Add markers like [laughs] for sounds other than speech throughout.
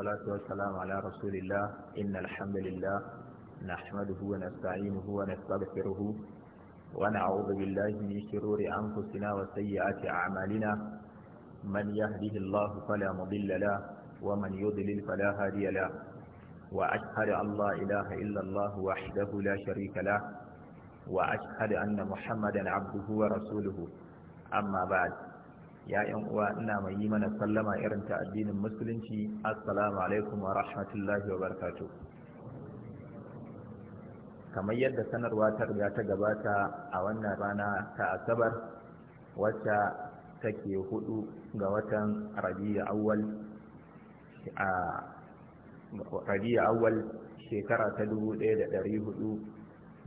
والصلاة والسلام على رسول الله إن الحمد لله نحمده ونستعينه ونستغفره ونعوذ بالله من شرور أنفسنا وسيئات أعمالنا من يهده الله فلا مضل له ومن يضلل فلا هادي له وأشهد أن لا إله إلا الله وحده لا شريك له وأشهد أن محمدا عبده ورسوله أما بعد ya'yan uwa ina mai yi mana sallama irin ta addinin musulunci assalamu alaikum wa rahmatullahi wa kamar yadda sanarwa ta riga ta gabata a wannan rana ta asabar wacce take hudu ga watan rabi'a awwal a rabi'a awwal shekara ta 1438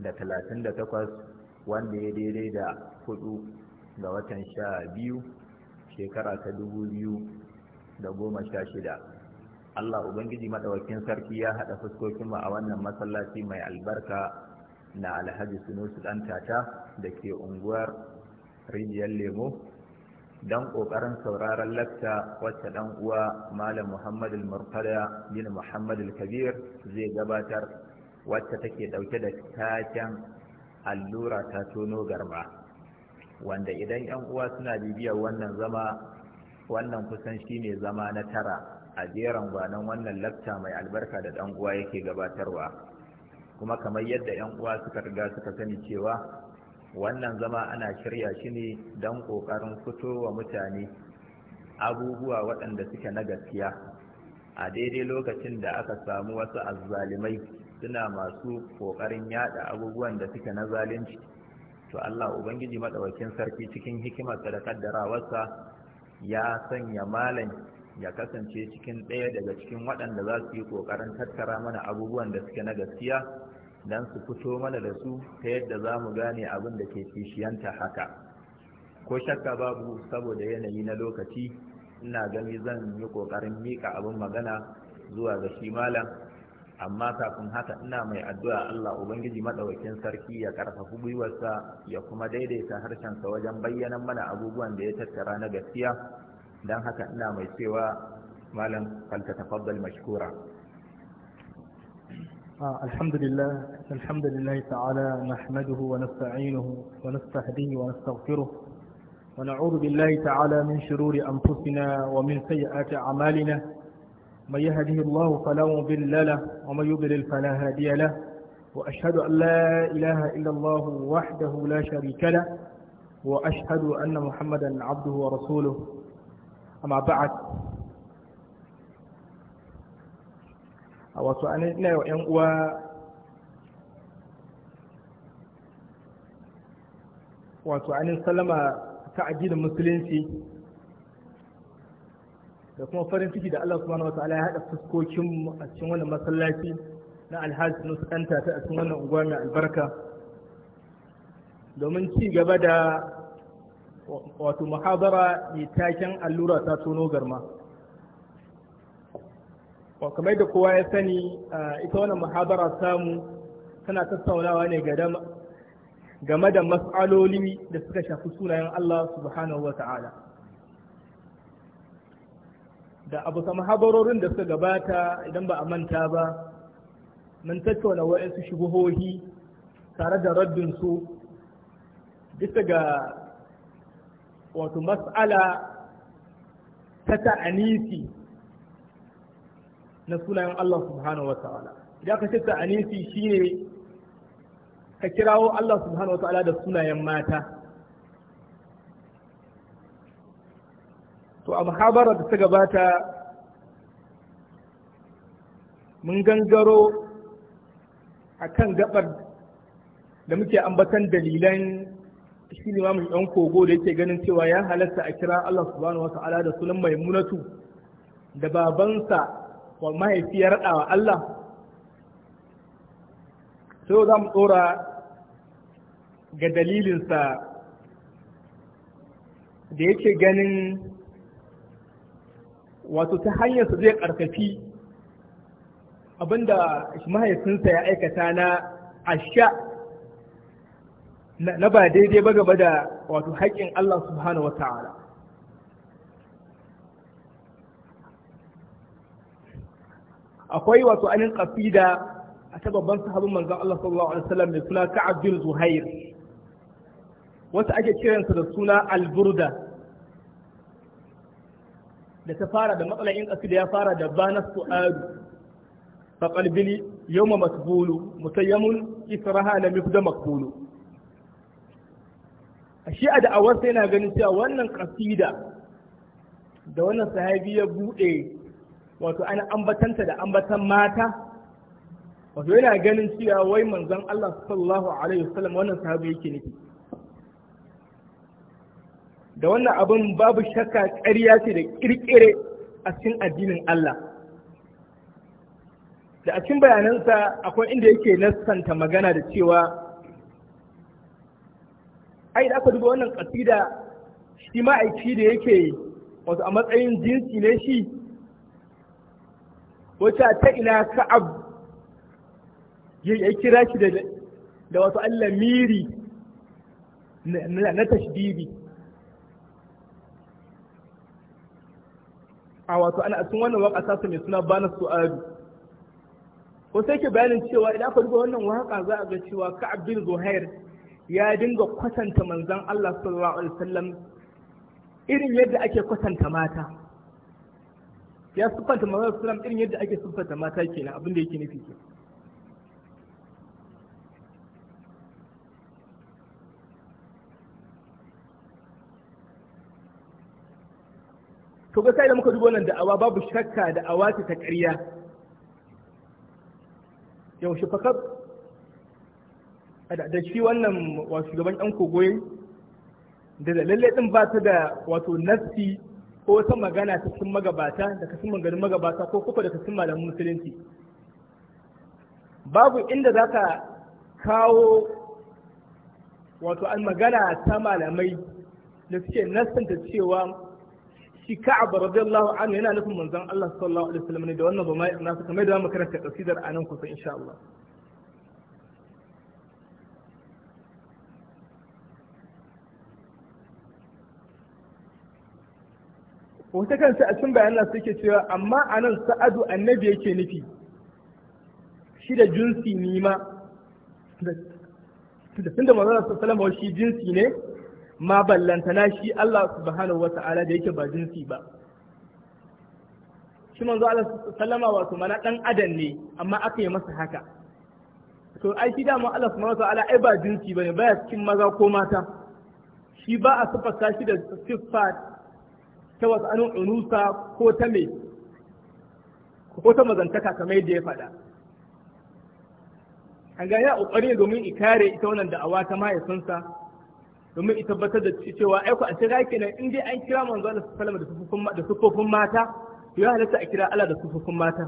wanda ya daidai da hudu ga watan sha biyu shekara ta dubu biyu da goma sha shida Allah Ubangiji maɗaukin sarki ya haɗa fuskokinmu a wannan masallaci mai albarka na alhaji sunusi ɗan tata da ke unguwar rijiyar lemo don ƙoƙarin sauraron lakta wacce ɗan uwa malam muhammadu murtada bin muhammadu kabir zai gabatar wacce take ɗauke da taken allura ta tono garma wanda idan yan uwa suna bibiyar wannan zama wannan kusan shi ne zama na tara a jeran gwanon wannan lafta mai albarka da dan uwa yake gabatarwa kuma kamar yadda yan uwa suka riga suka sani cewa wannan zama ana shirya shi ne don kokarin fito wa mutane abubuwa waɗanda suke na gaskiya a daidai lokacin da aka samu wasu azzalimai suna masu ƙoƙarin yada abubuwan da suke na zalunci to Allah ubangiji maɗaukin sarki cikin hikimarsa da kaddarawarsa ya sanya malam ya kasance cikin ɗaya daga cikin waɗanda za su yi ƙoƙarin tattara mana abubuwan da suke na gaskiya don su fito mana da su ta yadda za mu gane abin da ke kishiyanta haka ko shakka babu saboda yanayi na lokaci ina gani zan yi ƙoƙarin miƙa abin magana zuwa ga shi malam amma kafin haka ina mai addu'a Allah Ubangiji maɗaukin sarki ya ƙarfafi gwiwarsa ya kuma daidaita harshensa wajen bayyana mana abubuwan da ya tattara na gaskiya don haka ina mai cewa malam falta tafaddal mashkura الحمد لله الحمد لله تعالى نحمده ونستعينه ونستهديه ونستغفره ونعوذ بالله تعالى من شرور أنفسنا ومن سيئات أعمالنا من يهده الله فلا مضل له ومن يضلل فلا هادي له وأشهد أن لا إله إلا الله وحده لا شريك له وأشهد أن محمدا عبده ورسوله أما بعد wato an ina yau ‘yan uwa تعجيل an salama da kuma farin ciki da Allah subhanahu wataala ya haɗa fuskokin mu a cikin wannan masallaci na alhaji ɗanta ta a cikin wannan unguwa mai albarka domin ci gaba da wato muhabara mai taken allura ta tono garma kamar da kowa ya sani ita wannan muhabara samu tana tattaunawa ne game da mas'aloli da suka shafi sunayen Allah subhanahu wataala da abu kama habarorin da suka gabata idan ba a manta ba mun tattauna wa'yansu shubuhohi tare da raddin su bisa ga wato mas'ala ta ta'anisi na sunayen Allah subhanahu wa ta'ala idan ka ce ta'anisi shine ka kirawo Allah subhanahu wa ta'ala da sunayen mata to a muhabara da ta gabata mun gangaro a kan gabar da muke ambatan dalilan shi ne mamun ɗan kogo da yake ganin cewa ya halatta a kira Allah subhanahu wa ta'ala da sunan maimunatu da babansa wa mahaifiyar ɗawa Allah sai za mu ɗora ga dalilinsa da yake ganin wato ta hanyar su zai karkafi abinda mahaifinsa ya aikata na asha na ba daidai ba gaba da wato haƙƙin Allah subhanahu ta'ala akwai wato anin ƙafida a ta babban sahabin manzon Allah sallallahu alaihi wasallam mai suna Ka'ab bin Zuhair wata ake kiransa da suna Al-Burda da ta fara da matsalar in da ya fara da banas su'adu fa qalbili yawma masbulu mutayyamun israha la mifda maqbulu shi a da'awar sai na ganin cewa wannan kasida da wannan sahabi ya bude wato ana ambatanta da ambatan mata wato yana ganin cewa wai manzon Allah sallallahu alaihi wasallam wannan sahabi yake nufi da wannan abin babu shakka ƙarya ce da ƙirƙire a cikin addinin Allah da a cikin bayanansa akwai inda yake nassanta magana da cewa ai da aka duba wannan ƙasida shi ma'aiki da yake wasu a matsayin jinsi ne shi wacce ta ina ka'ab ya kira shi da wasu Allah miri na tashbibi a wato ana cikin wannan waka ta mai suna bana su'adu ko sai ke bayanin cewa idan aka duba wannan waka za a ga cewa Ka'ab bin Zuhair ya dinga kwatanta manzon Allah sallallahu alaihi wasallam irin yadda ake kwatanta mata ya siffanta manzon sallallahu alaihi wasallam irin yadda ake siffanta mata kenan abin da yake nufi kenan to ga sai da muka nan da da'awa babu shakka da'awa ce ta ƙarya yaushe fa kab da shi wannan wato shugaban ɗan kogoyi da lalle din ba ta da wato nafsi ko wata magana ta cikin magabata da ka kasin maganin magabata ko kuka da ka kasin malamin musulunci babu inda za ka kawo wato an magana ta malamai da suke nasanta cewa shi ka'ab radiyallahu anhu yana nufin manzon Allah sallallahu alaihi wasallam ne da wannan ba mai nasu kamar da mu karanta kasidar anan kusa insha Allah wata kansa a cikin bayanan suke cewa amma a nan sa'adu annabi yake nufi shi da jinsi nima da tunda manzon Allah sallallahu alaihi wasallam shi jinsi ne ma ballantana shi Allah subhanahu wa ta'ala da yake ba jinsi ba shi manzo Allah sallama wato mana dan adam ne amma aka yi masa haka to ai shi da mu Allah subhanahu wa ta'ala ai ba jinsi bane baya cikin maza ko mata shi ba a sifata shi da siffa ta wasu anu unusa ko ta me ko ta mazantaka kamar yadda ya faɗa an ga ya ƙoƙari domin ikare ita wannan da'awa ta mahaifinsa domin ita tabbatar da cewa aiko a kira kenan in dai an kira manzo Allah sallallahu alaihi wasallam da sufufin mata to ya halatta a kira Allah da sufufin mata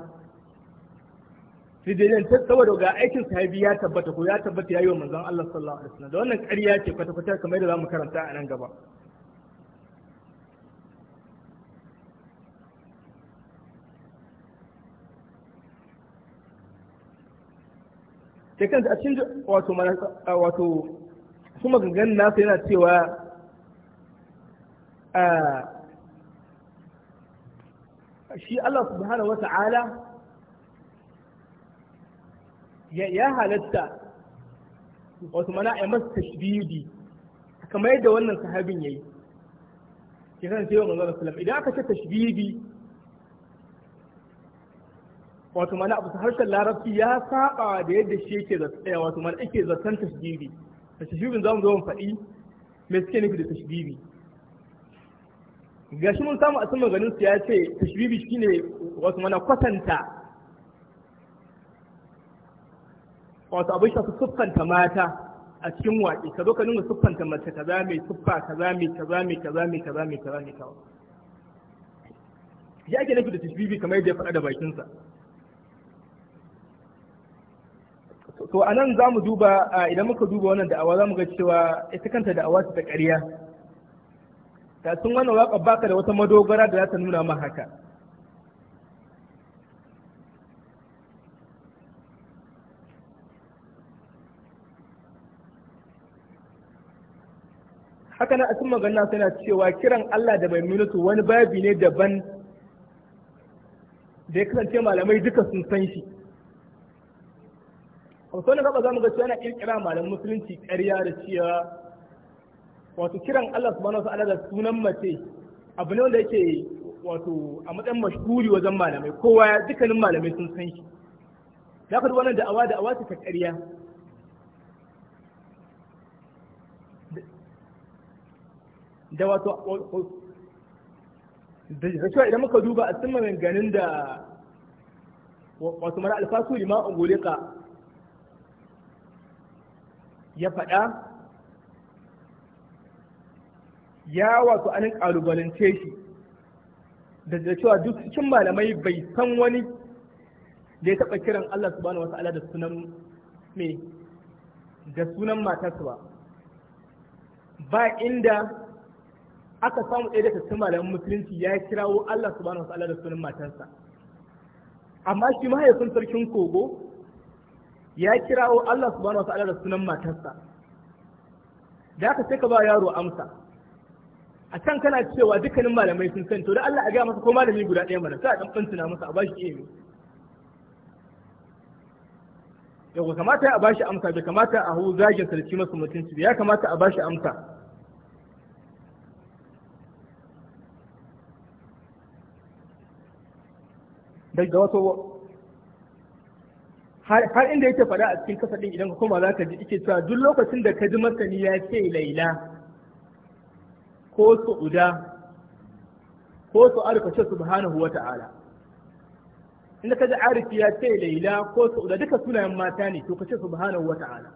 sai dai nan ta saboda ga aikin sahabi ya tabbata ko ya tabbata yayi wa manzon Allah sallallahu alaihi wasallam da wannan ƙarya ce kwata kwata kamar da zamu karanta a nan gaba sai kanta a cikin wato wato kuma gangan nasa yana cewa ah, shi Allah subhanahu wata'ala ya halatta wasu mana a masa tashbidi kamar yadda wannan sahabin ya yi ke kan cewa manzo sallallahu idan aka ce tashbidi wato mana abu harshen larabci ya saba da yadda shi yake eh, wato mana yake zaton tashbidi tashbibin mu zo mu faɗi me suke nufi da tashbibi shi mun samu a cikin maganin su ya ce tashbibi ne wasu mana kwatanta wasu abin shafi siffanta mata a cikin waƙe ka zo ka nuna siffanta mace kaza mai siffa kaza mai kaza mai kaza mai kaza mai kaza mai kaza ka ake nufi da tashbibi kamar yadda ya faɗa da bakinsa to a nan za mu duba idan muka duba wannan da'awa za mu ga cewa ita kanta da'awa ta ƙarya ta sun wannan waƙa baka da wata madogara da za ta nuna ma haka haka na asin magana suna cewa kiran Allah da mai minutu wani babi ne daban da ya kasance malamai duka sun san shi a wani gaba za mu ga cewa ana kirkira malamin musulunci ƙarya da cewa wato kiran Allah subhanahu wa ta'ala da sunan mace abu ne wanda yake wato a matsayin mashhuri wajen malamai kowa dukkanin malamai sun san shi da ka wannan da'awa da'awa ce ta ƙarya da wato da cewa idan muka duba a cikin ganin da wato mara alfasu lima ungulika ya faɗa ya wato an ƙalubalance shi da cewa duk cikin malamai bai san wani da ya taɓa kiran Allah subhanahu wa ta'ala da sunan me da sunan matarsa ba ba inda aka samu ɗaya daga cikin malaman musulunci ya kirawo Allah subhanahu wa ta'ala da sunan matarsa amma shi mahaifin sarkin kogo ya kirawo Allah subhanahu wa ta'ala da sunan matarsa da aka sai ka ba yaro amsa a can kana cewa dukkanin malamai sun san to da Allah a ga masa ko malami guda ɗaya mana sai a dan fantsina masa a bashi ilimi yau kamata a bashi amsa bai kamata a hau zagin sarki masa mutunci ya kamata a bashi amsa daga wasu har inda yake faɗa a cikin kasa ɗin idan ka koma za ka ji ike cewa duk lokacin da ka ji masani ya ce laila ko uda ko su arfashe su subhanahu wa ta'ala inda ka ji arifi ya ce laila ko uda duka sunayen mata ne to ka ce subhanahu wa ta'ala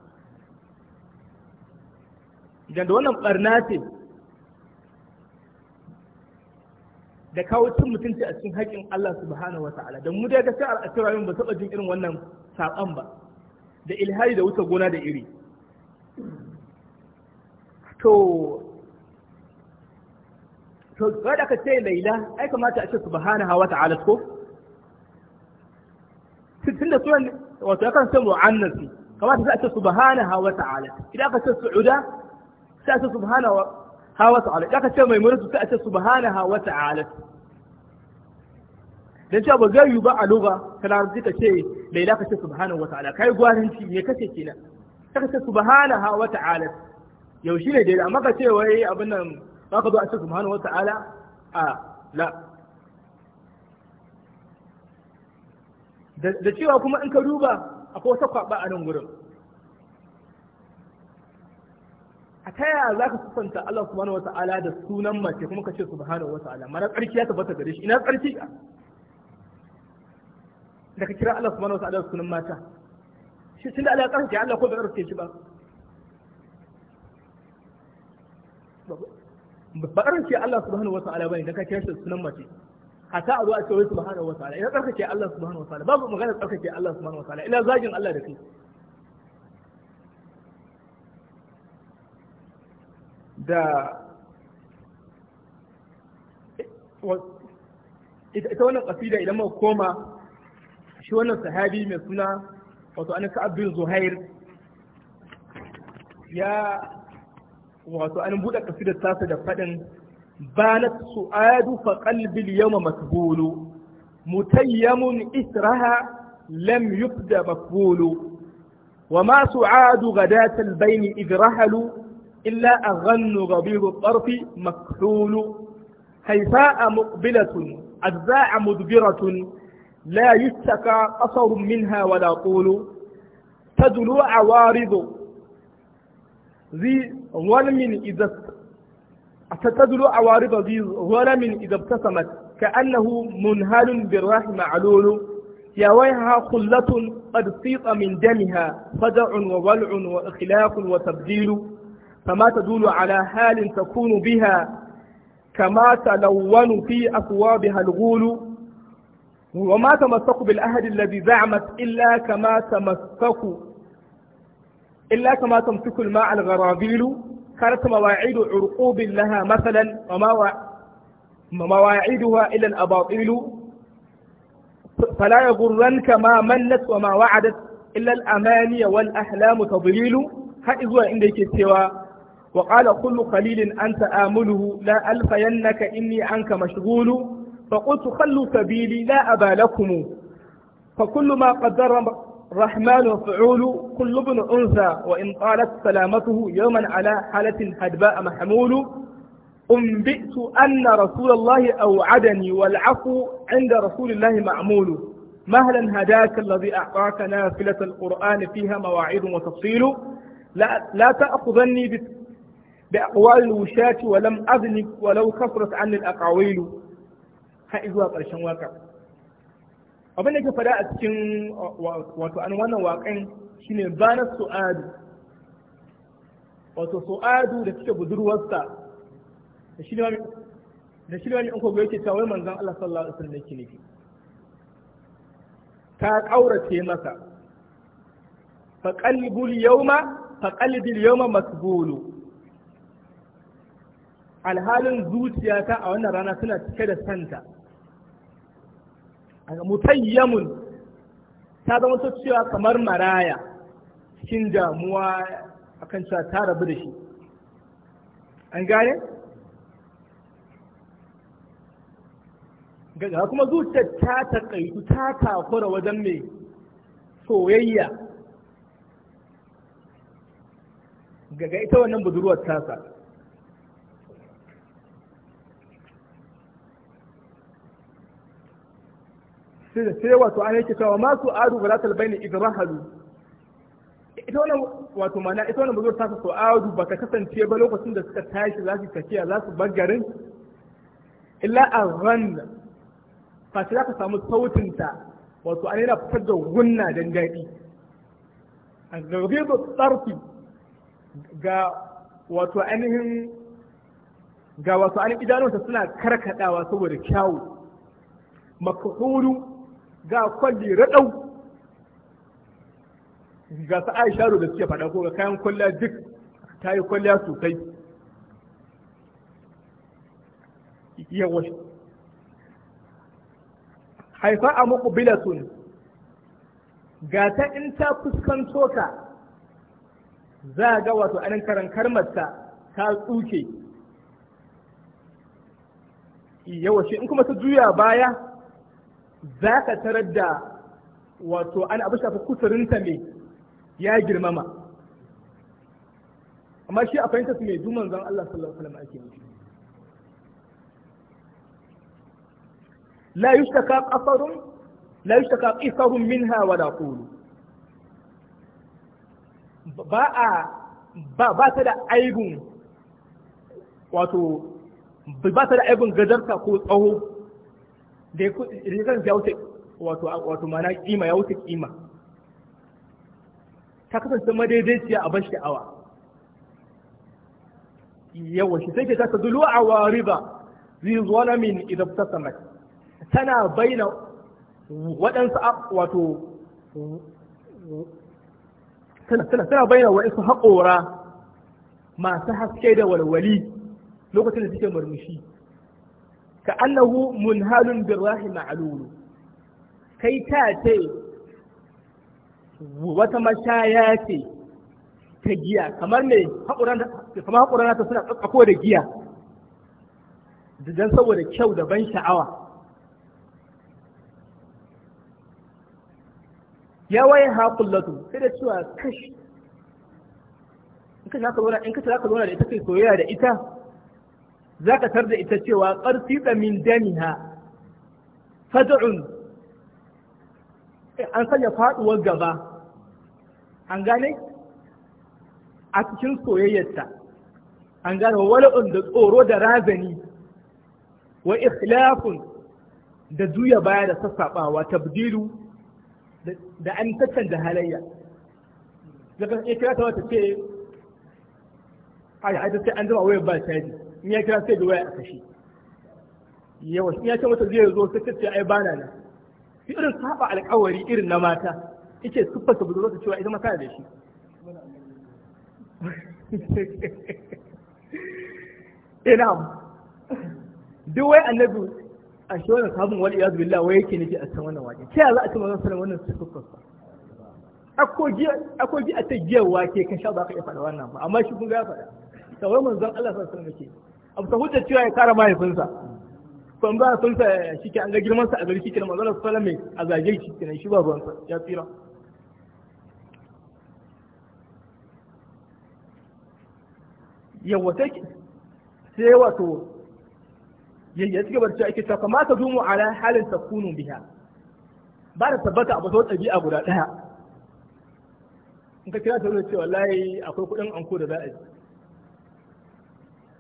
idan da wannan barna ce da kawo cin mutunci a cikin haƙƙin Allah subhanahu wata'ala don mu dai ga sai a rayuwar ba taɓa jin irin wannan saƙon ba da ilhari da wuta gona da iri to to da aka ce laila ai kamata a ce subhanahu wata'ala ko tunda sunan wato kan san mu'annasi kamata sai a ce subhanahu wata'ala idan aka ce su'uda sai a ce subhanahu hawa ta'ala da ka ce mai muratu sai a ce subhanaha wa ta'ala dan cewa ba zai yi ba a lugha ka larabci ka ce laila ka ce subhanahu wa ta'ala kai gwaninci me kace ta ka ce subhanaha wa ta'ala shi ne dai amma ka ce wai abin nan ba ka zo a ce subhanahu wa ta'ala a la da cewa kuma in ka duba akwai wata kwaba a nan gurin a ta yaya za ka kusanta Allah subhanahu wa ta'ala da sunan mace kuma ka ce subhanahu wa ta'ala mana tsarki ya tabbata gare shi ina tsarki da ka kira Allah subhanahu wa ta'ala da sunan mata shi tun da Allah ya tsarki Allah ko bai tsarki shi ba ba tsarki Allah subhanahu wa ta'ala bane da ka kira shi sunan mace hatta a zo a ce wai subhanahu wa ta'ala ina tsarkake Allah subhanahu wa ta'ala babu magana tsarkake Allah subhanahu wa ta'ala ina zagin Allah da kai da ita wannan kasida idan muka koma shi wannan sahabi mai suna wato an ka abdul zuhair ya wato an buɗe kasidar tasa da fadin banat su'adu fa qalbi al-yawma matbulu mutayyamun israha lam yubda maqbulu wa ma su'adu ghadat al-bayn idrahalu إلا أغن غبير الطرف مكحول هيفاء مقبلة أجزاء مدبرة لا يشتكى قصر منها ولا طول تدل عوارض ذي ظلم إذا تدلو عوارض ذي ظلم إذا ابتسمت كأنه منهل بالراح معلول يا ويها خلة قد سيط من دمها خدع وولع وإخلاق وتبديل فما تدل على حال تكون بها كما تلون في أثوابها الغول وما تمسك بالعهد الذي زعمت إلا كما تمسك إلا كما تمسك الماء الغرابيل كانت مواعيد عرقوب لها مثلا ومواعيدها إلا الأباطيل فلا يغرنك ما منت وما وعدت إلا الأماني والأحلام تضليل har zuwa عندك yake وقال كل قليل أنت آمله لا ألقينك إني عنك مشغول فقلت خلوا سبيلي لا أبا لكم فكل ما قدر الرحمن وفعول كل ابن أنثى وإن طالت سلامته يوما على حالة حدباء محمول أنبئت أن رسول الله أوعدني والعفو عند رسول الله معمول مهلا هداك الذي أعطاك نافلة القرآن فيها مواعيد وتفصيل لا, لا تأخذني بأقوال الوشاة ولم أذنب ولو كثرت عن الأقاويل هايزوا قرشن واقع abin da ke fada a cikin wato an wannan waƙan shine bana su'adu wato su'adu da suke budurwarsa da shi da shi ne in kogo yake cewa Allah sallallahu alaihi wasallam yake nufi ta kaurace masa fa qalbul yawma fa qalbil alhalin zuciyata a wannan rana suna cike da santa mutayyamun ta zama ta cewa kamar maraya cikin damuwa akan cewa ta rabu da shi an gane ga kuma zuciyar ta taƙaitu ta takura wajen mai soyayya gaga ita wannan budurwar tasa sai sai wato an yake cewa masu adu ba za ta albaini idrahalu ita wannan wato mana ita wannan bazuwar tasa so adu ba ka kasance ba lokacin da suka tashi za su tafiya za su bar garin illa a ran sai ka samu sautinta wato an yana fitar da gunna don daɗi a gargizo tsarfi ga wato ainihin ga wato an idanunsa suna karkadawa saboda kyawu makhuru ga kwalli raɗau ga su aisha da suke faɗa ko ga kayan kwalliya duk ta yi kwalliya sosai yawa haifa a muqbilatun ga ta in ta fuskanto ka za a ga wato anin karan karmarta ta tsuke yawa shi in kuma ta juya baya za ka tarar da wato an abu shafi kusurinta mai ya girmama amma shi a fahimta su mai duman zan Allah sallallahu alaihi ake nufi la yushtaka qasarun la yushtaka qisarun minha wala qulu ba a ba ba ta da aibun wato ba ta da aibun gajarta ko tsaho da ya kasance ya wuce wato wato mana kima ya wuce kima ta kasance madaidaiciya a ban sha'awa yawa shi sai ke ta tadulu a wariba zi min idan ta samat tana baina waɗansu wato tana tana tana bayyana haƙora masu haske da walwali lokacin da suke murmushi ka annahu munhalun birrahi ma'lulu kai ta ce wata mashaya ce ta giya kamar me kamar haƙuran ta suna tsakko da giya da don saboda kyau da ban sha'awa ya waye haƙullatu sai da cewa kashi in ka za ka zo da ita kai soyayya da ita za ka tar da ita cewa ƙarfi da min damiha fad'un eh, an sanya faɗuwar gaba an gane a cikin soyayyarta an gane wala'un da tsoro da razani wa ikhlafun da juya baya da sassaɓawa tabdilu da an da halayya daga ita wata ce ai ai ta sai an zama wayar ba caji in ya kira sai da waya a kashi yawa in ya ce mata zai zo sai ce ai bana nan shi irin saba alƙawari irin na mata yake siffar ta budurwa cewa ita mata da shi [laughs] ina duk wai annabi a shi wannan sabon wani iyazu billah wai yake nake a san wannan waƙe ta za a ce mazan sallallahu wannan siffar sa akwai ji a ta giyar wake kan sha ba ka iya faɗa wannan ba amma shi kun ga ya faɗa kawai manzon Allah sallallahu alaihi wasallam ke. abu ta hujjar cewa ya kara mahaifinsa ban ba sun sa shike an ga girman sa a gari shike na mazalar salame a zage shi kenan shi ba ban ya tsira yawa take sai wato ya ci barci ake ta, kama ta kamata dumu ala halin takunu biya. ba da tabbata a basawar ɗabi'a guda ɗaya in ka kira ta wani cewa layi akwai kuɗin anko da za a yi.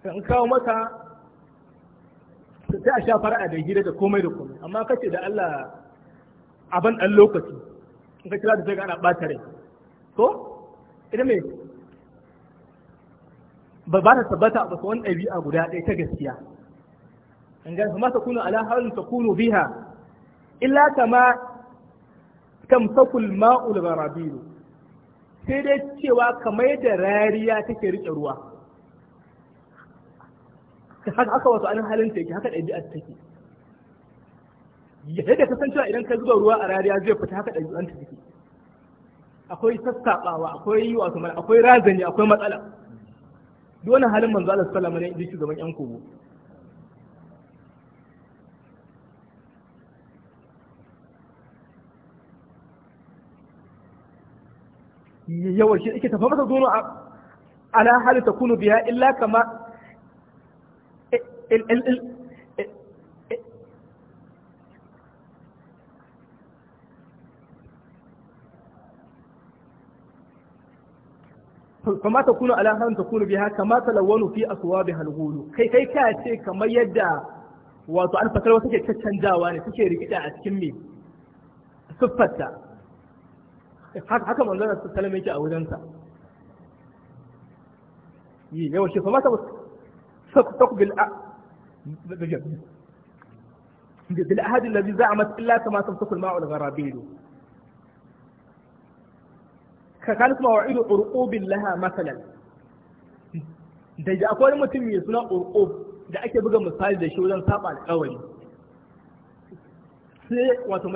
in kawo maka sai a sha fara'a da gida da komai da komai amma kace da Allah ban ɗan lokaci in ka kira da sai ga ana ɓata rai ko ita me ba ba ta tabbata ba wani ɗabi'a guda ɗaya ta gaskiya an ga kuma ta kunu ala halin ta kunu biha illa kama tamsakul ma'ul garabiru sai dai cewa kamar da rariya take riƙe ruwa Ka haka haka wato anan halin ta yake haka ɗabi'ar take yadda ka san cewa idan ka zuba ruwa a rariya zai fita haka ɗabi'ar ta take akwai sassaɓawa akwai wato mana akwai razani akwai matsala duk wannan halin manzo Allah sallallahu alaihi wasallam ne shugaban ƴan kogo yawan shi ake tafa masa zuwa ala hali ta kunu biya illa kama ال ال ال kama ta kuna alahan ta kuna biya kama ta lawwanu fi aswabihal ghulu kai kai ka ce kamar yadda wato alfatar wata ke caccanjawa ne suke rikida a cikin me siffarta haka manzon su kalma yake a wajensa yi yawa shi kuma ta takbil نجد نجد العهد الذي زعمت إلا كما تمسك الماء الغرابيل كانت مواعيد عرقوب لها مثلا da ji akwai mutum mai suna urko da ake buga misali da shi wajen saba alkawari sai wato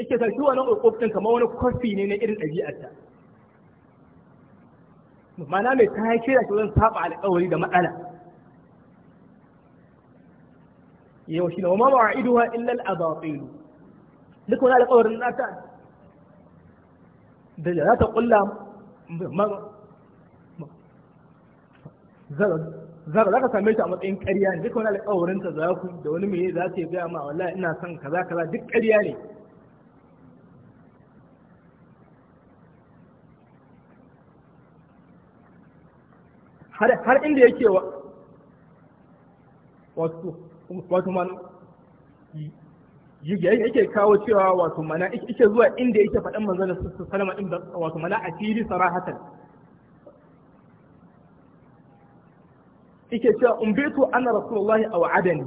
ike sa shi wannan urko din kamar wani kwafi ne na irin ɗabi'arta Mana mai ta kira shi zan saba alƙawari da matsala yau shi da wa ma illal illa al-abatil duk wani alƙawarin nata da za ta ƙulla zara za ka same shi a matsayin ƙarya ne duk wani alƙawarin ta za ku da wani mai za ta gaya ma wallahi ina son kaza kaza duk ƙarya ne har inda yake wa wato wato man yake kawo cewa wato mana yake zuwa inda yake faɗin manzon da sallama din wato mana a fili sarahatan yake cewa umbitu anna rasulullahi aw adani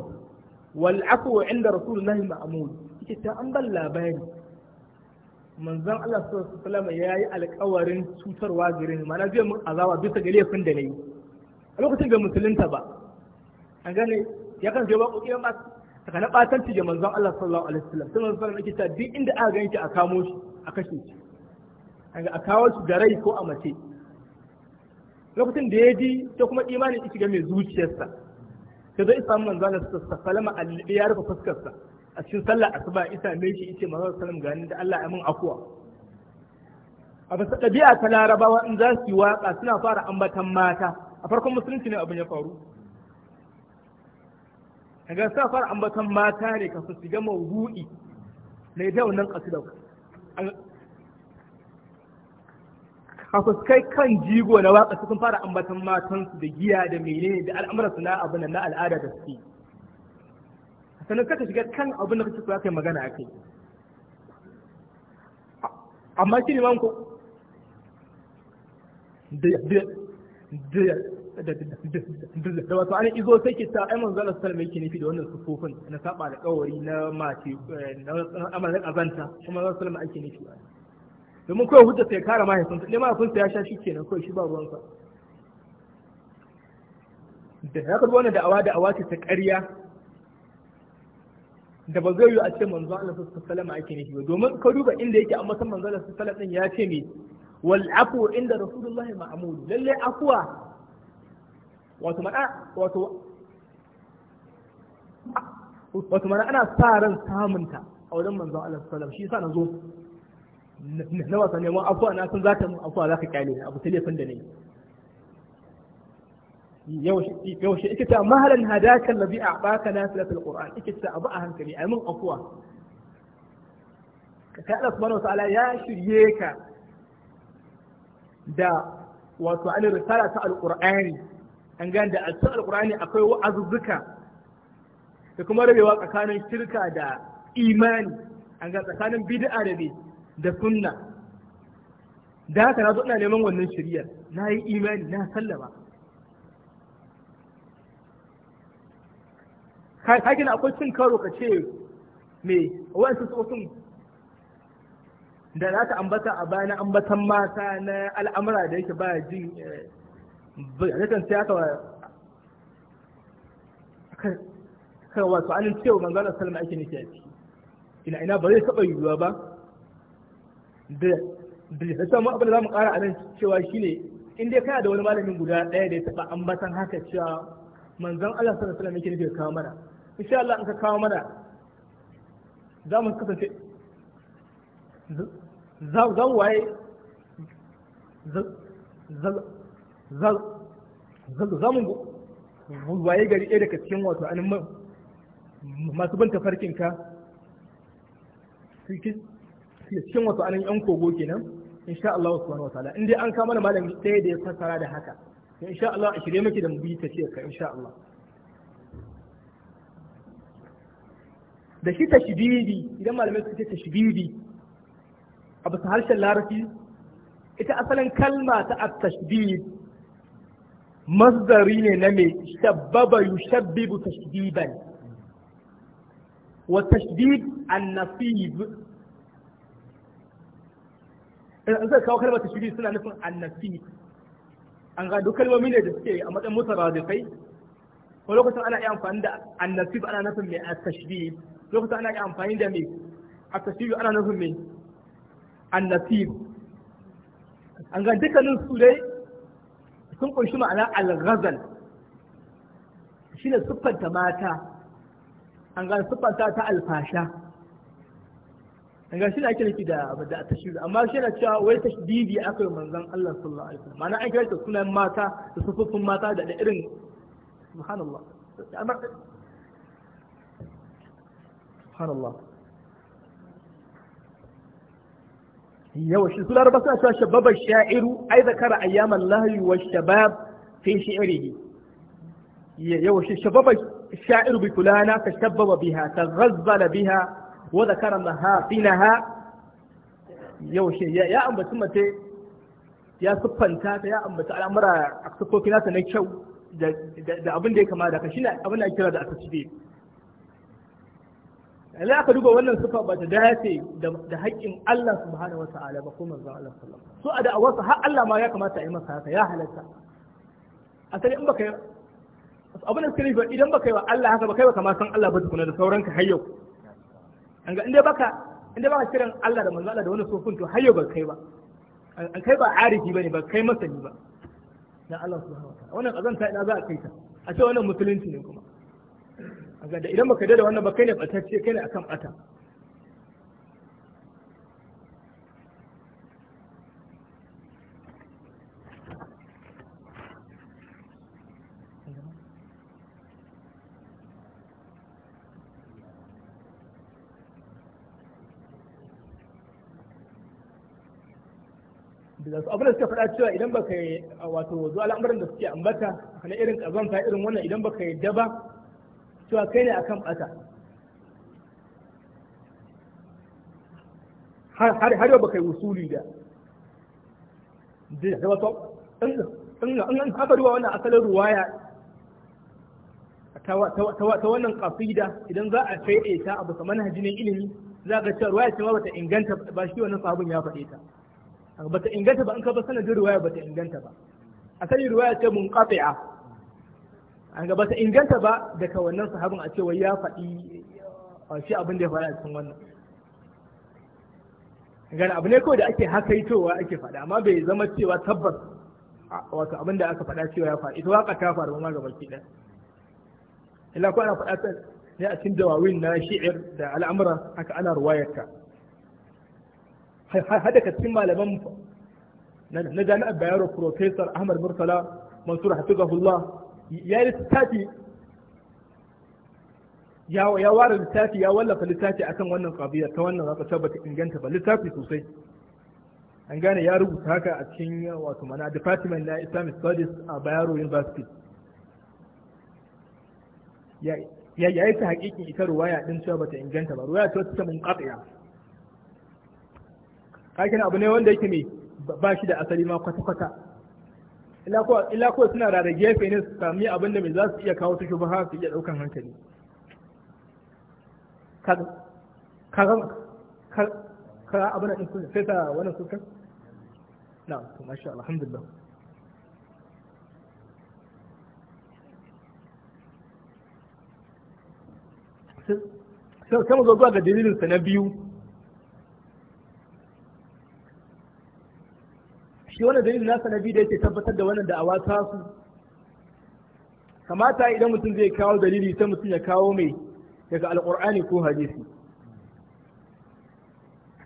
wal afwu inda rasulullahi ma'mul Ike ta an ban labari manzan Allah sallallahu alaihi ya yayi alƙawarin cutarwa gare ni mana zai mun azawa bisa ga laifin da nayi a lokacin da musulunta ba an gane ya kan je waƙoƙi na ɓata saka na ɓatanci ga manzon Allah sallallahu alaihi wasallam sai manzon Allah yake ta duk inda aka ganki a kamo shi a kashe shi an ga a kawo shi da rai ko a mace lokacin da ya ji ta kuma imanin shi ga mai zuciyarsa sai zai isa manzon Allah sallallahu alaihi wasallam ya rufe fuskarsa a cikin sallar asuba isa mai shi yace manzon sallallahu alaihi wasallam ga da Allah ya mun afuwa a bisa ɗabi'a ta larabawa in za su yi waka suna fara ambatan mata a farkon musulunci ne abin ya faru daga sa fara ambatan mata ne kafin su gama ru'i na da wannan kasidar Ka kai kan jigo na waka sun fara ambatan matansu da giya da menene da al'amuransu na abin na al'ada da suke sannan kaka shiga kan abin da kake so kai magana a kai amma shi ne man ko da da wato an izo sai ke ta ai manzo Allah sallallahu alaihi nufi da wannan sufofin na saba da kawari na mace eh, na amalan azanta kuma Allah sallallahu alaihi nufi domin kawai hujja sai kare mahaifinsa ne mahaifinsa ya sha shi kenan kawai shi ba ruwansa da ya karbi wannan da'awa da'awa ce ta ƙarya da ba zai yi a ce manzo Allah sallallahu alaihi ake nufi ba domin ka duba inda yake amma san manzo Allah sallallahu alaihi ya ce me wal afu inda rasulullahi ma'mul lalle afwa wato mana wato wato mana ana sa ran samunta a wajen manzon Allah sallallahu alaihi wasallam shi yasa nazo na wasa neman afuwa na san zaka mun afuwa zaka kyale abu sai laifin da nayi yaushe ita ta mahalan hadaka allazi a'baka nasilatul qur'an ita ta abu a hankali ai mun afuwa ka kai Allah subhanahu wataala ya shirye ka da wato an risala ta alqur'ani an gane da a alkur'ani akwai wa'azuzzuka da kuma rabewa tsakanin shirka da imani an ga tsakanin bid'a da ne da sunna da haka na zo ina neman wannan shirya. na yi imani na sallama hakin akwai cin karo ka ce me wa'ansu tsofin da za ta ambata a bayan ambatan mata na al'amura da yake ba jin eh, nakan sai aka kan wasu anin cewa manzo Allah sallama ake nufi a ciki ina ina ba zai taɓa yiwuwa ba da da samu abin da za mu ƙara a nan cewa shi ne, in dai kana da wani malamin guda ɗaya da ya taɓa ambatan haka cewa manzon Allah sallallahu alaihi wasallam yake nufi kawo mana insha Allah in ka kawo mana za mu kasance za mu waye za mu waye gari ɗaya daga cikin wato an masu bin tafarkin ka cikin wato anan yan kogo kenan insha Allah subhanahu wata. in dai an kama da malami ɗaya da ya fassara da haka to insha Allah a shirye muke da mu bi tafiyar ka insha Allah da shi tashbibi idan malamai suke ce tashbibi a bisa harshen larabci ita asalin kalma ta at-tashbib مصدري نمي شبب يشبب تشديبا وتشديد النصيب إذا كان كلمة تشديد سنة نفع أنا أن غادو كلمة من يدسكي أنا تأمو ترادقي ولو أنا أعلم فأنا النصيب أنا نفع من التشديد ولو كنت أنا أعلم فأنا دمي التشديد أنا نفع من النصيب أن غادو كلمة sun kunshi ma'ana al-ghazal shine siffanta mata an gane siffanta ta alfasha an gane shine ake nufi da da tashbihi amma shi yana cewa wai tashbihi aka yi manzon Allah sallallahu alaihi wasallam ma'ana an kira ta sunan mata da siffofin mata da irin subhanallah subhanallah يوش سلار بس أشوا شباب الشاعر أي ذكر أيام الله والشباب في شعره يوش شباب الشاعر بفلانة تشبب بها تغزل بها وذكر مها مهافنها يوش يا يا أم بس متى يا سبحان تات يا أم بس على مرة أكتب كلاس نكشو ده ده أبن ده كمان ده كشينا أبن أكتب هذا التسبيح yanzu aka duba wannan sufa ba ta dace da haƙƙin Allah subhanahu wa ta'ala ba kuma zuwa Allah sallallahu alaihi wasallam so a da'awarsa har Allah ma ya kamata a yi masa haka ya halatta asali in baka yi abin da suka ba idan baka yi wa Allah haka baka yi wa kama san Allah ba tukuna da sauran ka yau. an ga inda baka inda baka kiran Allah da manzo Allah da wani sofin to yau ba kai ba an kai ba arifi bane ba kai masani ba Dan Allah subhanahu wa ta'ala wannan azanta ina za a kai ta a ce wannan musulunci ne kuma kaga da idan baka da wannan ba kai ne batacce kai ne akan bata su abin da suka faɗa cewa idan baka wato zuwa al'amuran da suke ambata na irin ƙazanta irin wannan idan baka yi daba cewa kai ne akan bata har yau baka yi wusuli da da wato in haka ruwa wannan asalin ruwaya ta wannan kafida idan za a fai'e ta abu kamar manhaji ilimi za ga cewa ruwaya cewa bata inganta ba shi wannan sahabin ya faɗe ta bata inganta ba in ka ba sanadin ruwaya bata inganta ba asali ruwaya ce mun munqati'a an ga ba ta inganta ba daga wannan sahabin a cewa ya faɗi shi abin da ya faɗa a cikin wannan gani abu ne kawai da ake hakaitowa ake faɗa amma bai zama cewa tabbas wato abin da aka faɗa cewa ya faɗi ita waka ta faru ma ga baki ɗaya illa ko ana faɗa ta ne a cikin dawawin na shi'ir da al'amura haka ana ruwayarta hada ka cikin malaman na jami'ar bayero professor ahmad murtala mansur hafizahullah ya yi littafi ya ware littafi ya wallafa littafi akan wannan qadiyya ta wannan zaka ta inganta ba littafi sosai an gane ya rubuta haka a cikin wato mana department na Islamic Studies a Bayero University ya yi ta hakikin ita ruwaya ɗin cewa bata inganta ba ruwaya ta wata mun qati'a kakin abu ne wanda yake mai ba shi da asali ma kwata kwata ila ko suna da gefe ne su sami abin da mai za su iya kawo su shubha su iya daukan hankali ka ka ka abin da su sai ta wannan sukan na to masha Allah alhamdulillah sai mu zo zuwa ga dalilinsa na biyu shi wani dalilin nasa nabi da yake tabbatar da wannan da'awa ta su kamata idan mutum zai kawo dalili sai mutum ya kawo mai daga alqur'ani ko hadisi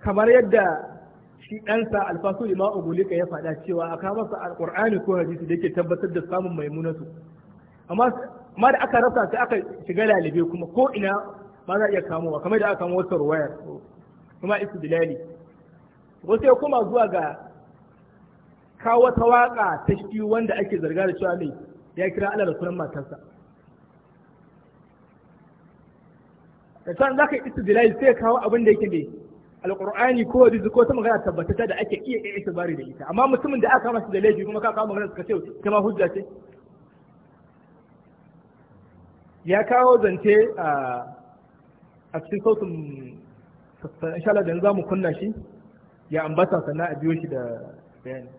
kamar yadda shi ɗansa alfasu lima ugulika ya faɗa cewa a kawo masa alqur'ani ko hadisi da yake tabbatar da samun maimunatu amma da aka rasa sai aka shiga lalibe kuma ko ina ma za a iya kamowa kamar da aka kamo wata ruwayar kuma isu bilali wasu ya kuma zuwa ga kawo wata waka ta shi wanda ake zarga da cewa mai ya kira Allah da sunan matarsa da san zaka yi istidlal sai kawo abin da yake ne alqur'ani ko hadisi ko ta magana tabbatata da ake iya iya itibari da ita amma mutumin da aka kama shi da laifi kuma ka kawo magana suka ce ta ma hujja ce ya kawo zance a cikin sautin insha Allah da za mu kunna shi ya ambata sannan a biyo shi da bayani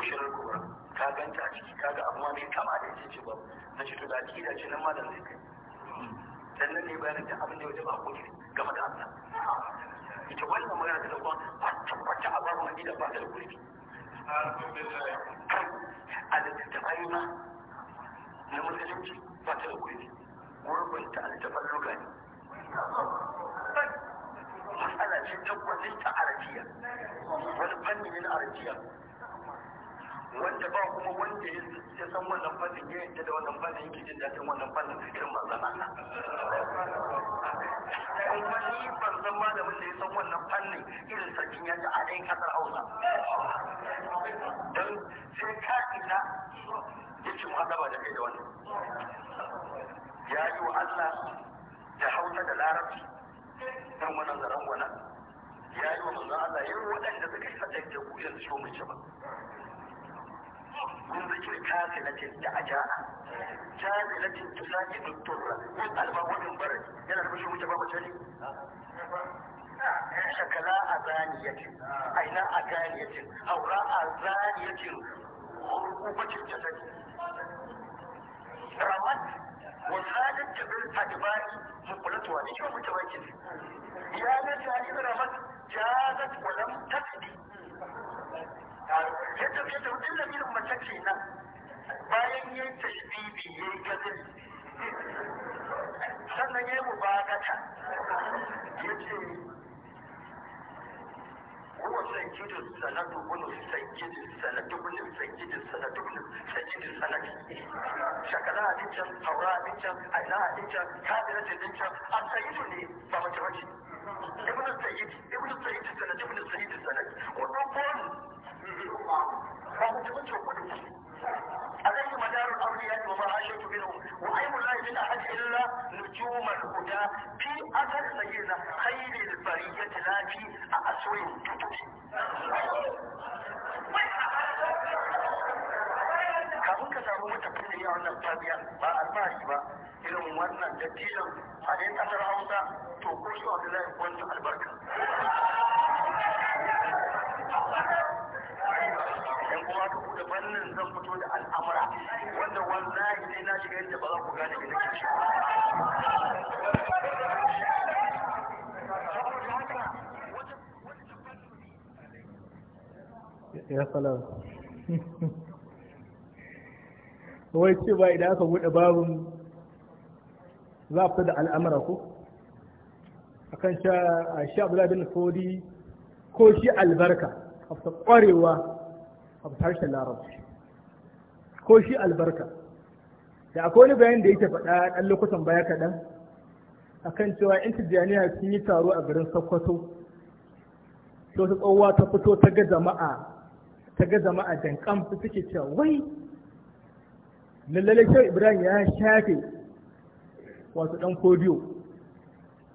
kushirar kuma ka ganta a ciki kaga abu ma bai kama da yake ce ba na ce to da ki da nan malam zai kai dan nan ne bayanin da abin da ya ba hakuri game da Allah ita wannan magana da kuma kwata kwata a babu mai da ba da gurbi a da ta ayyuna na musulunci ba ta da gurbi gurbin ta altafar rugani matsala ce ta gwanin ta arabiya wani fannin ne na arabiya wanda ba kuma wanda ya san wannan fannin ya yadda da wannan fannin yake jin daɗin wannan fannin irin manzon Allah kuma ni ban san malamin da ya san wannan fannin irin sarkin yaji a ɗayan ƙasar Hausa don sai ka ina yake muhasaba da kai da wannan ya yi wa Allah da Hausa da Larabci don wannan zaren wannan ya yi wa manzon Allah ya yi waɗanda suka yi sadaka da ku yanzu shi mu ce ba gurbin kafinatin da a ja'a kafinatin tusaki dutturra wani albabunin barai yana da mashi ba mace ne shakala a zani yake aina a gani yake aura a zani yake gurbacin ta sani ramat wasanin da bin fadibari mukulatuwa ne kima mutum ake ne ya ga jari ramat jazat walam tasbi ya tafi da hudun da mirin mace bayan ya yi tasbibi ya yi gazin sannan ya yi kata ya ce kowa sanki da sanatu wani sanki da sanatu wani sanki da sanatu wani sanki da sanatu shakala a dincan haura a dincan aina a dincan kafirar da dincan an sanyi su ne ba mace mace ibn sayyid ibn sayyid sanad ibn sayyid sanad wannan ko أليس مدار الأولياء ومعاشة منهم وعين الله من أحد إلا نجوم الهدى في أثر سيدنا خير البرية لا في أسوين كتب kamun ka samu matafiya a wannan tabiya ba albashi ba irin wannan dattijan a dai kasar hausa to ko shi wa albarka saboda fannin zan fito da al'amura wanda wallahi ne na shiga yadda ba za ku gane me nake shi ya salam wai ce ba idan aka buɗe babu za a fita da al'amura ko akan sha abu bin fodi ko shi albarka hafta ƙwarewa abu harshen larabci ko shi albarka da akwai wani bayan da yake faɗa ɗan lokutan baya kaɗan akan cewa yan tijjaniya sun yi taro a garin sokoto to ta tsohuwa ta fito ta ga jama'a ta ga jama'a su suke cewa wai lallale kyau ibrahim ya shafe wasu ɗan kodiyo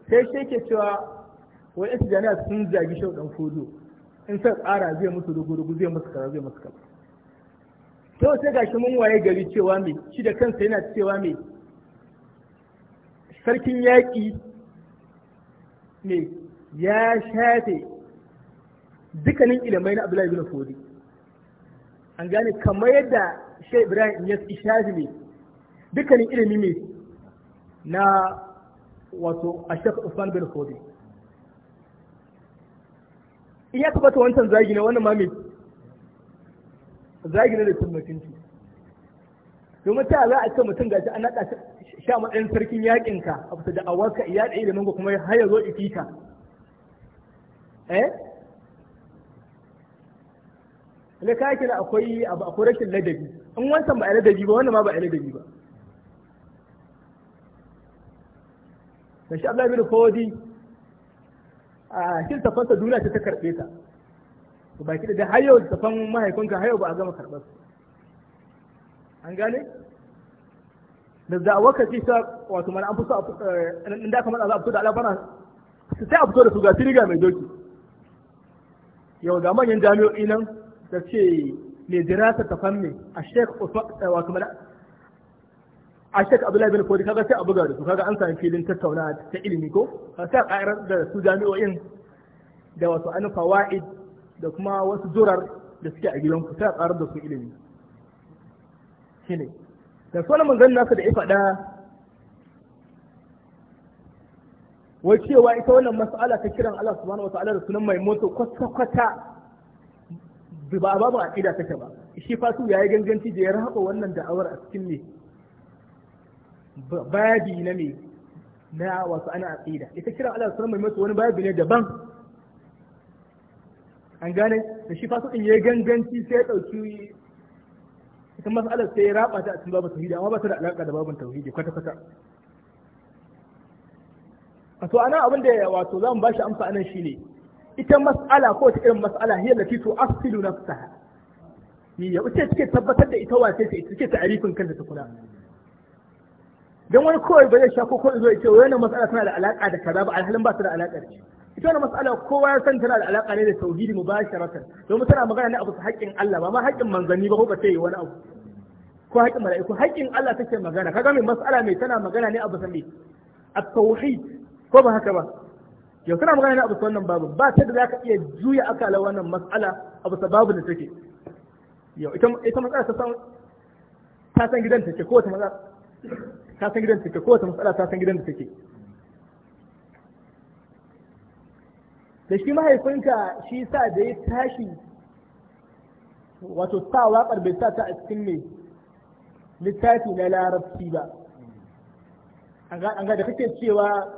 sai shi ke cewa wai yan tijjaniya sun zagi shau ɗan kodiyo in sai tsara zai musu rugurugu zai musu kaza zai musu kaza to sai gashi mun waye gari cewa me shi da kansa yana cewa me sarkin yaƙi ne ya shafe dukkanin ilimai na Abdullahi bin Fodi an gane kamar yadda Shai Ibrahim ya shafe ne dukkanin ilimi ne na wato a Usman bin Fodi in ya tabbata wancan zagi ne wannan ma zagi ne da cin mutunci domin ta za a ce mutum gashi an naɗa sha matsayin sarkin yakin ka a fita da awarka iya da ilimin ka kuma har ya zo ifika eh ne ka kira akwai abu akwai rashin ladabi in wancan ba a ladabi ba wannan ma ba a ladabi ba da shi Allah bin Fawadi a kin tafansa duniya ce ta karɓe ta to baki da har yau tafan mahaifinka har yau ba a gama karɓar su an gane da za waka ce ta wato mana an fito in eh, da aka matsa za a fito da alabana sai a fito da su ga siriga mai doki yau ga manyan jami'o'i nan da ce mai dirasa ta fanni a shek eh, wato mana a shek abdullahi bin kodi kaga sai a buga da su kaga an sami filin tattauna ta ilimi ko sai sa ƙa'ira da su jami'o'in da wasu an fawaid da kuma wasu durar da suke a gidanku sai a ƙarar da su ilimi shine da solomon zan nasu da ya faɗa wai cewa ita wannan mas'ala ta kiran Allah subhanahu wataala da sunan mai moto kwata kwata ba babu aqida take ba shi fasu yi ganganci da ya raba wannan da'awar a cikin ne babi na me na wasu ana aqida ita kira Allah sallallahu alaihi wasallam wani babi ne daban an gane da shi fasu din yayi ganganci sai ya dauki ita mas'alar sai ya raba ta a cikin babu tauhidi amma ba ta da alaka da babun tauhidi kwata kwata to ana abin da wato zamu bashi amsa anan shine ita mas'ala ko ta irin mas'ala hiya lati tu'assilu nafsaha ni ya wuce take tabbatar da ita wace ce take ta'arifin kanta ta kula Idan wani kowai ba zai sha ko kowai zai ce wani matsala tana da alaka da kaza ba alhalin ba su da alaka da shi ita wannan matsala kowa ya san tana da alaka ne da tauhidi mubasharatan domin tana magana ne abu su haƙƙin Allah ba ma haƙƙin manzanni ba ko ka ce wani abu ko haƙƙin mala'iku haƙƙin Allah take magana kaga mai matsala mai tana magana ne abu sami A tauhid ko ba haka ba yau tana magana ne abu wannan babu ba ta da zaka iya juya akala wannan matsala abu babu da take yau ita ita matsala ta san ta san gidan take ko ta matsala ta san gidan take kowace matsala ta san gidan da take da shi mahaifinka shi sa da ya tashi wato sa waƙar bai sa ta a cikin mai littafi na larabci ba an ga da kake cewa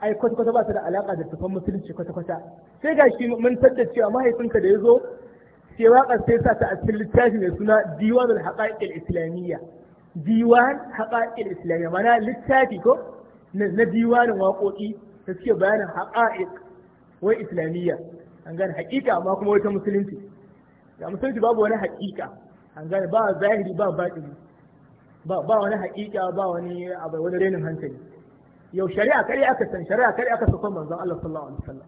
ai kwata-kwata ba ta da alaƙa da tafan musulunci kwata-kwata sai ga shi mun tattace cewa mahaifinka da ya zo sai waƙar sai sa ta a cikin littafi mai suna diwanul haƙaƙil islamiyya ديوان حقائق الإسلامية معناها للتاتيكو نديوان واقوتي تسكي بيان حقائق وإسلامية أن قال حقيقة ما كم هو مسلم في يا مسلم في يعني بابه أنا حقيقة أن قال با ظاهري با باطني با با أنا حقيقة با أنا أبغى ولا رينم هنتني يو شريعة كري أكثر شريعة كري أكثر صلى الله عليه وسلم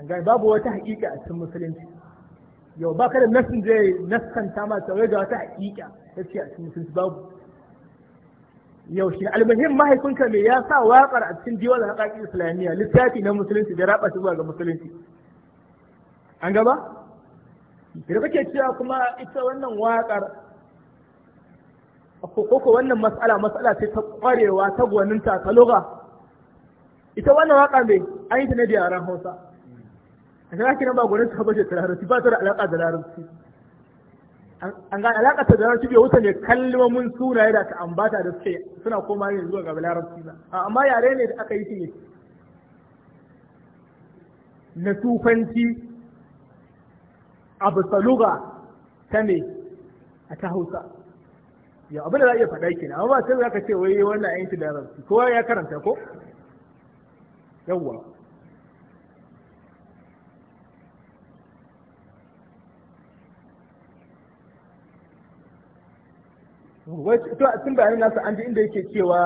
أن قال بابه أنا حقيقة مسلم في يو با كده نفس نفس كان تمام تويجه حقيقة ya a cikin musulunci babu yau shi almuhim mahaifinka me ya sa waƙar a cikin jiwon haƙaƙi islamiyya littafi na musulunci da raɓa zuwa ga musulunci an gaba da kake cewa kuma ita wannan waƙar koko wannan matsala, matsala ce ta ƙwarewa ta gwaninta ta lugha ita wannan waƙa mai an yi ta na da yaran hausa a shi ake nan ba ba ce ta larabci ba ta da alaƙa da larabci an ga alaƙa da larabci bai wuta ne kalmomin sunaye da aka ambata da suke suna koma yin zuwa ga larabci ba amma yare ne da aka yi shi na tufanci abu saluga ta ne a ta hausa ya abu da za a iya faɗa kenan amma ba sai za ka ce wai wannan ayyuka da larabci kowa ya karanta ko yawwa wai to a cikin bayanin nasa an ji inda yake cewa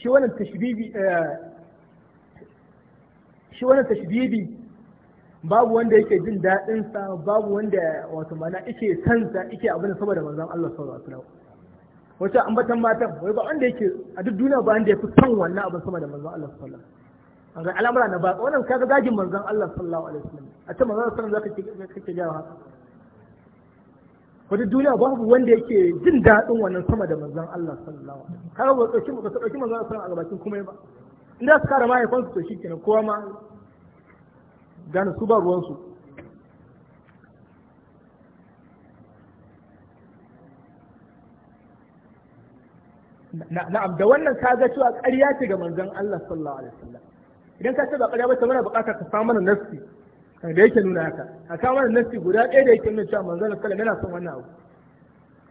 shi wannan tashbibi eh, shi wannan tashbibi babu wanda yake jin daɗin sa babu wanda wato mana yake san sa yake abin saboda manzon Allah sallallahu alaihi wasallam wata ambatan matan wai ba wanda yake a duk duniya ba wanda yafi san wannan abin sama da manzon Allah sallallahu alaihi wasallam an ga al'amura na ba wannan kaga gajin manzon Allah sallallahu alaihi wasallam a ce manzon sallallahu alaihi wasallam zaka kike jawo haka wata duniya babu wanda yake jin daɗin wannan sama da manzan Allah sallallahu alaihi wasallam kaga ba dauki ba dauki manzan Allah a gabakin kuma ba inda su kare mahaifansu to shikenan kowa ma gane su ba ruwansu na'am da wannan ka ga cewa ƙarya ce ga manzan Allah sallallahu alaihi wasallam idan ka ce ba ƙarya ba ta mana buƙatar ka samu mana nafsi da yake nuna haka a kama da nasi guda ɗaya da yake nuna cewa manzo Allah sallallahu yana son wannan abu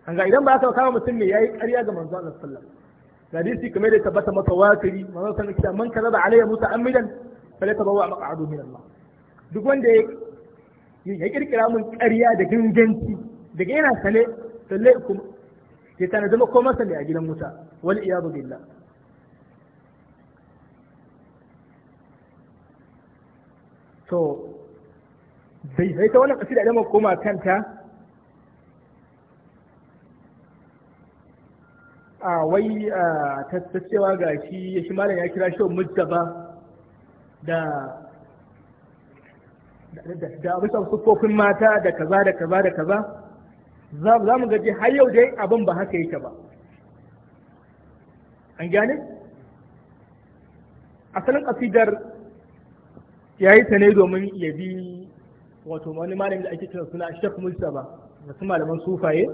an ga idan ba aka kama mutum ne yayi ƙarya ga manzo Allah sallallahu hadisi kamar da tabbata masa wasiri manzo sallallahu alaihi wasallam kaza ba alayya muta'ammidan falatabawa maq'adu min Allah duk wanda ya kirkira mun ƙarya da ganganci daga yana sane lalle kuma ya tana zama ko masa ne a gidan wuta wal iyadu billah to bai sai ta wannan kasida idan koma kanta a wai ta cewa ga shi ya shi malam ya kira shi mujtaba da da bisa sufofin mata da kaza da kaza da kaza za mu gaji har yau dai abin ba haka yake ba an gane asalin kasidar ya yi ta ne domin ya bi wato wani malami da ake cewa suna Sheikh Mustafa da su malaman sufaye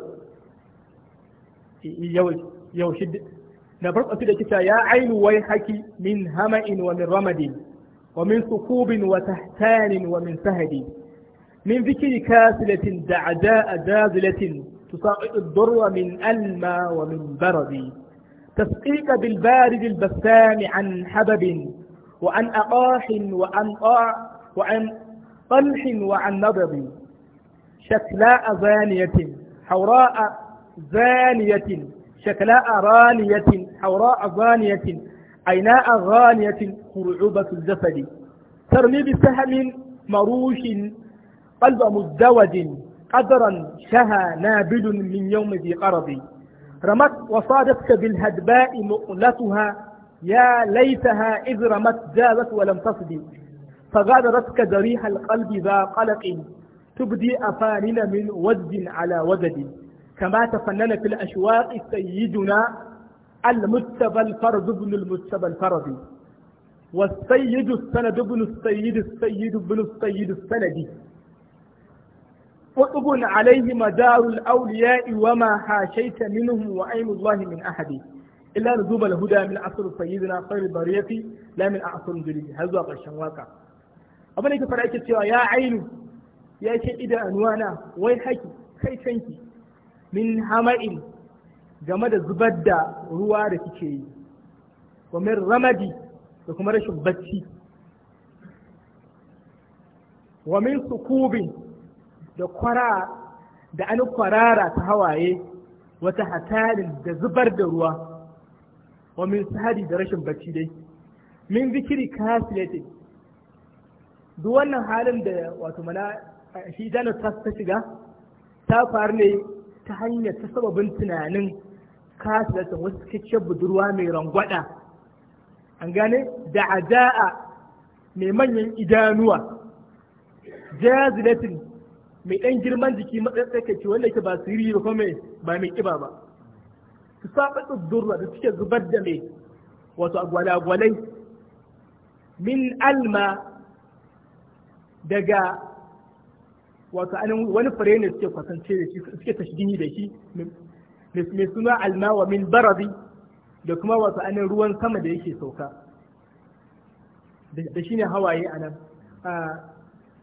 yau yau shi da farko su da kita ya ainu wai haki min hama'in wa min ramadi wa min sukubin wa tahtanin wa min sahadi min zikiri kasilatin da ada dazilatin تصاعد الضر من ألمى ومن برد تسقيك بالبارد البسام عن حبب وعن أقاح وعن طاع وعن طلح وعن نضب شكلاء زانية حوراء زانية شكلاء رانية حوراء زانية عيناء غانية خرعوبة الجسد ترمي بسهم مروش قلب مزدوج قدرا شها نابل من يوم ذي قرض رمت وصادتك بالهدباء مؤلتها يا ليتها إذ رمت جابت ولم تصدي فغادرتك ذريح القلب ذا قلق تبدي أفانن من وجد على وجد كما تفنن في الأشواق سيدنا المجتبى الفرد بن المجتبى الفرد والسيد السند بن السيد السيد بن السيد السند قطب عليه مدار الأولياء وما حاشيت منهم وعين الله من أحد إلا نزوب الهدى من أصل سيدنا خير البرية لا من أصل جليل هذا قشن واقع abin da yake fara ake cewa ya ainu ya ce idanuwana wai haki kai canki min hama'in game da zubar da ruwa da kike yi wa ramadi da kuma rashin bacci wa min sukubin da kwara da an kwarara ta hawaye wata hatarin da zubar da ruwa wa min sahari da rashin bacci dai min zikiri kasilatin duk wannan halin da wato mana shi janar ta ta shiga ta faru ne ta hanyar ta sababin tunanin kasilatin wasu cikakken budurwa mai rangwada an gane da aja'a mai manyan idanuwa jazilatin mai ɗan girman jiki matsakaci wanda yake ba siriri ba kuma ba mai ƙiba ba su saba tsudurwa da suke zubar da mai wato agwalagwalai min alma daga wato wani fure ne suke kwatance da shi suke tashdini da shi mai suna almawa min barabi da kuma wato anan ruwan sama da yake sauka da shi ne hawaye a nan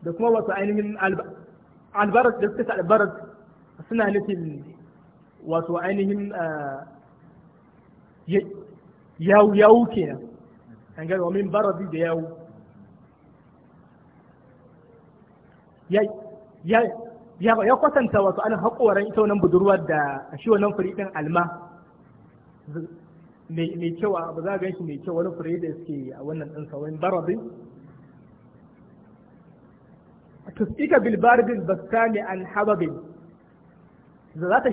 da kuma wato ainihin albarat da suka sa suna nufin wato ainihin yawu yawu kenan an gaba wa min barabi da yawu ya kwatanta wasu an haƙoran ita wannan budurwar da shi wannan fure ɗin alma mai kyau ba za a gan shi mai kyau wani fure da suke a wannan ɗinsa wani barabin tusika bilbarbin ne an hababin za ta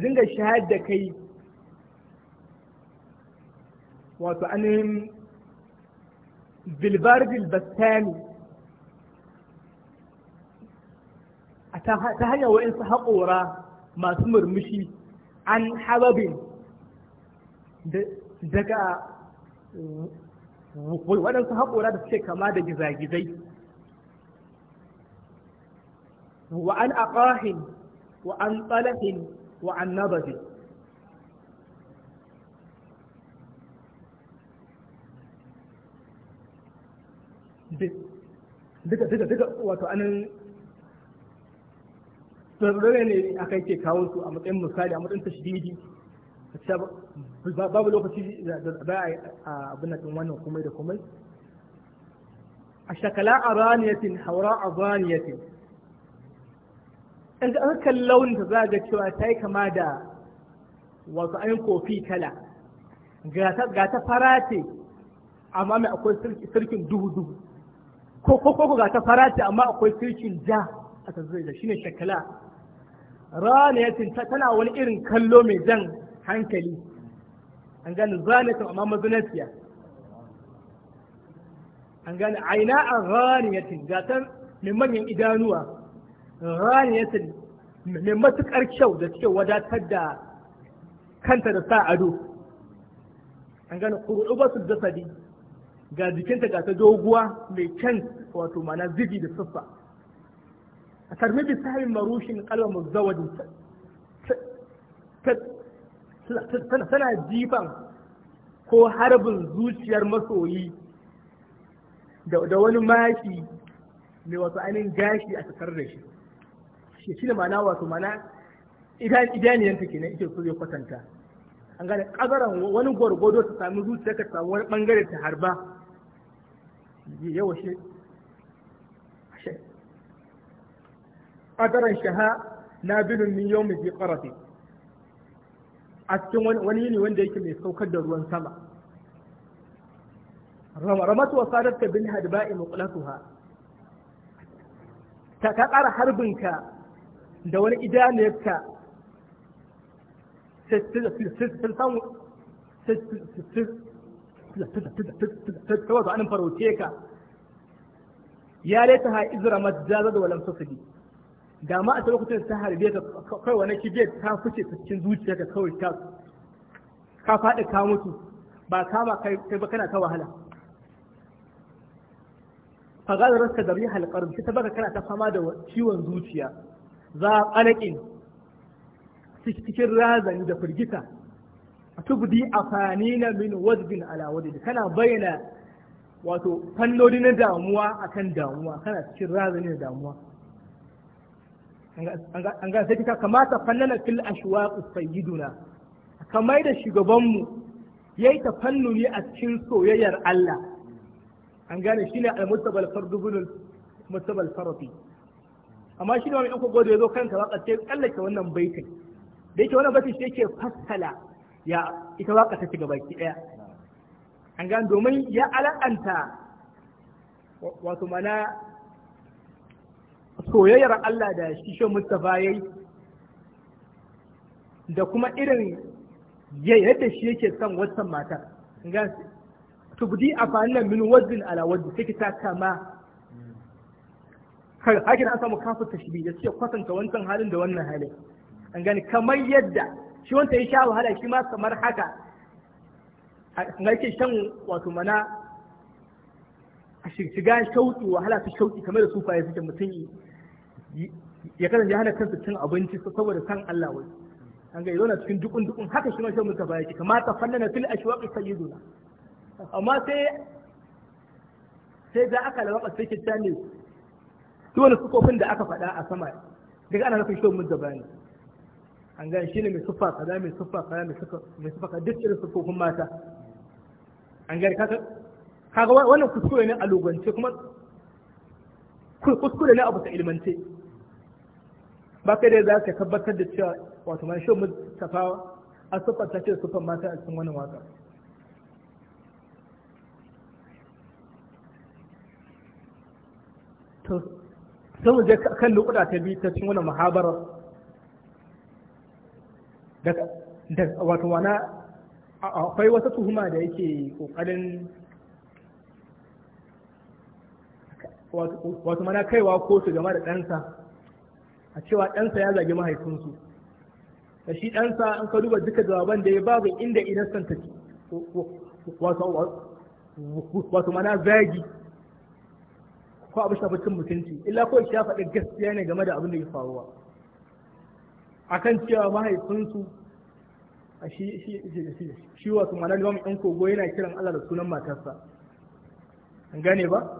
zinga shahad da kai wato anin bilbarbin ne. ta hanyar wa'insu haƙora masu murmushi an hababin daga waɗansu haƙora da suke kama da gizagizai wa an aqahin wa an tsalahin wa an nabazin duka duka duka wato anan to dole ne aka ke kawo su a matsayin misali a matsayin tashdidi babu lokaci da za a yi abin nan wannan komai da komai a shakala a raniyatin haura a raniyatin in an kan launin ta za ga cewa ta yi kama da wasu an kofi kala ga ta fara ce amma mai akwai sirkin duhu duhu ko ko ko ga ta fara ce amma akwai sirkin ja a tazzai da shine shakala ta tana wani irin kallo mai jan hankali an gani zaniyatin amma mazinaciya an gani aina a raniyatin gatan mai manyan idanuwa raniyatin mai matuƙar kyau da suke wadatar da kanta da sa ado an su da sadi, ga jikinta ga ta doguwa mai kyan wato mana zibi da siffa ترمي بسهم مروش قلب مزوج tana jifan ko harbin zuciyar masoyi da wani mashi mai wasu ainihin gashi a tattare da shi shi shi ne mana wasu mana idaniyanta ke nan ike kwatanta an gane wani gwargwado ta sami zuciya ta samu wani bangare ta harba yawa shi qadaran shaha nabilun min yawmi fi qarafi a cikin wani yini wanda yake mai saukar da ruwan sama ramatu wa sadatka bil hadba'i muqlatuha ta ka ƙara harbinka da wani idaniyarka tawazu anin farauce ya da da ma a lokacin ta harbe ka kai wani kije ta fice ta cikin zuciyarka kawai ta ka faɗi ka mutu ba kama kai ba kana ta wahala fagal rasta da rihal qarb ta baka kana ta fama da ciwon zuciya za qalakin cikin razani da firgita tubdi afanina min wajbin ala wajhi kana bayyana wato fannoni na damuwa akan damuwa kana cikin razani da damuwa an ga sai kamata fannana fil ashwaq sayyiduna kamar da shugabanmu yayi ta fannuni a cikin soyayyar Allah an gane shine al-mustabal fardubul mustabal farati amma shi ne wani ɗan gode ya zo kanka waka sai tsallake wannan baitin da yake wannan baitin shi yake fassala ya ita waka ta shiga baki ɗaya an gane domin ya ala'anta wato mana soyayyar Allah da shi Mustapha yi, da kuma irin yadda shi yake son wasan mata ga tubdi nan min wajin ala wajin take ta kama kar hakin an samu kafin tashbi da suke kwatanta wancan halin da wannan halin an gani kamar yadda shi wanda ya sha wahala shi ma kamar haka a ke shan wato mana a shiga shauki wahala ta shauki kamar da ya suke mutum ya kasance hana kansa cin abinci saboda san Allah wai an ga yana cikin dukun dukun haka shi shan mutum baya kika mata fannana fil ashwaqi sayyiduna amma sai sai da aka lawa sai kitta ne duk wani sukofin da aka faɗa a sama daga ana nufin shan mutum ne. an ga shi ne mai siffa kaza mai siffa kaza mai siffa kaza duk irin sukofin mata an ga ka kaga wannan kuskure ne a lugance kuma kuskure ne a bisa ilmance ba kai dai za ka tabbatar da cewa wato mai shi tafawa a sufan ta ce sufan mata a cikin wannan waka to sai mu je kan lokuta ta biyu ta cikin wannan muhabara da wato wana akwai wata tuhuma da yake kokarin wato mana kaiwa kotu game da ɗansa a cewa ɗansa ya zagi mahaifinsu da shi ɗansa an ka duba duka jawaban da ya babu inda inasan ta wato mana zagi ko abu shafi cin mutunci illa ko ya faɗi gaskiya ne game da abin da ya faruwa akan cewa mahaifinsu shi wato mana limamin ɗan kogo yana kiran Allah da sunan matarsa an gane ba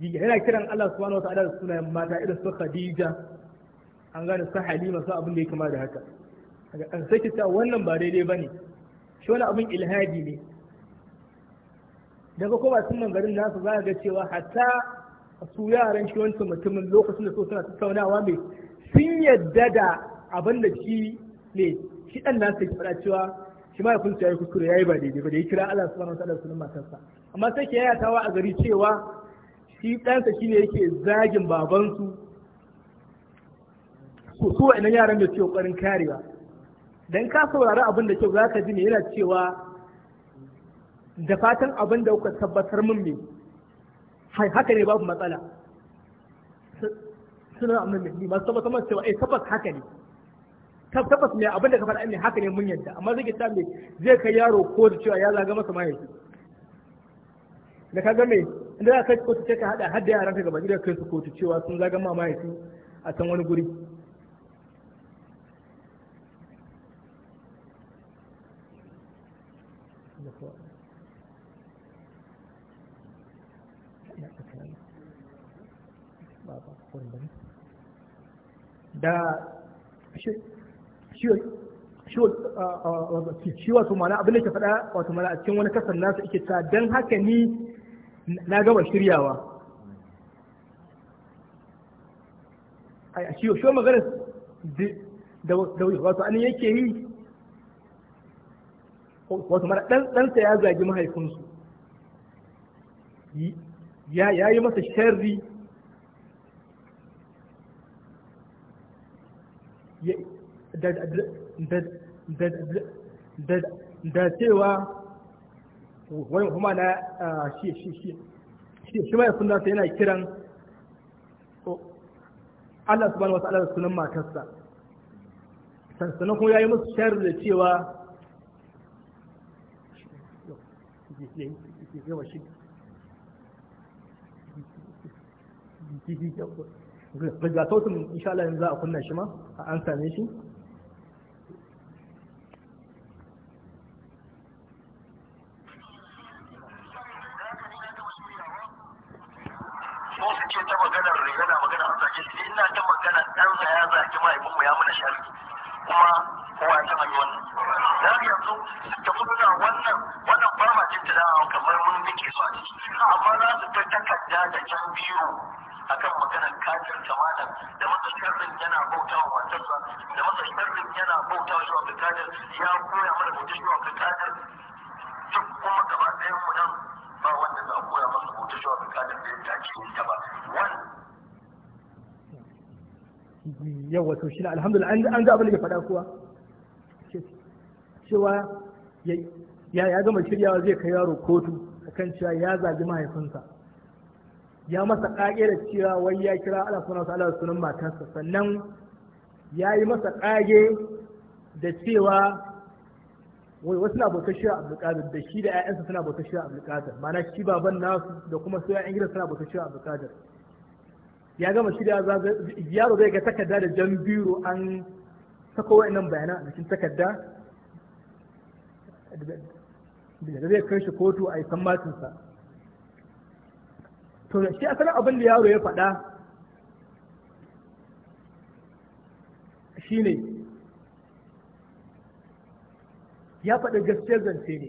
yana kiran Allah subhanahu wa ta'ala da sunayen mata irin su Khadija an gane su Halima su abin da ya kama da haka an sai ta wannan ba daidai bane shi wani abin ilhadi ne daga kuma sunan garin nasu za ga cewa hatta su yaran shi wancan mutumin lokacin da so suna tattaunawa mai sun yadda da abin da shi ne shi dan nasu ya fada cewa shi ma yayin kuskure yayi ba daidai ba da ya kira Allah subhanahu wa ta'ala sunan matarsa amma sai ke yaya tawa a gari cewa shi ɗansa shi ne yake zagin babansu su su wa inan yaran da suke ƙoƙarin karewa don ka saurari abin da kyau za ka ji ne yana cewa da fatan abin da kuka tabbatar min me haka ne babu matsala suna amma ne masu tabbatar masu cewa ai eh, tabbas haka ne tabbas ne abin da ka faɗa ne haka ne mun yadda amma zai ta me zai kai yaro ko da cewa ya zaga masa mahaifi da ka ga me inda za ka kai kotu ka hada hadda yaran ka gaba gida kai su kotu cewa sun zaga mamaye mahaifi a can wani guri da shi uh, uh, uh, wato mana abin da ke faɗa wato mana a cikin wani kasar nasa ike ta don haka ni na gama shiryawa a ciwo shi maganar da wato an yake yi wato mara ɗansa ya zagi mahaifinsu ya yi masa sharri da cewa wani kuma na shi shi shi shi mai yana kiran Allah subhanahu wa ta'ala da sunan matarsa sansanin kuma yayi musu shayar da cewa insha Allah yanzu a kunna shi ma an same shi kuma kowa taɓa yi wannan da yanzu ta da wannan wannan farma ce ta dawa kamar mun muke so a ciki amma za su ta takarda da jan biyu a kan maganar kafin kamala da matsayin ɗin yana bauta wa matarsa da matsayin ɗin yana bauta wa shuwa kakadar ya koya mana bauta shuwa kakadar duk kuma gaba ɗayan mu nan ba wanda za a koya masa bauta shuwa kakadar da ya dace ta yawa to shi alhamdulillah an ga abin da faɗa kuwa cewa ya ya gama shiryawa zai kai yaro kotu akan cewa ya zagi mahaifinsa ya masa ƙage da cewa wai ya kira Allah sunan sa Allah sunan matarsa sannan ya yi masa ƙage da cewa wai wasu na bautar shi a abdulkadir da shi da 'ya'yansa suna bautar shi a abdulkadir ma'ana shi baban nasu da kuma su 'ya'yan gidan suna bautar shi a abdulkadir ya gama shirya yaro zai ga takarda da jan biro an sako wa'annan bayanan a cikin takarda da zai kai shi kotu a isan matinsa to shi sanar abin da yaro ya faɗa ne ya faɗi gaskiyar zance ne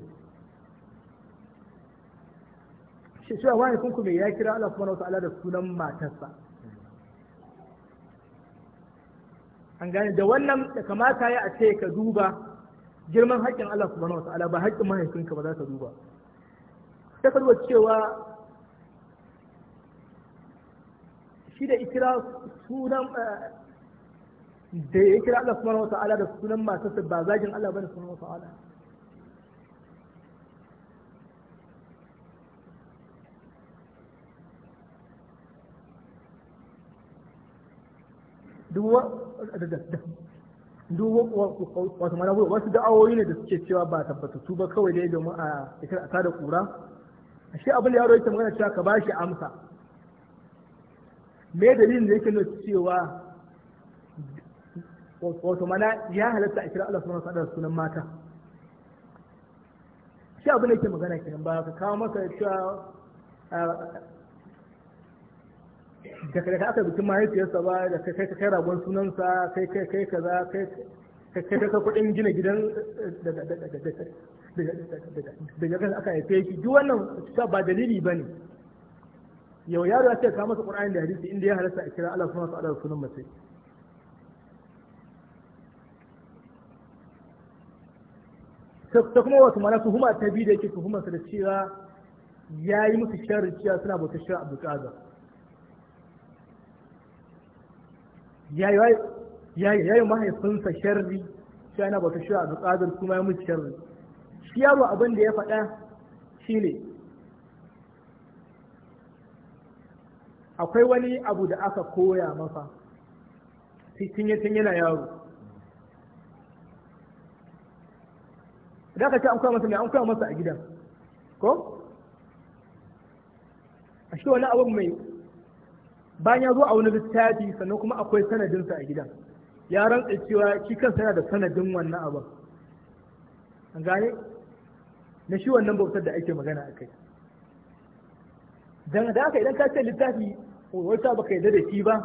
shi shi wani kunkume ya kira Allah wata ala da sunan matarsa an gane da wannan da kamata ya a ce ka duba girman haƙƙin Allah subhanahu wa ta'ala ba haƙƙin mahaifinka ba za ka duba ta karwa cewa shi da ikira sunan eh, da ya kira Allah subhanahu wa ta'ala da sunan masu ba zagin Allah bane subhanahu wa ta'ala wasu mana wasu da'awoyi ne da suke cewa ba tabbatattu ba kawai dai domin a ikar a tada kura a shi abin da yaro yake magana cewa ka bashi amsa me dalilin da yake nuna cewa wasu mana ya halatta a kira Allah subhanahu wa ta'ala sunan mata shi abin da yake magana kenan ba ka kawo masa cewa da kai aka bikin mahaifiyarsa ba da kai kai ragon sunansa kai kai kai kaza kai kai kai kudin gina gidan daga da aka haife shi duk wannan cuta ba dalili ba ne yau yaro ya ce ka masa ƙur'ani da hadisi inda ya halasta a kira Allah sunan su Allah sunan mace ta kuma wasu mana tuhuma ta biyu da yake tuhumarsa da cewa ya yi musu sharri cewa suna bautar shirin abu ƙaza ya yi mahaifinsa sharri shi ana bata shi a tsadar kuma ya mutu sharri shi yaro abin da ya faɗa shi ne akwai wani abu da aka koya masa tun yana yaro da aka ce an koya masa mai an koya masa a gidan ko a shi wani abu mai bayan ya zo a wani littafi sannan kuma akwai sanadinsa a gidan ya rantsa cewa shi kansa yana da sanadin wannan abin an gane na shi wannan bautar da ake magana a kai dan da haka idan ka ce littafi wata baka yarda da shi ba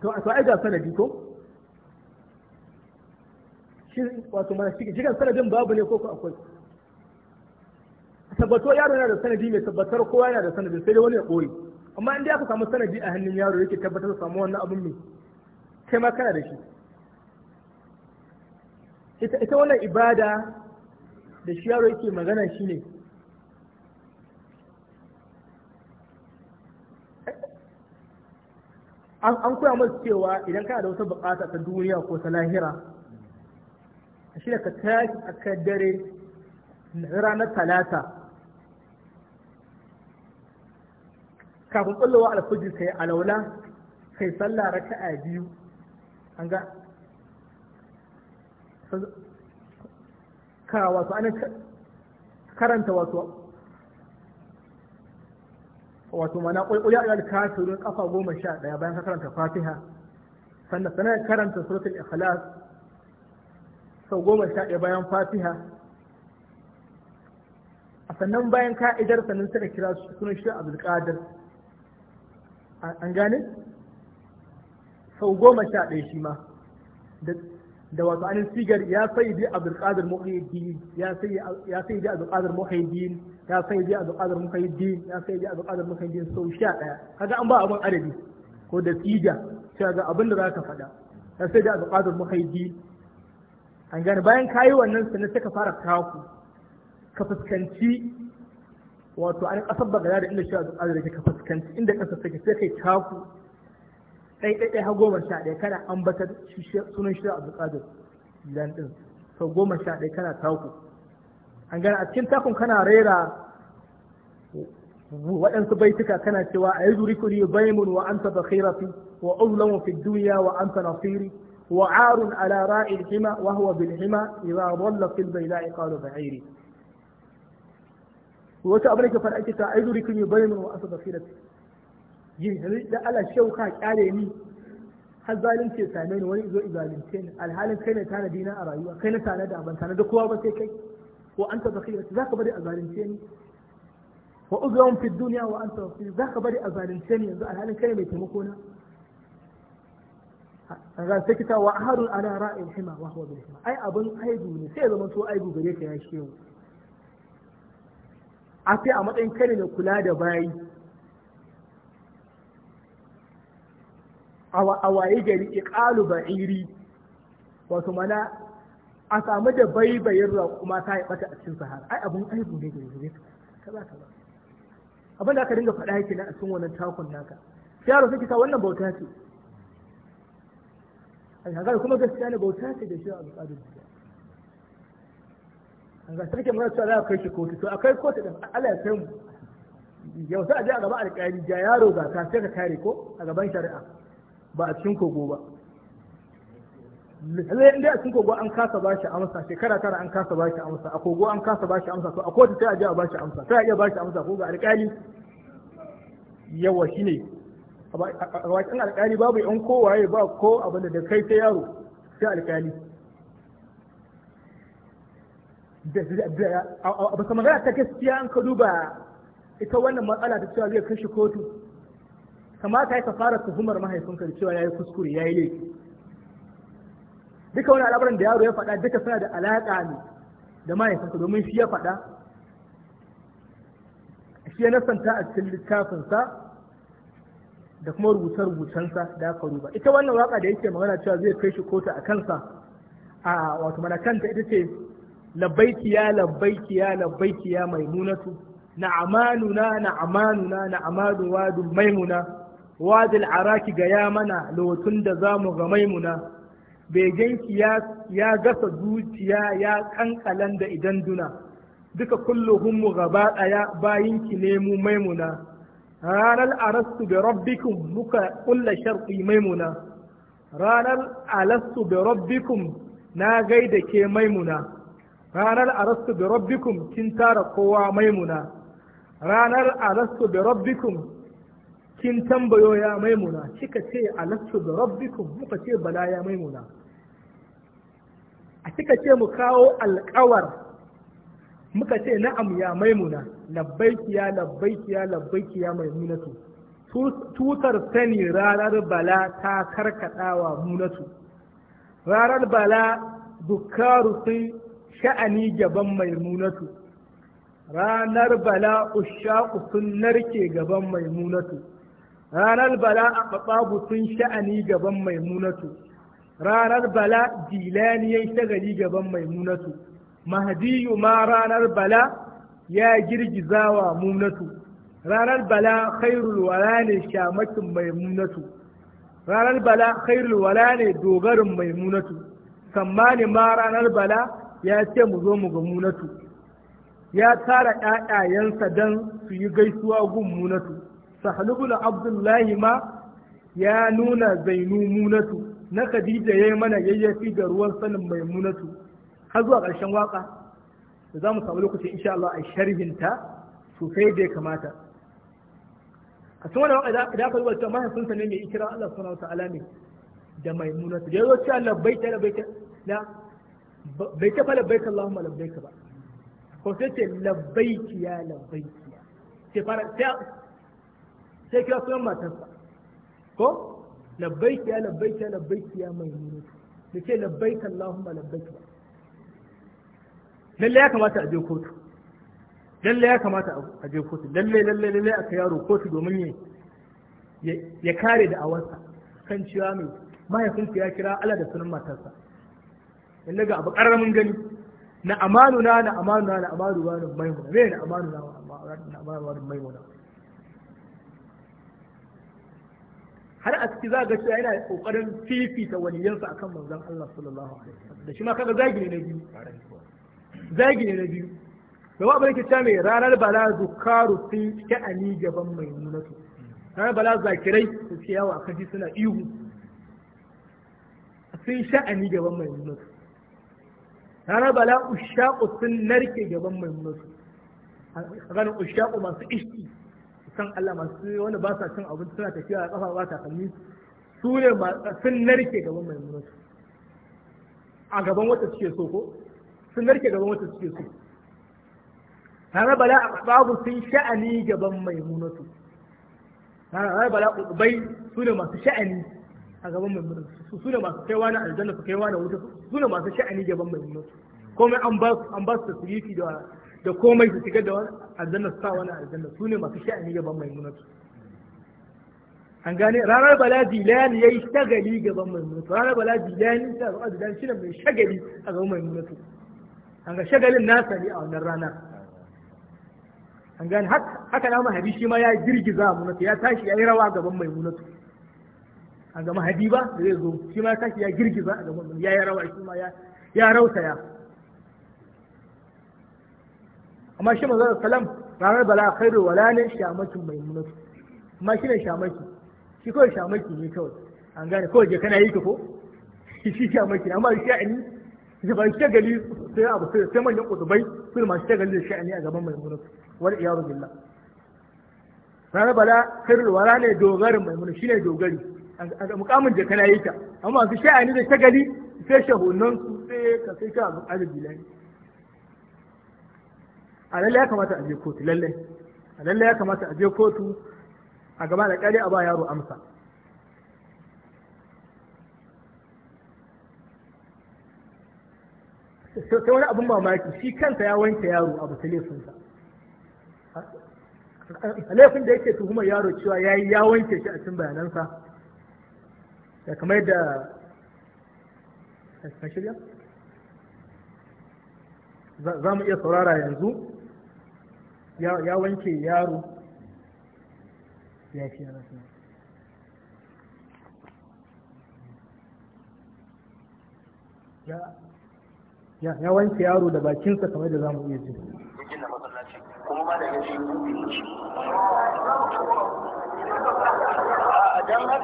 to a sai ga sanadi ko shi wato mana shi sanadin babu ne ko ko akwai tabbato yaro yana da sanadi mai tabbatar kowa yana da sanadi sai dai wani ya ɓoye. amma in dai aka samu sanadi a hannun yaro yake tabbatar samu wannan abin mai kai ma kana da shi ita wannan ibada da shi yaro yake magana shi ne an koya masu cewa idan kana da wata bukata ta duniya ko ta lahira shi da ka tashi a kaddare dare ranar talata kafin kullowa alfajir kai alaula kai sallah raka'a biyu an ga ka wato ana karanta wato wato mana ƙulƙuli a ɗan kafirin ƙafa goma sha ɗaya bayan ka karanta fatiha sannan sanar karanta suratul ikhlas sau goma sha ɗaya bayan fatiha a sannan bayan ka idar sannan sai ka kira sunan shi abdulkadir an gane sau goma sha ɗaya shi ma da wato anin sigar ya sai bi abdulkadir muhyiddin ya sai ya sai bi abdulkadir muhyiddin ya sai bi abdulkadir muhyiddin ya sai bi abdulkadir muhyiddin sau sha ɗaya kaga an ba abin adadi ko da sigar cewa ga abin da zaka faɗa ya sai bi abdulkadir muhyiddin an gane bayan kayi wannan sannan sai ka fara kawo ka fuskanci wato an asabba ga da illa shi a zuƙa da ka fuskanci inda ƙasa take sai kai taku ɗai dai dai ha goma sha dai kana ambatar sunan shi Abdul Qadir dan din ɗin goma sha dai kana taku an gana a cikin takun kana rera waɗansu baituka kana cewa a yi zuri kuri baimun wa anta bakhirati wa uzlamu fi duniya wa anta nasiri wa arun ala ra'il hima wa huwa bil hima idza dhalla fil bayda'i qalu ba'iri wata abin da ke faɗa ake ta zuri rikin yi bayan wasu da firat yin da Allah shau ka kyale ni har zalunce same ni wani zo zalunce ni alhalin kai ne tana na a rayuwa kai na da ban da kowa ba sai kai wa anta za zaka bari a zalunce ni wa uzran fi dunya wa anta za zaka bari a zalunce ni yanzu alhalin kai ne mai taimako na ran sai kita wa harun ala ra'il hima wa huwa bil hima ai abun aibu ne sai zaman so aibu gare ka ya yau. a fi a matsayin kare na kula da bayi a waye gari iqalu ba'iri wato mana a samu da bai bayin kuma ta yi bata a cikin sahara ai abun aibu ne gari ne kaza ba abin da aka dinga faɗa yake na a cikin wannan takon naka sai yaro sai ta wannan bauta ce a kuma gaskiya ne bauta ce da shi a al'adun jiya ga sarki mun sa za kai shi kotu to akai kotu din Allah ya kai mu yau sai a je a gaban alƙali ja yaro ga ka sai ka kare ko a gaban shari'a ba a cikin kogo ba lalle inda a cikin kogo an kasa ba shi amsa shekara tara an kasa ba shi amsa a kogo an kasa ba shi amsa to a kotu sai a je a ba shi amsa sai a iya ba shi amsa ko ga alƙali yawa ne a bakin alƙali babu yan kowaye ba ko abin da kai sai yaro sai alƙali ba ka magana ta gaskiya an ka duba ita wannan matsala ta cewa zai kashe kotu kamata ya ka fara tuhumar mahaifinka da cewa ya yi kuskure ya yi laifi duka wani al'amuran da yaro ya faɗa duka suna da alaƙa ne da mahaifinka domin shi ya faɗa shi ya nasanta a cikin littafinsa da kuma rubuce-rubucensa da aka ruba ita wannan waka da yake magana cewa zai kai shi kotu a kansa a wato mana kanta ita ce labbaiki ya labbaiki ya labbaiki ya maimunatu na'amanuna na'amanuna na'amadu wadu maimuna wadil araki ga ya mana lotun da zamu ga maimuna begenki ya gasa zuciya ya kankalan da idan duna duka mu gaba daya bayinki ne mu maimuna ranar arastu bi rabbikum muka kulla sharqi maimuna ranar alastu bi rabbikum na gaida ke maimuna ranar arastu bi rabbikum kin tara kowa maimuna ranar arastu bi rabbikum kin tambayo ya maimuna kika ce alastu bi rabbikum muka ce bala ya maimuna a kika ce mu kawo alƙawar muka ce na'am ya maimuna labbaiki ya labbaiki ya labbaiki ya maimunatu tutar sani ranar bala ta karkadawa munatu ranar bala dukkaru sai sha'ani gaban maimunatu ranar bala ushaku sun narke gaban maimunatu ranar bala a sun sha'ani gaban maimunatu ranar bala jilaniyan shagali gaban maimunatu mahdiyu ma ranar bala ya girgizawa munatu ranar bala khairul wala ne shamakin maimunatu ranar bala khairul wala ne dogarin maimunatu kammani ma ranar bala ya ce mu zo mu ga munatu ya tara ƴaƴayensa don su yi gaisuwa gun munatu sahlubul abdullahi ma ya nuna zainu munatu na khadija ya yi mana yayyafi ga ruwan sanin mai munatu har zuwa ƙarshen waƙa da za mu samu lokaci insha Allah a sharhinta sosai da ya kamata a cikin wannan waƙa da aka rubuta, cewa mahaifinsa ne mai ikira Allah subhanahu wa ta'ala ne da mai munatu da ya zo cewa labbaita labbaita la bai taɓa labbaik Allahumma labbaik ba ko sai ce labbaiki ya labbaiki sai fara sai kira sunan matarsa ko labbaiki ya labbaiki ya labbaiki ya mai nuna da ce labbaik Allahumma labbaik ba lalle ya kamata a je kotu lalle ya kamata a je kotu lalle lalle lalle aka yaro kotu domin ya kare da awarsa kan cewa mai mahaifinsa ya kira Allah da sunan matarsa lalle ga abu mun gani na amanu na na amanu na na amanu na maimuna me na amanu na amanuna na maimuna har a ciki za ga cewa yana kokarin fifita waliyansa akan manzon Allah sallallahu alaihi wasallam da shi ma kaga zagi ne na biyu zagi ne na biyu gaba abin ke cewa mai ranar bala zukaru sun sha'ani gaban mai nunatu ranar bala zakirai su ce yawa a kaji suna ihu sun sha'ani gaban mai nunatu kana bala ushaku sun narke gaban mai musu ganin ushaku masu ishki san Allah masu wanda ba sa cin abinci suna tafiya a kafa ba takalmi su ne sun narke gaban mai musu a gaban wata suke so ko sun narke gaban wata suke so tare bala babu sun sha'ani gaban maimunatu tare bala ubai su ne masu sha'ani a gaban mai murna su ne masu kaiwa na aljanna su kaiwa na wuta su ne masu sha'ani gaban mai murna komai an ba su an ba su tasirifi da da komai su shigar da aljanna su sa wani aljanna su ne masu sha'ani gaban mai murna an gane ranar bala jilani yayi shagali gaban mai murna ranar bala jilani ta zuwa da shi ne mai shagali a gaban mai murna an ga shagalin nasa ne a wannan rana an gane haka na mahadi shi ma ya girgiza munatu ya tashi ya yi rawa gaban mai munatu a gama mahadi ba da zai zo shi ma tashi ya girgiza a gaban ya yi rawa shi ma ya ya amma shi manzo salam ranar bala khairu wala ne shamaki maimunatu amma shi ne shamaki shi kawai shamaki ne kawai an gane kawai je kana yi ka ko [laughs] shi shamaki amma shi ya ni shi ba gali sai abu sai sai manyan kudubai su ma gali da sha'ani a gaban maimunatu wal iyadu billah ranar bala khairu wala ne dogarin shi ne dogari a mukamin da kana yi ta amma su sha'ani da shagali sai shahunan su sai ka sai ka abu arziki lai a lalle ya kamata a je kotu lalle a lalle ya kamata a je kotu a gaba da kare a ba yaro amsa sai wani abin mamaki shi kansa ya wanke yaro abu ta laifinsa A laifin da yake tuhumar yaro cewa ya yi ya wanke shi a cikin bayanansa da kamar za mu iya saurara yanzu ya wanke yaro ya yana ya wanke yaro da bakinsa kamar da za mu iya ji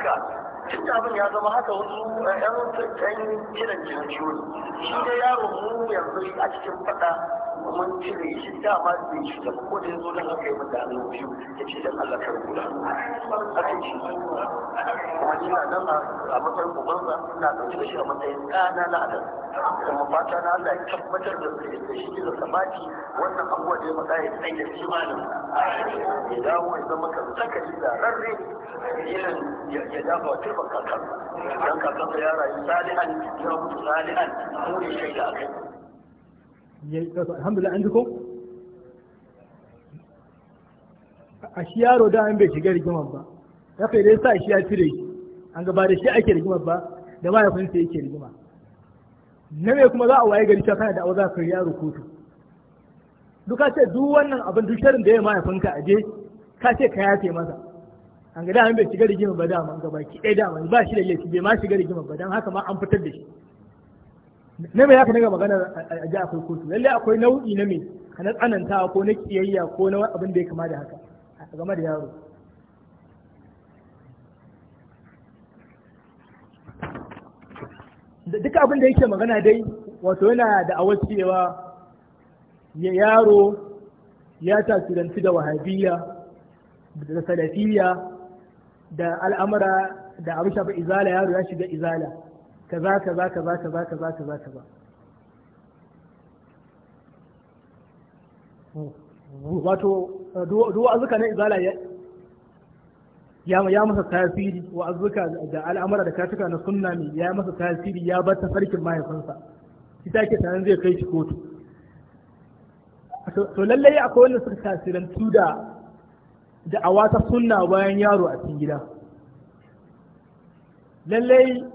ce duk abin ya zama haka wasu ɗan kiran ciwo ne shi dai yaron mu yanzu a cikin faɗa mun cire shi dama bai shi da ko da yazo nan aka yi mata hannu biyu ya ce dan Allah ka rubuta aka yi shi kuma ina nan a matsayin ubansa ina ɗauke da shi a matsayin ɗana na adam kuma fata na Allah ya tabbatar da shi da sabati wannan abuwa da ya faɗa ya tsaye da imanin ya dawo ya zama kan sakari da rarre irin ya dafa wa turban kakansa dan kakansa ya rayu salihan ya mutu salihan mu ne shaida a kai alhamdulillah an ji ko a shi yaro da an bai shiga rigimar ba ya fa dai sa shi ya cire shi an gaba da shi ake rigimar ba da mahaifinsa yake rigima na me kuma za a waye gari kana da za ka yaro kotu duka ce duk wannan abin duk sharin da ya mahaifinka a je ka ce ka yafe masa an ga da an bai shiga rigimar ba dama gaba ki ɗaya dama ba shi da laifi bai ma shiga rigimar ba don haka ma an fitar da shi na mai haka daga magana a ji akwai kotu lallai akwai nau'i na mai na tsanantawa ko na kiyayya ko na abin da ya kama da haka a game da yaro duka abin da yake magana dai wato yana da awar cewa ya yaro ya tasirantu da wahabiyya da salafiyya da al'amura da abu shafi izala yaro ya shiga izala kaza kaza kaza kaza kaza kaza kaza wato eh, duwa'azuka na izala ya masa tasiri wa'azuka da al'amura da katuka na sunna ne ya masa tasiri ya bar ta farkin mahaifinsa ita ke tare zai kai shi kotu to lallai akwai wanda suka tasirantu da da awata sunna bayan yaro a cikin gida lalle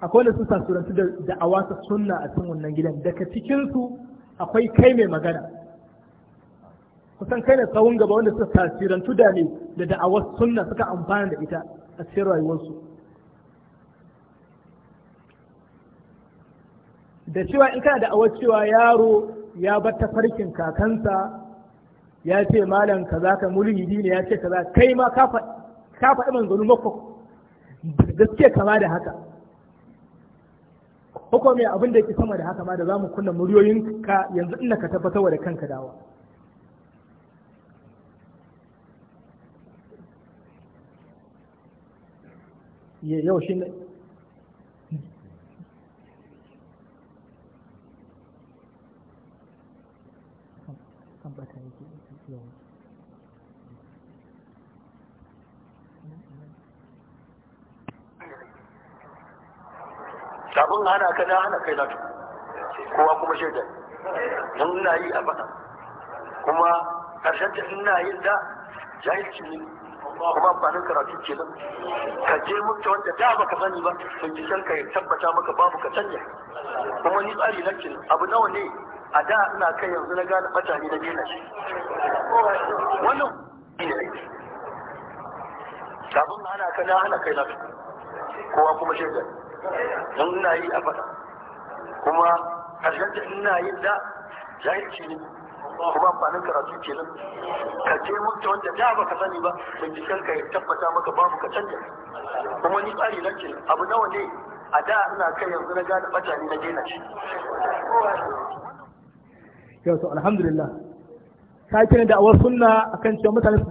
akwai da sun sasurantu da da'awa ta sunna a cikin wannan gidan daga cikinsu akwai kai mai magana kusan kai ne tsawon gaba wanda suka tasirantu da ne da da'awar sunna suka amfana da ita a cikin rayuwarsu da cewa in kana da'awar cewa yaro ya bar ta farkin kakansa ya ce malam kaza ka mulhidi ne ya ce kaza kai ma ka faɗi manzanni mako suke kama da haka ko ya abin da yake sama da haka ma da zamu kunna muryoyin ka yanzu inda ka tabbatar da kanka dawa yau shi kafin hana ka da hana kai latu kowa kuma shaidar don ina yi a faɗa kuma ƙarshen ta ina yin da jahilci ne kuma amfanin karatu ke nan ka je mutta wanda da baka sani ba sun ji shan ka tabbata maka babu ka sanya. kuma ni tsari na kin abu nawa ne a da ina kai yanzu na gane mutane na daina shi wannan ne aiki kafin hana ka da hana kai latu kowa kuma shaidar don ina yi a kuma ƙarshen da ina yin da jahilci ne kuma amfanin karatu nan. ka je mutu wanda da baka sani ba binciken ka ya tabbata maka babu ka canja kuma ni tsari na kenan abu nawa ne a da ina kai yanzu na gane bata ne na daina shi yau alhamdulillah ka kira da awar sunna akan cewa mutane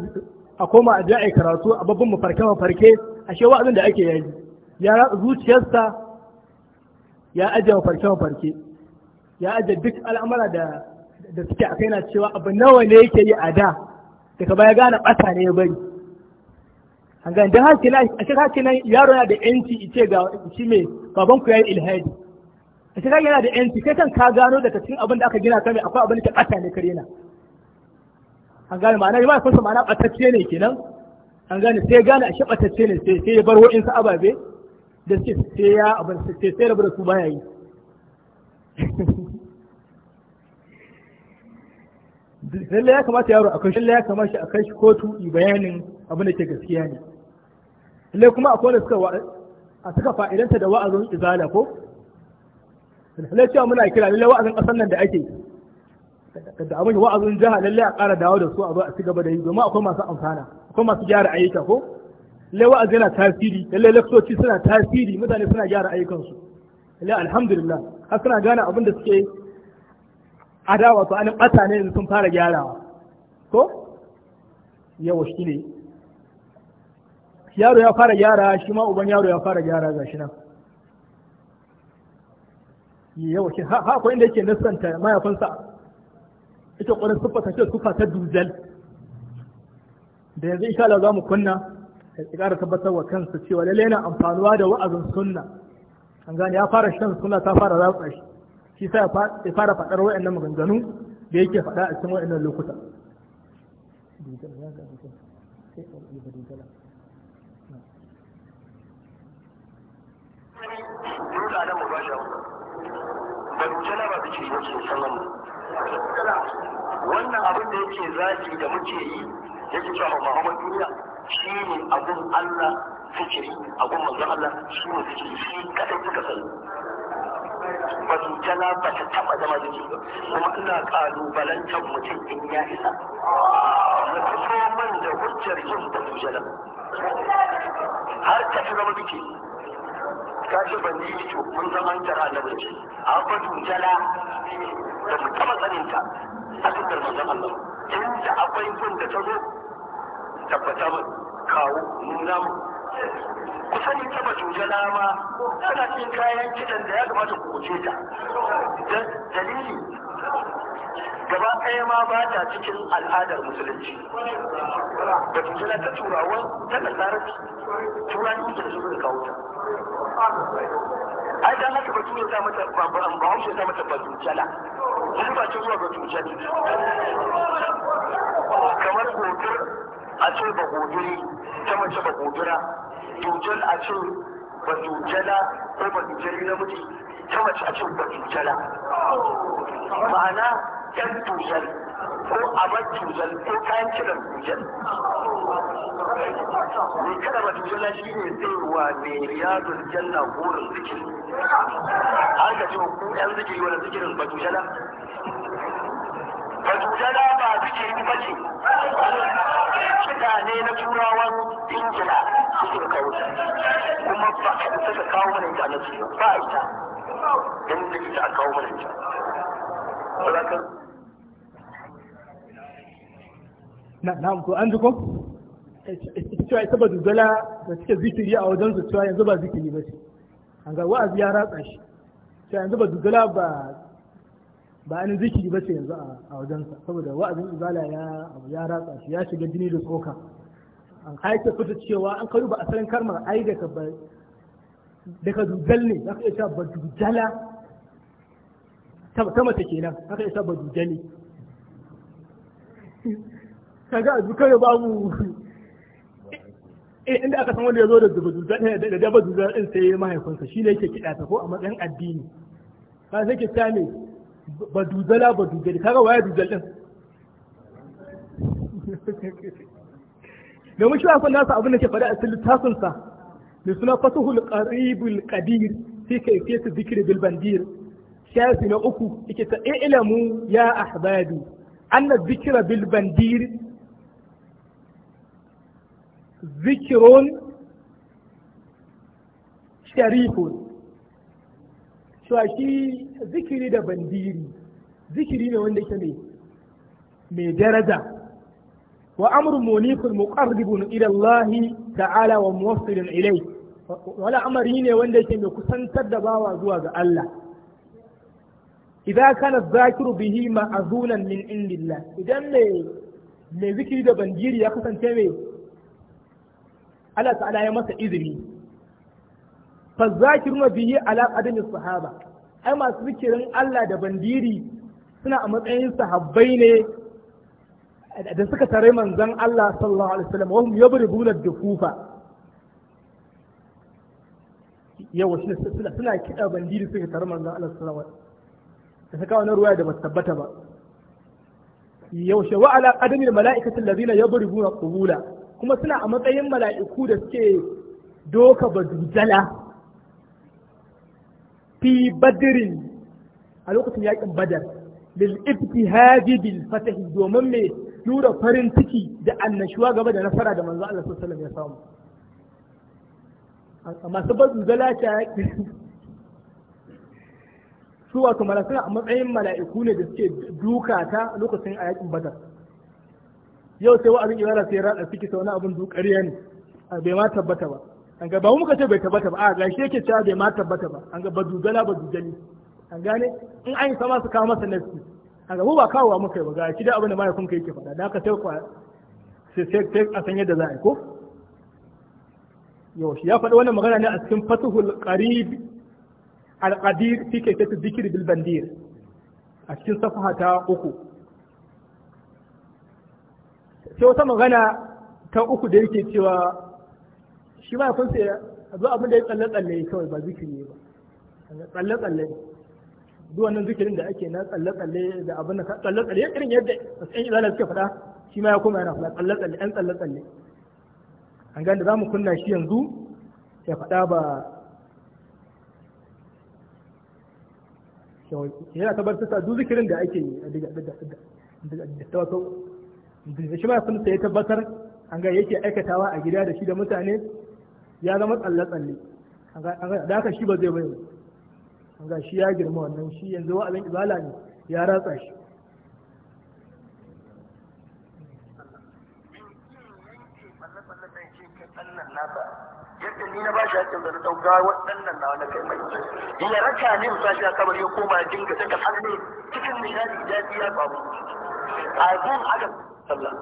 a koma a je a karatu a babban mafarke mafarke ashe wa'azin da ake yaji ya zuciyarsa ya ajiye mafarke mafarke ya ajiye duk al'amura da da suke a kaina cewa abu nawa ne yake yi a da daga baya gane ɓata ne ya bari an gane don haka na a cikin yaro yana da yanci ice ga shi mai baban ku yayi ilhadi a cikin yana da yanci kai kan ka gano daga cikin abin da aka gina ka mai akwai abin da ɓata ne kare na an gane ma'ana ba kusa ma'ana ɓatacce ne kenan an gane sai gane a shi ɓatacce ne sai sai ya bar wa'insu ababe da ce sai ya abin sai sai rabu da su baya yi lalle ya kamata yaro a kan shi ya kamata a kan shi kotu yi bayanin abin da ke gaskiya ne lalle kuma akwai wanda suka a suka fa'idanta da wa'azin izala ko lalle cewa muna kira lalle wa'azin kasan nan da ake da abin wa'azin jiha lalle a ƙara dawo da su a zo a ci gaba da yi domin akwai masu amfana akwai masu gyara ayyuka ko lai wa'azi yana tasiri lalle lakcoci suna tasiri mutane suna gyara ayyukansu lalle alhamdulillah har suna gane abin da suke adawa su anin ɓata ne sun fara gyarawa ko yawa shi ne yaro ya fara gyara shi ma uban yaro ya fara gyara ga shi nan yawa shi ha akwai inda yake nasanta mayafinsa ita ƙwarin siffa ta ce siffa ta dujal da yanzu insha Allah za mu kunna ya ƙara tabbatar wa kansa cewa lalle yana amfanuwa da wa'azin sunna an gane ya fara shan sunna ta fara ratsa shi shi sa ya fara faɗar wa'annan maganganu da yake faɗa a cikin wa'annan lokuta wannan abin da yake zaki da muke yi yake cewa Muhammad duniya shi ne abin Allah suke yi abin manzon Allah shi ne suke yi shi kadai suka sani ba su jala ba ta taba zama da ba kuma ina kalubalantar mutum in ya isa na fito man da hujjar yin da su jala har ka fi zama duke ka ce ban yi to mun zaman jara na bace a fito jala da mu taba tsaninta a cikin manzon Allah inda akwai gun da ta zo tabbata mu kawo nuna mu ku sani ta bajojala ma tana cikin kayan kitan da ya kamata ku guje ta dalili gaba ɗaya ma ba ta cikin al'adar musulunci da tuzula ta turawan ta nasararci turani da su da kawo ta ai dan haka batun ya ta mata babban ba an ta mata ba jala wani ba ta zuwa ba jala kamar gotar a ce ba guduri ta mace ba gudura dujal a ce ba dujala ko ba na namiji ta mace a ce ba dujala ma'ana yan dujal ko abar dujal ko kayan kiran dujal ne kada ba dujala shi ne tsayuwa mai riyadun janna burin zikiri an ka ce ku yan zikiri wani zikirin ba dujala ba dudana ba suke yi ba ce mutane na turawan ingila suke kawo kuma ba a isa ka kawo mana ita na tsiyo ba a ita don da ita a kawo mana ita na na'am to an ji ko cewa ita ba dudala da suke zikiri a wajen su cewa yanzu ba zikiri ba ce an ga wa'azi ya ratsa shi cewa yanzu ba dudala ba ba ainihin zikiri ba sai yanzu a wajensa saboda wa'azin Ibala ya ya ratsa shi ya shiga jini da tsoka an haike fita cewa an karu ba asalin karmar ai daga ba daga dujal ne za ka iya ba dujala ta mace kenan za ka iya ba dujali kaga a dukkan babu eh, inda aka san wanda ya zo da zuba dujal eh, da daba dujal din sai mahaifinsa shi ne yake kiɗa ta ko a matsayin addini ka sai ke ta ba dudala ba dudali kaga waye dudal din da mun shafa nasa abin da ke faɗa a cikin littafin sa mai suna fasuhul qaribul qadir fi kayfiyat dhikri bil bandir shafi na uku yake ta ilamu ya ahbabi anna dhikra bil bandir zikrun sharifun cewa shi zikiri da bandiri zikiri ne wanda yake ne mai daraja wa amru munifun muqarribun ila Allah ta'ala wa muwassilun ilai wala amari ne wanda yake mai kusantar da bawa zuwa ga Allah Idan kana zakiru bihi ma'zunan min indillah idan mai mai zikiri da bandiri ya kasance mai Allah ta'ala ya masa izini fa zakiruna bihi ala sahaba ai masu zikirin Allah da bandiri suna a matsayin sahabbai ne da suka tare manzon Allah sallallahu alaihi wasallam wa hum yawa shi suna kiɗa bandiri suka tare manzon Allah sallallahu alaihi wasallam da suka wani ruwaya da ba tabbata ba yaushe wa ala qadami al mala'ikatu allazina yabribuna qubula kuma suna a matsayin mala'iku da suke doka badujala fi badirin a lokacin yakin badar lil ibtihadi bil fatahi domin farin ciki da annashuwa gaba da nasara da manzo ya samu amma su bazu zalata wato malakuna a matsayin mala'iku ne da suke duka ta lokacin a yakin badar yau sai wa'azin ibada sai rada suke ta wani abin dukariya ne bai ma tabbata ba an ga ba muka ce bai tabbata ba a ga shi yake cewa bai ma tabbata ba an ga ba dugala ba dugali an gane in an yi sama su kawo masa nafsi an ga mu ba kawowa muka yi ba ga shi da abin da mai kun kai yake faɗa da aka sai sai a san yadda za a yi ko yau shi ya faɗi wannan magana ne a cikin fatuhul qarib al-qadir fi kayfiyat dhikr bil bandir a cikin safaha ta uku sai wata magana ta uku da yake cewa shi ma kun sai a zo abin da ya tsalle tsalle kawai ba zikiri ne ba tsalle tsalle ne duk wannan zikirin da ake na tsalle tsalle da abin da tsalle tsalle irin yadda yan izala suka faɗa shi ma ya koma yana faɗa tsalle tsalle yan tsalle tsalle an gane za mu kunna shi yanzu ya faɗa ba yana tabbatar da duk zikirin da ake yi a diga da tawato da shi ma kun sai tabbatar an ga yake aikatawa a gida da shi da mutane ya zama tsalle-tsalle da haka shi ba zai bai ga shi ya girma wannan shi yanzu abin ibala ne ya ratsa shi yadda ni na bashi hakkin da na dauka waɗannan nawa wani kai mai ya raka ne musa shi a kamar ya koma dinga saka hannu cikin misali ya ya babu a gun aka sallah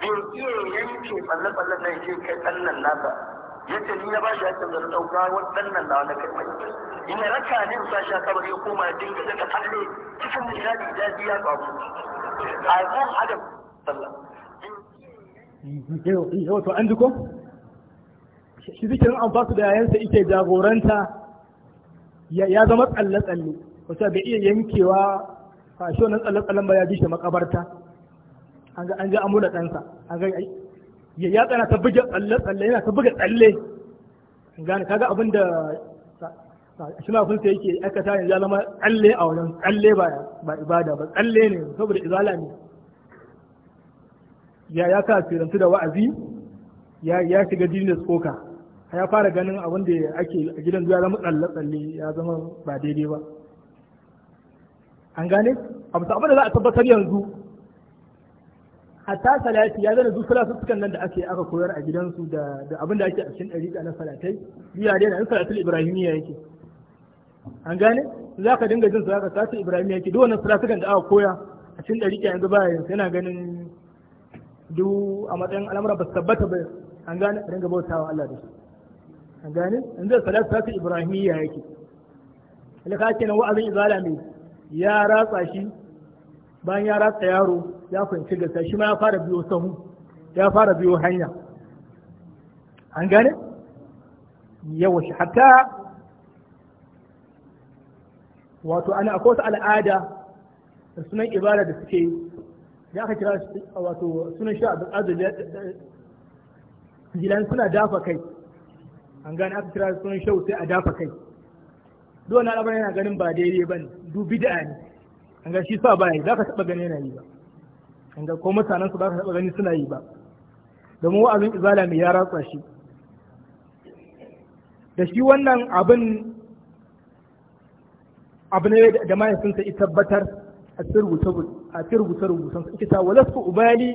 bai iya yanke tsalle-tsallen na ya kai tsallen nasa yace ni na bashi hakkin da dauka waɗannan na wani kai mai in raka ne sa shi kabari bari koma ya dinga daga tsalle cikin nishadi da biya ba ku a gun adam sallah yau to an ji ko shi zikirin an basu da yayansa ike jagoranta ya zama tsalle-tsalle wata bai iya yankewa a shi wannan tsalle-tsallen ba ya bi shi makabarta an ga an ga amula ɗansa an ga ya yatsa na ta buga tsalle tsalle yana ta buga tsalle gane kaga abin da shimafin sai yake aka ta yanzu zama tsalle a wajen tsalle ba ibada ba tsalle ne saboda izala ne ya ya firantu da wa'azi ya ya shiga dinin tsoka ya fara ganin abin da ake a gidan ya zama tsalle tsalle ya zama ba daidai ba an gane abu abin da za a tabbatar yanzu hatta salati ya zana duk salatuttukan nan da ake aka koyar a gidansu da da abin da ake a cikin ɗariƙa na salatai biya dai na salatul ibrahimiyya yake an gane za ka dinga jin salatu salatul ibrahimiyya yake duk wannan salatukan da aka koya a cikin ɗariƙa yanzu baya yanzu yana ganin duk a matsayin al'amura ba su tabbata ba an gane a dinga bautawa Allah da su an gane yanzu salatu salatul ibrahimiyya yake alaka kenan wa'azin izala mai ya ratsa shi bayan ya ratsa yaro ya fahimci gasa shi ma ya fara biyo sahu ya fara biyo hanya an gane yawa shi hatta wato ana akwai wasu al'ada da sunan ibada da suke ya aka kira wato sunan shi Gilan suna dafa kai an gane aka kira sunan shau sai a dafa kai duk wani al'amarin yana ganin ba daidai ba ne dubi da ne an ga shi sa ba yi za ka taɓa gani yana yi ba an ko mutanen su ba ka taɓa gani suna yi ba domin wa'azin izala mai ya ratsa shi da shi wannan abin abu ne da mahaifinsa ya tabbatar a cikin rubuce-rubucen su ita lasu ubali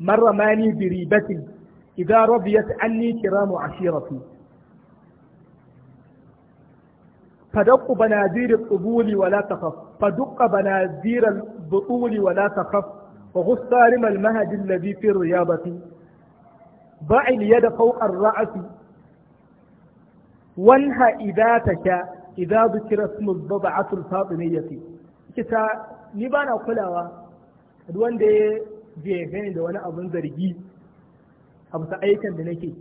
marramani bi ribatin idan rabiyat anni kiramu ashirati فدق بنادير الطبول ولا تخف فدق بنادير البطول ولا تخف وغص سالم المهد الذي في الرياضة ضع اليد فوق الرأس وانهى إذا تشاء إذا ذكر اسم الضبعة الفاطمية كتا نبانا قلاوة دوان دي جيغين دوانا أبن زرقي أبو سأيكا دنكي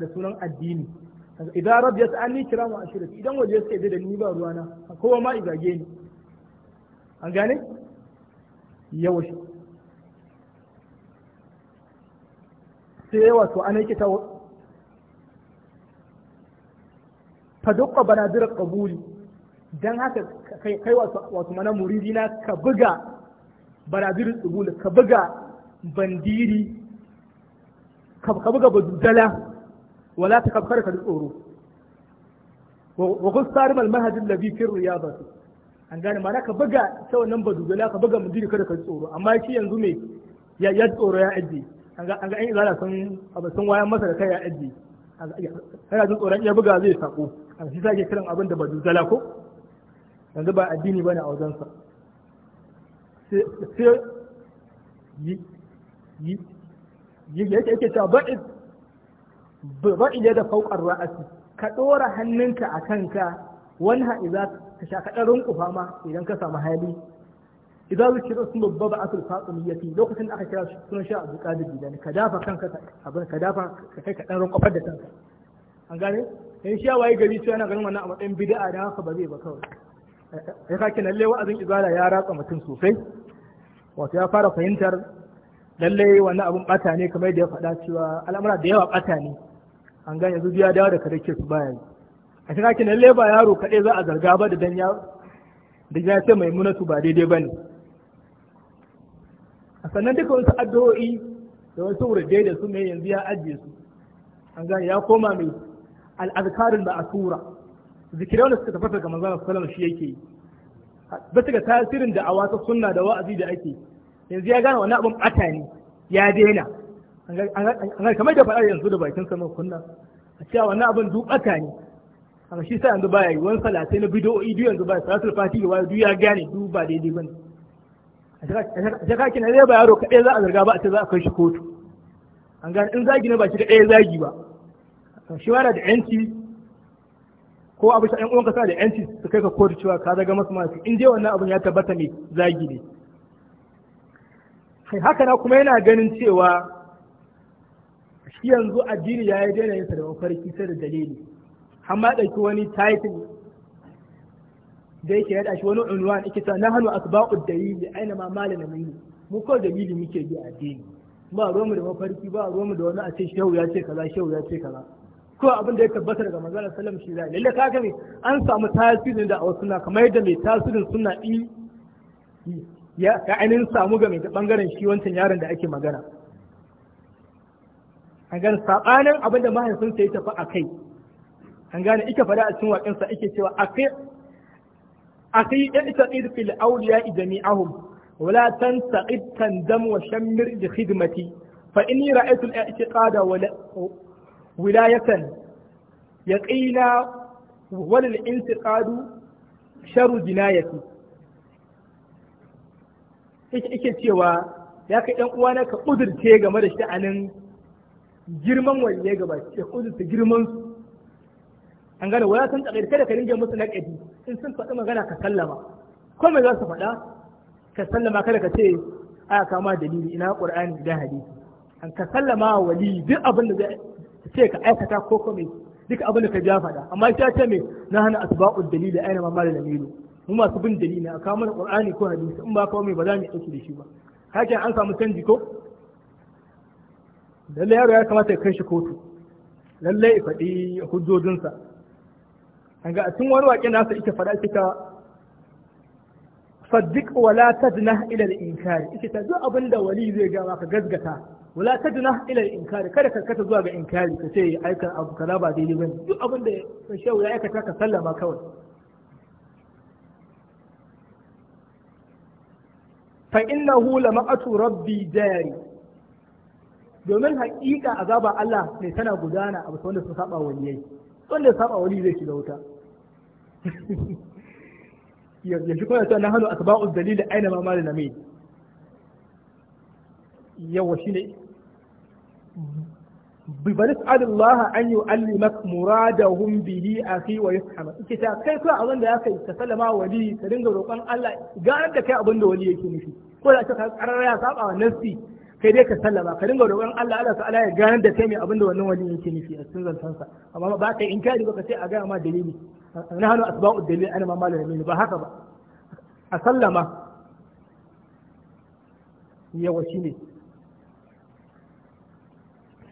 da sunan addini idan rab ya sa'ani kira mu ashirati idan waje suka yi da ni ba ruwana kowa ma izage ni an gane yawa shi sai yawa to an yake ta fadukka banadira qabuli dan haka kai wato mana muridi na ka buga banadir qabuli ka buga bandiri ka buga budala wala ta kafkar ka tsoro wa gustarim almahad alladhi fi riyadati an gane mana ka buga ta wannan badugala ka buga mudiri kada ka tsoro amma shi yanzu me ya ya tsoro ya aje an ga an ga in zala wayan masa kai ya aje kana jin tsoron ya buga zai sako an shi sake kiran abin da badugala ko yanzu ba addini bane a wajensa sai yake ta ba'id ba iya da fauƙar ra'asi ka ɗora hannunka a kanka wani ha'iza ka sha kaɗan rinƙufa ma idan ka samu hali idan zuci da sun babba ba a tulfa tsumiyyati lokacin da aka kira sunan sha abu ƙadir gidani ka dafa kanka abin ka dafa ka kai kaɗan rinƙufar da kanka an gane in sha waye gari cewa yana ganin wannan a matsayin bid'a da haka ba zai ba kawai ya eh, eh, kake lalle wa'azin izala ya ratsa mutum sosai wato ya fara fahimtar lallai wannan abun bata ne kamar yadda ya faɗa cewa al'amura da yawa bata ne an gane yanzu ya dawo da ke su baya yi a cikin hakin lalle ba yaro kaɗai za a zarga ba da dan ya da ya ce mai munatu ba daidai ba ne a sannan duka wasu addu'o'i da wasu wurdai da su mai yanzu ya ajiye su an gane ya koma mai al'azkarin da asura zikirai wanda suka tafasa ga manzon sallallahu shi yake yi ba su ga tasirin da awata sunna da wa'azi da ake yanzu ya gane wani abin ɓata ne ya daina an kamar da faɗa yanzu da bakin sama kunna a cewa wannan abin dubata ne amma shi sa yanzu baya yi wani salatai na bidoyi duk yanzu baya salatul fati da wani ya gane duk ba daidai bane a shaka kina zai ba yaro kaɗai za a zarga ba a ce za a kai shi kotu an gane in zagi ne ba shi da ɗaya zagi ba shi yana da yanci ko abu sha uwan uwanka sa da yanci su kai ka kotu cewa ka zaga masu masu in je wannan abin ya tabbata ne zagi ne haka na kuma yana ganin cewa yanzu addini ya yi daina yinsa da mafarki sai da dalili amma ɗauki wani title da yake yada shi wani unwan yake ta nahnu asba'u dalili aina ma malana min mu ko dalili muke bi addini ba romu da mafarki ba romu da wani a ce shehu ya ce kaza shehu ya ce kaza ko abin da ya tabbata daga manzon sallallahu alaihi wasallam shi zai lalle ka ne an samu tasirin da a suna kamar yadda mai tasirin suna yi ya ainihin samu ga mai bangaren shi wancan yaron da ake magana an gane sabanin abin da mahaifinsa ya tafi a kai an gane ika faɗa a cikin waƙinsa ike cewa akai akai ya ita tsir fil auliya jami'ahum wala tan taqid tandam wa shammir bi khidmati fa in inni ra'aytu al-i'tiqada wa wilayatan in wal intiqadu sharu jinayati ike cewa ya kai ɗan uwana ka ƙudurce game da sha'anin girman waliyai gaba ya kuzuta girman su an gane wala san tsakai kada ka ringe musu naƙadi in sun faɗi magana ka sallama ko mai za su faɗa ka sallama kada ka ce a kama dalili ina qur'ani da hadisi an ka sallama wa wali duk abin da zai ce ka aikata ko ko me duk abin da ka ja faɗa amma ya ce mai na hana asba'ul dalili aina ma mala dalilu mu masu bin dalili a kawo mana qur'ani ko hadisi in ba kawo me ba za mu aiki da shi ba hakan an samu canji ko lalle yaro ya kamata ya kai shi kotu lallai ya faɗi hujjojinsa an ga tun wani waƙe nasa ita faɗa kika saddiq wala tadna ila al-inkari ita ta duk abinda wali zai ga maka gazgata wala tadna ila al-inkari kada ka kata zuwa ga inkari ka ce aika abu kaza ba daidai bane duk abinda shehu ya aikata ka sallama kawai fa innahu lama'atu rabbi jari domin hakika azaba Allah ne tana gudana a wanda su saba waliyai wanda saba wali zai shiga wuta [laughs] ya shi kuma na hannu asba'u dalil aina ma mal nami yawa shine bi bani Allah an yu'allimak muradahum bihi akhi wa yafhama kike ta kai ko abin da ya kai ka sallama wali ka dinga roƙon Allah ga da kai abin da wali yake nufi ko da ka karara ya saba wa nafsi kai dai ka sallama ka dinga roƙon Allah Allah ta'ala ya gane da kai mai abin da wannan wani yake nufi a cikin zantansa amma ba ka inkari ba ka ce a ga ma dalili na hannu asba'u dalil ana ma malamin ba haka ba a sallama yawa shine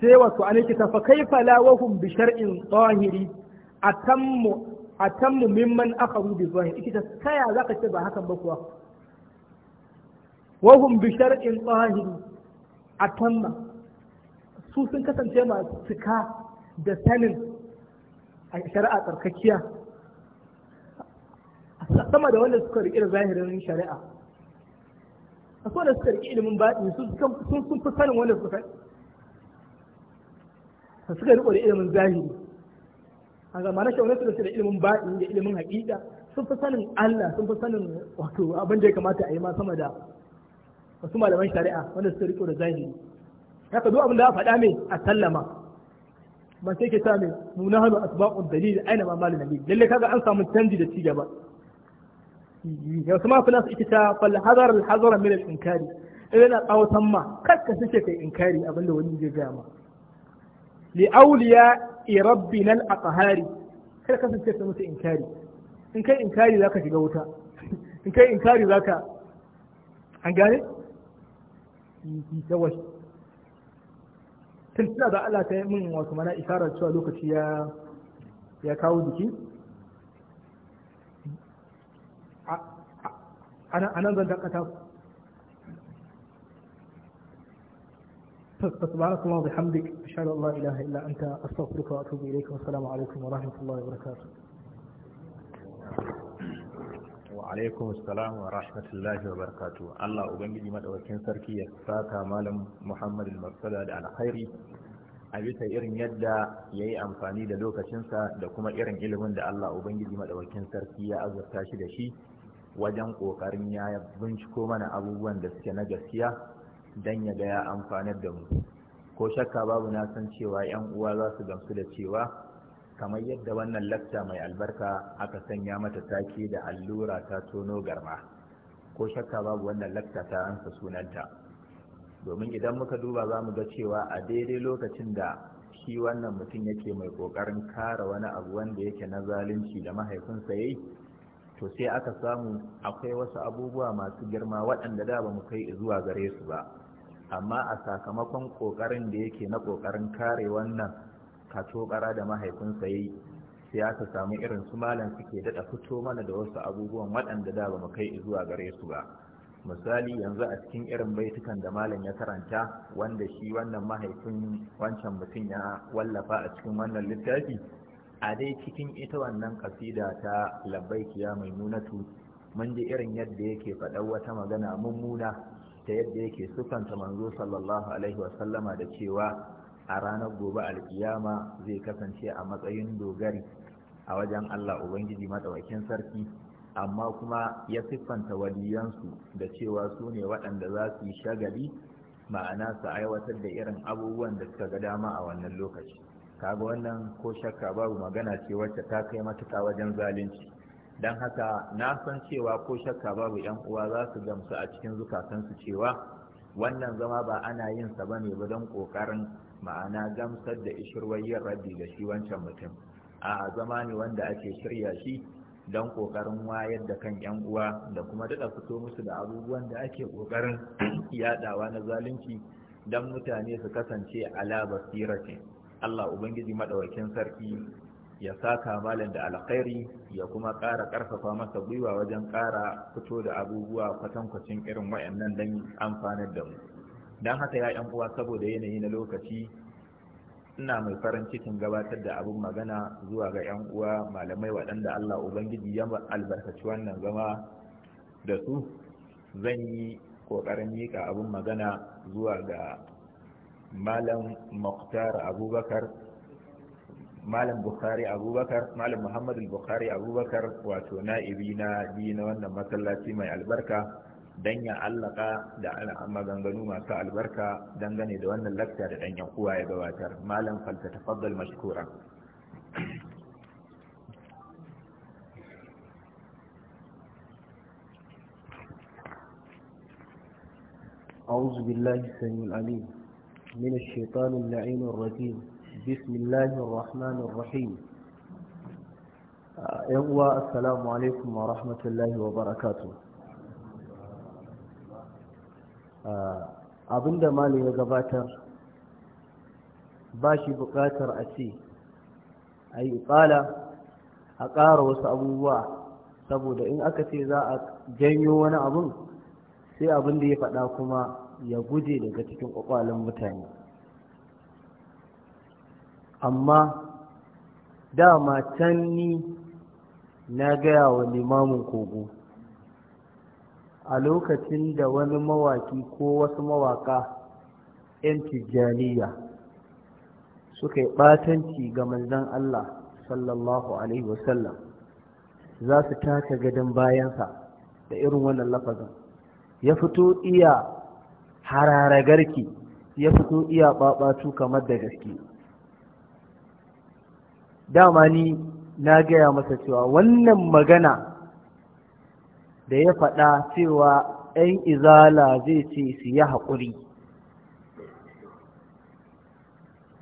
sai wasu an yake fa kaifa la wahum bi shar'in tahiri atammu atammu mimman akharu bi zahir ikita kaya zaka ce ba hakan ba kuwa wahum bi shar'in tahiri a tamma su sun kasance masu cika da sanin a shari'a tsarkakiya sama da wanda suka riƙi zahirin shari'a a so da suka riƙi ilimin baɗi sun sun fi sanin wanda suka ta suka riƙo da ilimin zahiri a zama na da su da ilimin baɗi da ilimin haƙiƙa sun fi sanin Allah sun fi sanin wato abin da ya kamata a yi ma sama da wasu malaman shari'a wanda suka riko da zahiri haka duk abin da faɗa mai a sallama ba sai ke sami muna hanu asbaqul dalil aina ma malin nabi lalle kaga an samu canji da ci gaba ya kuma kuna su ita fal hazar al hazar min al inkari idan a tsawatan ma kakka suke kai inkari abin da wani zai gaya ma li awliya rabbina al aqhari kada kasance ka musu inkari in kai inkari zaka shiga wuta in kai inkari zaka an gane ki kawai tilsila da Allah ta yi min mana isharar cewa lokaci ya kawo jiki a nan فسبحانك اللهم وبحمدك أشهد أن لا إله إلا أنت أستغفرك وأتوب إليك والسلام عليكم ورحمة الله وبركاته wa alaikum salam wa rahmatullahi wa barakatu Allah ubangiji madaukakin sarki ya saka malam Muhammad al-Mursala da alkhairi a bisa irin yadda yayi amfani da lokacinsa da kuma irin ilimin da Allah ubangiji madaukakin sarki ya azurta shi da shi wajen kokarin ya binciko mana abubuwan da suke na gaskiya dan ya ga ya amfanar da mu ko shakka babu na san cewa yan uwa za su gamsu da cewa kamar yadda wannan lakta mai albarka aka sanya mata take da allura ta tono garma ko shakka babu wannan lakta ta ansa sunanta domin idan muka duba za mu ga cewa a daidai lokacin da shi wannan mutum yake mai kokarin kare wani abu wanda yake na zalunci da mahaifinsa yayi to sai aka samu akwai wasu abubuwa masu girma waɗanda da ba mu kai zuwa gare su ba amma a sakamakon kokarin da yake na kokarin kare wannan kato bara da mahaifinsa yi sai aka samu irin su malam suke daɗa fito mana da wasu abubuwan waɗanda da ba mu kai zuwa gare su ba misali yanzu a cikin irin baitukan da malam ya karanta wanda shi wannan mahaifin wancan mutum ya wallafa a cikin wannan littafi a dai cikin ita wannan kasida ta mai mai maimunatu mun ji irin yadda yake faɗa wata magana mummuna ta yadda yake sufanta manzo sallallahu alaihi wasallama da cewa a ranar gobe alkiyama zai kasance a matsayin dogari a wajen Allah Ubangiji matsawakin sarki amma kuma ya siffanta waliyansu da cewa su ne waɗanda za su yi shagali ma'ana su aiwatar da irin abubuwan da suka ga dama a wannan lokaci kaga wannan ko shakka babu magana ce wacce ta kai matuka wajen zalunci don haka na san cewa ko shakka babu yan uwa za su gamsu a cikin zukatansu cewa wannan zama ba ana yin sa bane ba don ƙoƙarin. ma'ana gamsar da ishirwayyar yin da shi wancan mutum a zama ne wanda ake shirya shi don ƙoƙarin wayar da kan 'yan uwa da kuma daɗa fito musu da abubuwan da ake ƙoƙarin [clears throat] yaɗawa na zalunci don mutane su kasance ala ce. Allah Ubangiji maɗaukin sarki ya saka malam da alkhairi ya kuma ƙara ƙarfafa masa gwiwa wajen ƙara fito da abubuwa kwatankwacin irin wayannan don amfanar da mu don haka ya uwa saboda yanayi na lokaci ina mai farin cikin gabatar da abun magana zuwa ga 'yan uwa malamai waɗanda Allah Ubangiji ya albarkaci wannan zama da su zan yi ƙoƙarin miƙa abin magana zuwa ga malam Muktar Abubakar malam Bukhari Abubakar malam Muhammadu Bukhari Abubakar wato na'ibi na biyu na wannan masallaci mai albarka don ya allaka da ana maganganu masu albarka dangane da wannan lakta da ɗanyen uwa ya gabatar malam falta tafaddal mashkura أعوذ بالله السميع العليم من الشيطان اللعين الرجيم بسم الله الرحمن الرحيم يقوى السلام عليكم ورحمة الله وبركاته Ah, abinda malam ya gabatar ba shi buƙatar a ce a yi ƙala a ƙara wasu abubuwa saboda in aka ce za a janyo wani abun sai abin da ya faɗa kuma ya guje daga cikin ƙwaƙwalin mutane amma dama can ni na gaya wa limamin kogo a lokacin da wani mawaki ko wasu mawaka 'yan tijjaniya suka yi ɓatanci ga manzan Allah sallallahu Alaihi wasallam za su taka gadon bayansa da irin wannan lafazin ya fito iya garki ya fito iya ɓaɓatu kamar da gaske dama ni na gaya masa cewa wannan magana da ya faɗa cewa ‘yan izala zai ce su yi haƙuri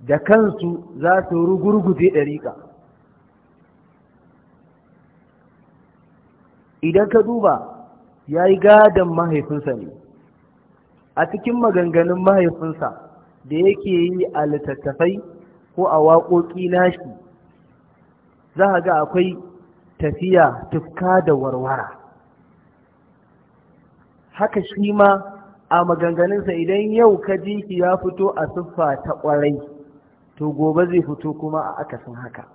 da kansu za su rugurguje ɗariƙa idan ka duba ya yi gadon mahaifinsa ne a cikin maganganun mahaifinsa da yake yi a littattafai ko a waƙoƙi nashi za a ga akwai tafiya tufka da warwara haka shi ma a maganganunsa idan yau ka ji ya fito a siffa ta ƙwarai to gobe zai fito kuma a akasin haka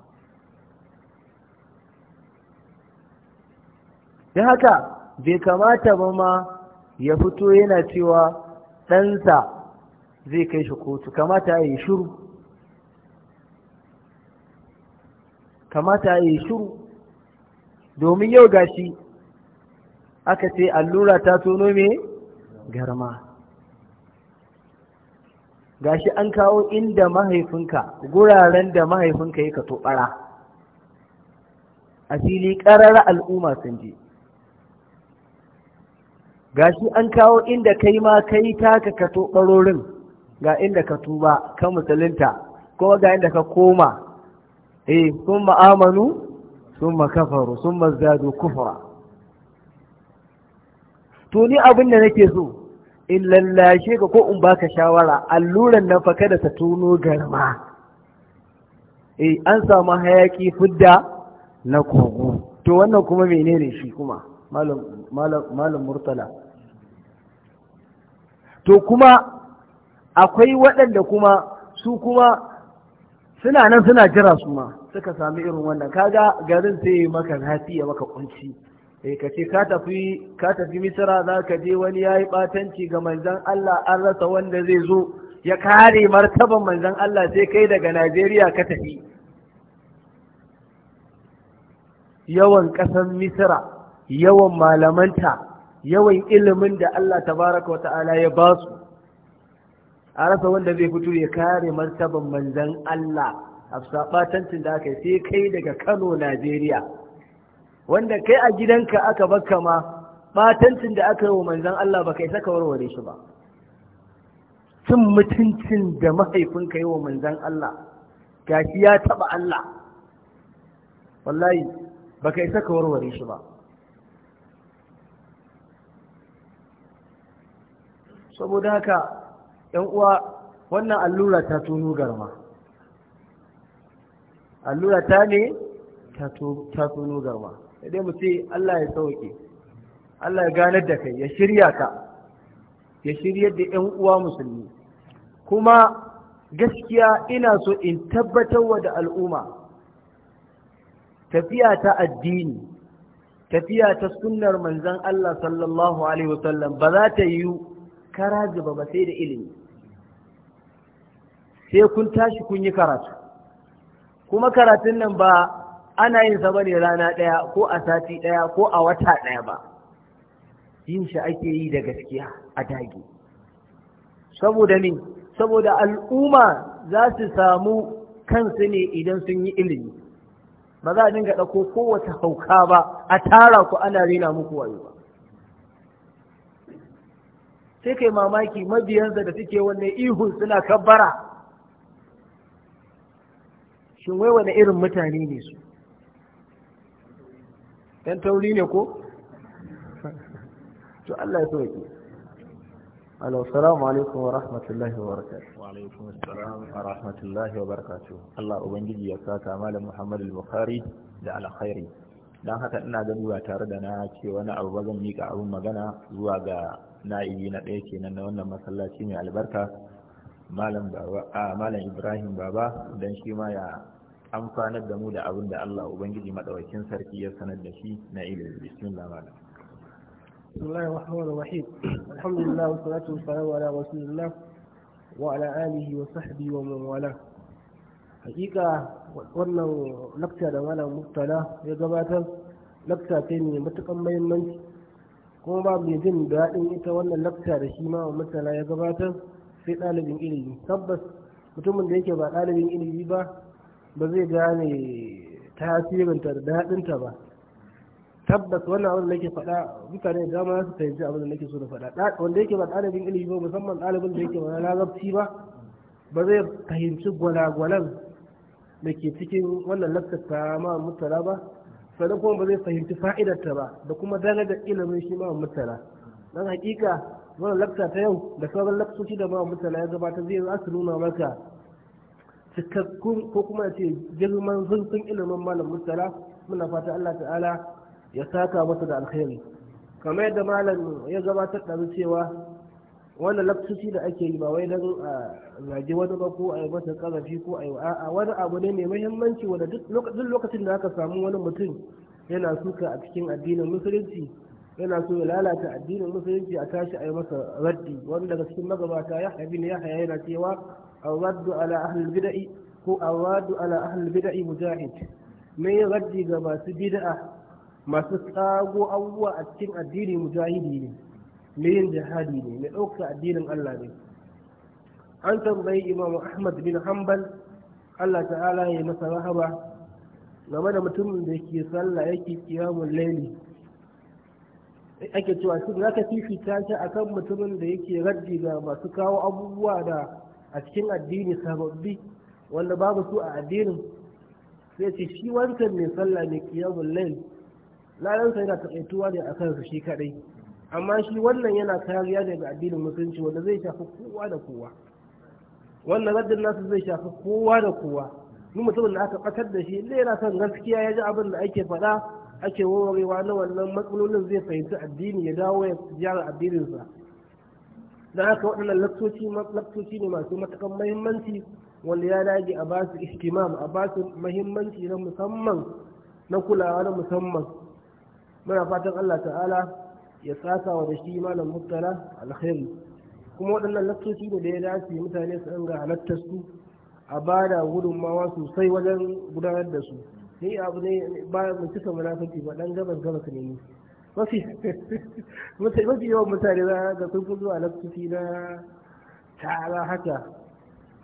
Da haka bai kamata ba ma ya fito yana cewa ɗansa zai kai shi kotu kamata ya yi shuru kamata ya yi shuru domin yau gashi aka ce allura ta tono mai garma gashi an kawo inda mahaifinka guraren da mahaifinka yaka tobara a fili ƙarar al'umma sun je gashi an kawo inda kai ma kai taka ka tobarorin ga inda ka tuba ka musulunta kuma ga inda ka koma eh sun ma'amanu sun kafaru sun Zadu, kufra to ni abin da nake so in lallashe ka ko in baka shawara alluran nan fa kada ta tono garma eh an samu hayaki fudda na kogo to wannan kuma menene shi kuma malam malam malam murtala to kuma akwai waɗanda kuma su kuma suna nan suna jira su ma suka sami irin wannan kaga garin sai maka zafi ya maka kunci eh ka ce ka tafi misira za ka je wani yi batanci ga manzon Allah an rasa wanda zai zo ya kare martaban manzon Allah sai kai daga Najeriya ka tafi yawan ƙasan Misira, yawan malamanta yawan ilimin da Allah tabaraka wata'ala ya ba su a rasa wanda zai fito ya kare martaban manzan Allah a da aka yi sai kai daga Kano Najeriya wanda kai a gidanka aka baka ma batancin da aka yi wa manzan Allah ba kai saka warware shi ba cin mutuncin da mahaifinka yi wa manzan Allah shi ya taba Allah wallahi ba kai saka warware shi ba saboda haka ‘yan uwa wannan allura ta tono garma allura ta ne ta tono garma dai mu ce Allah ya sauke Allah ya ganar da kai ya shirya ka ya shirya da ƴan uwa musulmi kuma gaskiya ina so in tabbatar wa da al'umma tafiya ta addini tafiya ta sunnar manzon Allah sallallahu alaihi wasallam ba za ta yi karaji ba sai da ilimi sai kun tashi kun yi karatu kuma karatun nan ba ana yin sa bane rana ɗaya ko a sati ɗaya ko a wata ɗaya ba yin shi ake yi da gaskiya a dage saboda ne saboda al'umma za su samu kansu ne idan sun yi ilimi ba za a dinga ɗauko kowace hauka ba a tara ku ana rena muku wayo ba sai kai mamaki mabiyansa da suke wanne ihu suna kabbara shin wai wane irin mutane ne su ɗan tauri ne ko to Allah ya so yake alo salamu alaikum wa rahmatullahi wa barakatu Allah ubangiji ya saka malam Muhammadu al-Bukhari da alkhairi dan haka ina gani ba tare da na ce wani abu ba zan mika abin magana zuwa ga na'ibi na ɗaya kenan na wannan masallaci mai albarka malam Ibrahim baba don shi ma ya amfanar da mu da abin da Allah Ubangiji maɗaukakin sarki ya sanar da shi na ilimi bismillah malam بسم الله alhamdulillah wa salatu لله والصلاة والسلام على رسول الله wa آله wa ومن والاه Hakika wannan lakta da malam Murtala ya gabatar lakta ce mai matukan muhimmanci kuma ba mai jin daɗin ita wannan lakta da shi ma Murtala ya gabatar sai ɗalibin ilimi tabbas mutumin da yake ba ɗalibin ilimi ba ba zai gane tasirinta da daɗinta ba tabbas wannan abin da nake faɗa mutane da dama su fahimci abin da nake so da faɗa wanda yake ba ɗalibin ilimi ba musamman ɗalibin da yake ba larabci ba ba zai fahimci gwalagwalan da ke cikin wannan lafsarta ma mutala ba sannan kuma ba zai fahimci fa'idarta ba da kuma darajar ilimin shi ma mutala dan hakika wannan lafsa ta yau da sauran lafsoci da ma mutala ya gabata zai za su nuna maka cikakkun ko kuma ce girman zurfin ilimin malam mustala muna fata Allah ta'ala ya saka masa da alkhairi kamar yadda malam ya gabatar da cewa wannan lafsuci da ake yi ba wai dan zage wani ba ko a yi masa karafi ko a yi a'a wani abu ne mai muhimmanci wanda duk lokacin da aka samu wani mutum yana suka a cikin addinin musulunci yana so ya lalata addinin musulunci a tashi a yi masa raddi wanda daga cikin magabata ya habi ne ya haya yana cewa الرد على أهل البدع هو الرد على أهل البدع مجاهد من يرد ما بدعة ما تساقو أو أتين الدين مجاهدين من جهادين من أوكا الدين الله an tambayi imamu ahmad bin hanbal allah ta'ala ya masa لما game تمن mutumin da ke sallah yake kiyamun ake cewa shin zaka fifita shi akan mutumin da yake raddi ga masu kawo abubuwa da a cikin addini sababbi wanda babu su a addinin sai ce shi wancan mai sallah mai kiyamun lail lalansa yana taƙaituwa ne a kansa shi kadai amma shi wannan yana kariya ne ga addinin musulunci wanda zai shafi kowa da kowa wannan raddin nasu zai shafi kowa da kowa ni mutumin da aka ɓatar da shi zai yana son gaskiya ya ji abin da ake faɗa ake warwarewa na wannan matsalolin zai fahimci addini ya dawo ya gyara addininsa da haka waɗannan laktoci ne masu matakan mahimmanci wanda ya dage a basu ihtimam a basu mahimmanci na musamman na kulawa na musamman muna fatan Allah ta'ala ya saka wa da shi malam murtala alkhairi kuma waɗannan laktoci ne da ya dace mutane su dinga halattar su a ba da gudunmawa sosai wajen gudanar da su ni abu ne ba mu cika munafiki ba ɗan gabas gabas ne ni mafi mafi yawan mutane na da sun fi zuwa lafisi na tara haka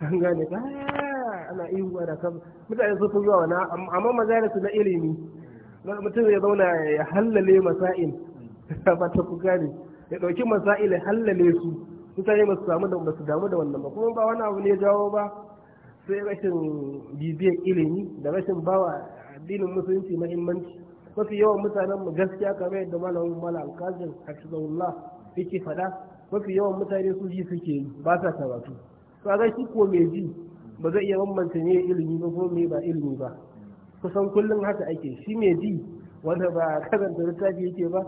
an gane ba ah, ana ihu ana kan mutane sun fi zuwa wani amma su na ilimi mutum ya zauna ya hallale masa'il ba ta ku gane ya ɗauki masa'il ya hallale su mutane ba su samu da ba su damu da wannan ba kuma ba wani abu ne jawo ba sai rashin bibiyar ilimi da rashin bawa addinin musulunci mahimmanci mafi yawan mutanen mu gaskiya kamar yadda malamin malam kazin hafizahullah yake faɗa mafi yawan mutane su ji suke yi ba sa karatu kaga shi ko mai ji ba zai iya bambanta ne ilimi ba ko me ba ilimi ba kusan kullum haka ake shi mai ji wanda ba da littafi yake ba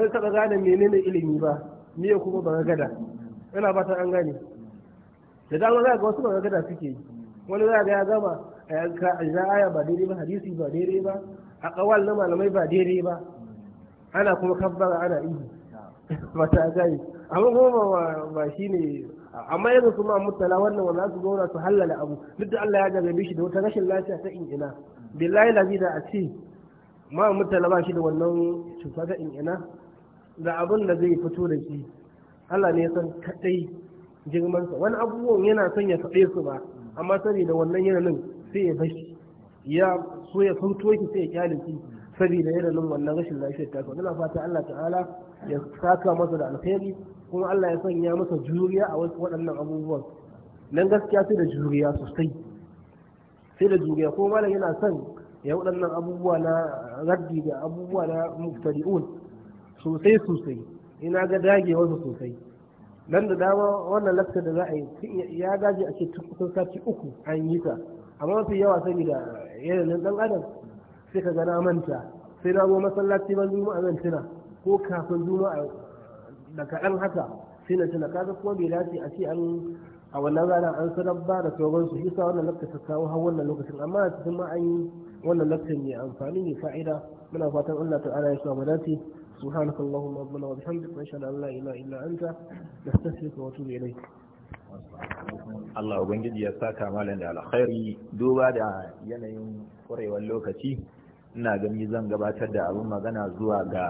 ya taɓa gane menene ilimi ba me kuma ba gada ina ba ta an gane da dama za ga wasu ba gada suke yi wani za ga ya gama a yanka a aya ba daidai ba hadisi ba daidai ba a ƙawal na malamai ba daidai ba ana kuma kabbara ana ihu ba ta gani amma kuma ba shi ne amma yanzu su ma mutala wannan wanda su zauna su hallala abu duk da Allah ya gabe shi da wata rashin lafiya ta in ina billahi lazi da a ce ma mutala ba shi da wannan cuta ta in ina da abin da zai fito da shi Allah ne ya san kadai girmansa wani abubuwan yana son ya faɗe su ba amma saboda wannan yanayin sai ya bashi ya so ya sauto yake sai ya kyale ki saboda yanayin wannan rashin lafiyar ta muna fata Allah ta'ala ya saka masa da alkhairi kuma Allah ya sanya masa juriya a wasu waɗannan abubuwan nan gaskiya sai da juriya sosai sai da juriya ko malam yana son ya waɗannan abubuwa na raddi da abubuwa na muftari'un sosai sosai ina ga dage wasu sosai nan da dama wannan lakta da za a yi ya gaji a ce kusan sati uku an yi ta amma mafi yawa saboda yanayin dan adam sai ka gana manta sai na zo masallaci ban juma'a zan tuna ko kafin juma'a da kaɗan haka sai na tuna kaga kuma bai dace a ce an a wannan rana an sanar ba da sauransu shi sa wannan lokacin kawo har wannan lokacin amma a cikin ma an yi wannan lokacin mai amfani mai fa'ida muna fatan Allah ta'ala ya sa mu dace subhanakallahumma rabbana wa bihamdika nashhadu an la ilaha illa anta nastaghfiruka wa atubu Allah ubangiji ya saka malam da alkhairi duba da yanayin kurewar lokaci ina gani zan gabatar da abin magana zuwa ga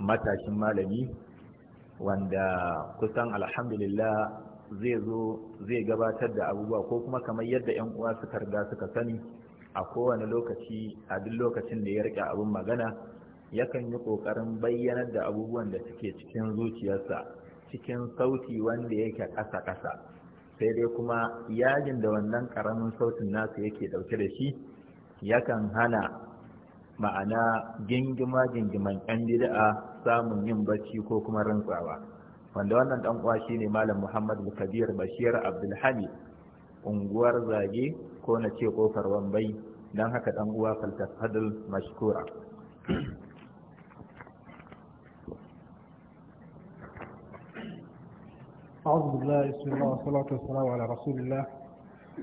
matashin malami wanda kusan alhamdulillah zai zo zai gabatar da abubuwa ko kuma kamar yadda 'yan uwa suka riga suka sani a kowane lokaci a duk lokacin da ya rike abin magana yakan yi ƙoƙarin bayyanar da abubuwan da suke cikin zuciyarsa cikin sauti wanda yake ƙasa-ƙasa sai dai kuma yajin da wannan ƙaramin sautin nasu yake ɗauke da shi yakan hana ma'ana gingima gingiman ƴan bid'a samun yin bacci ko kuma rantsawa wanda wannan dan uwa shine malam Muhammad Kabir Bashir Abdulhamid unguwar zage ko na ce kofar Wambai dan haka dan uwa faltafadul mashkura أعوذ بالله بسم الله والصلاة والسلام على رسول الله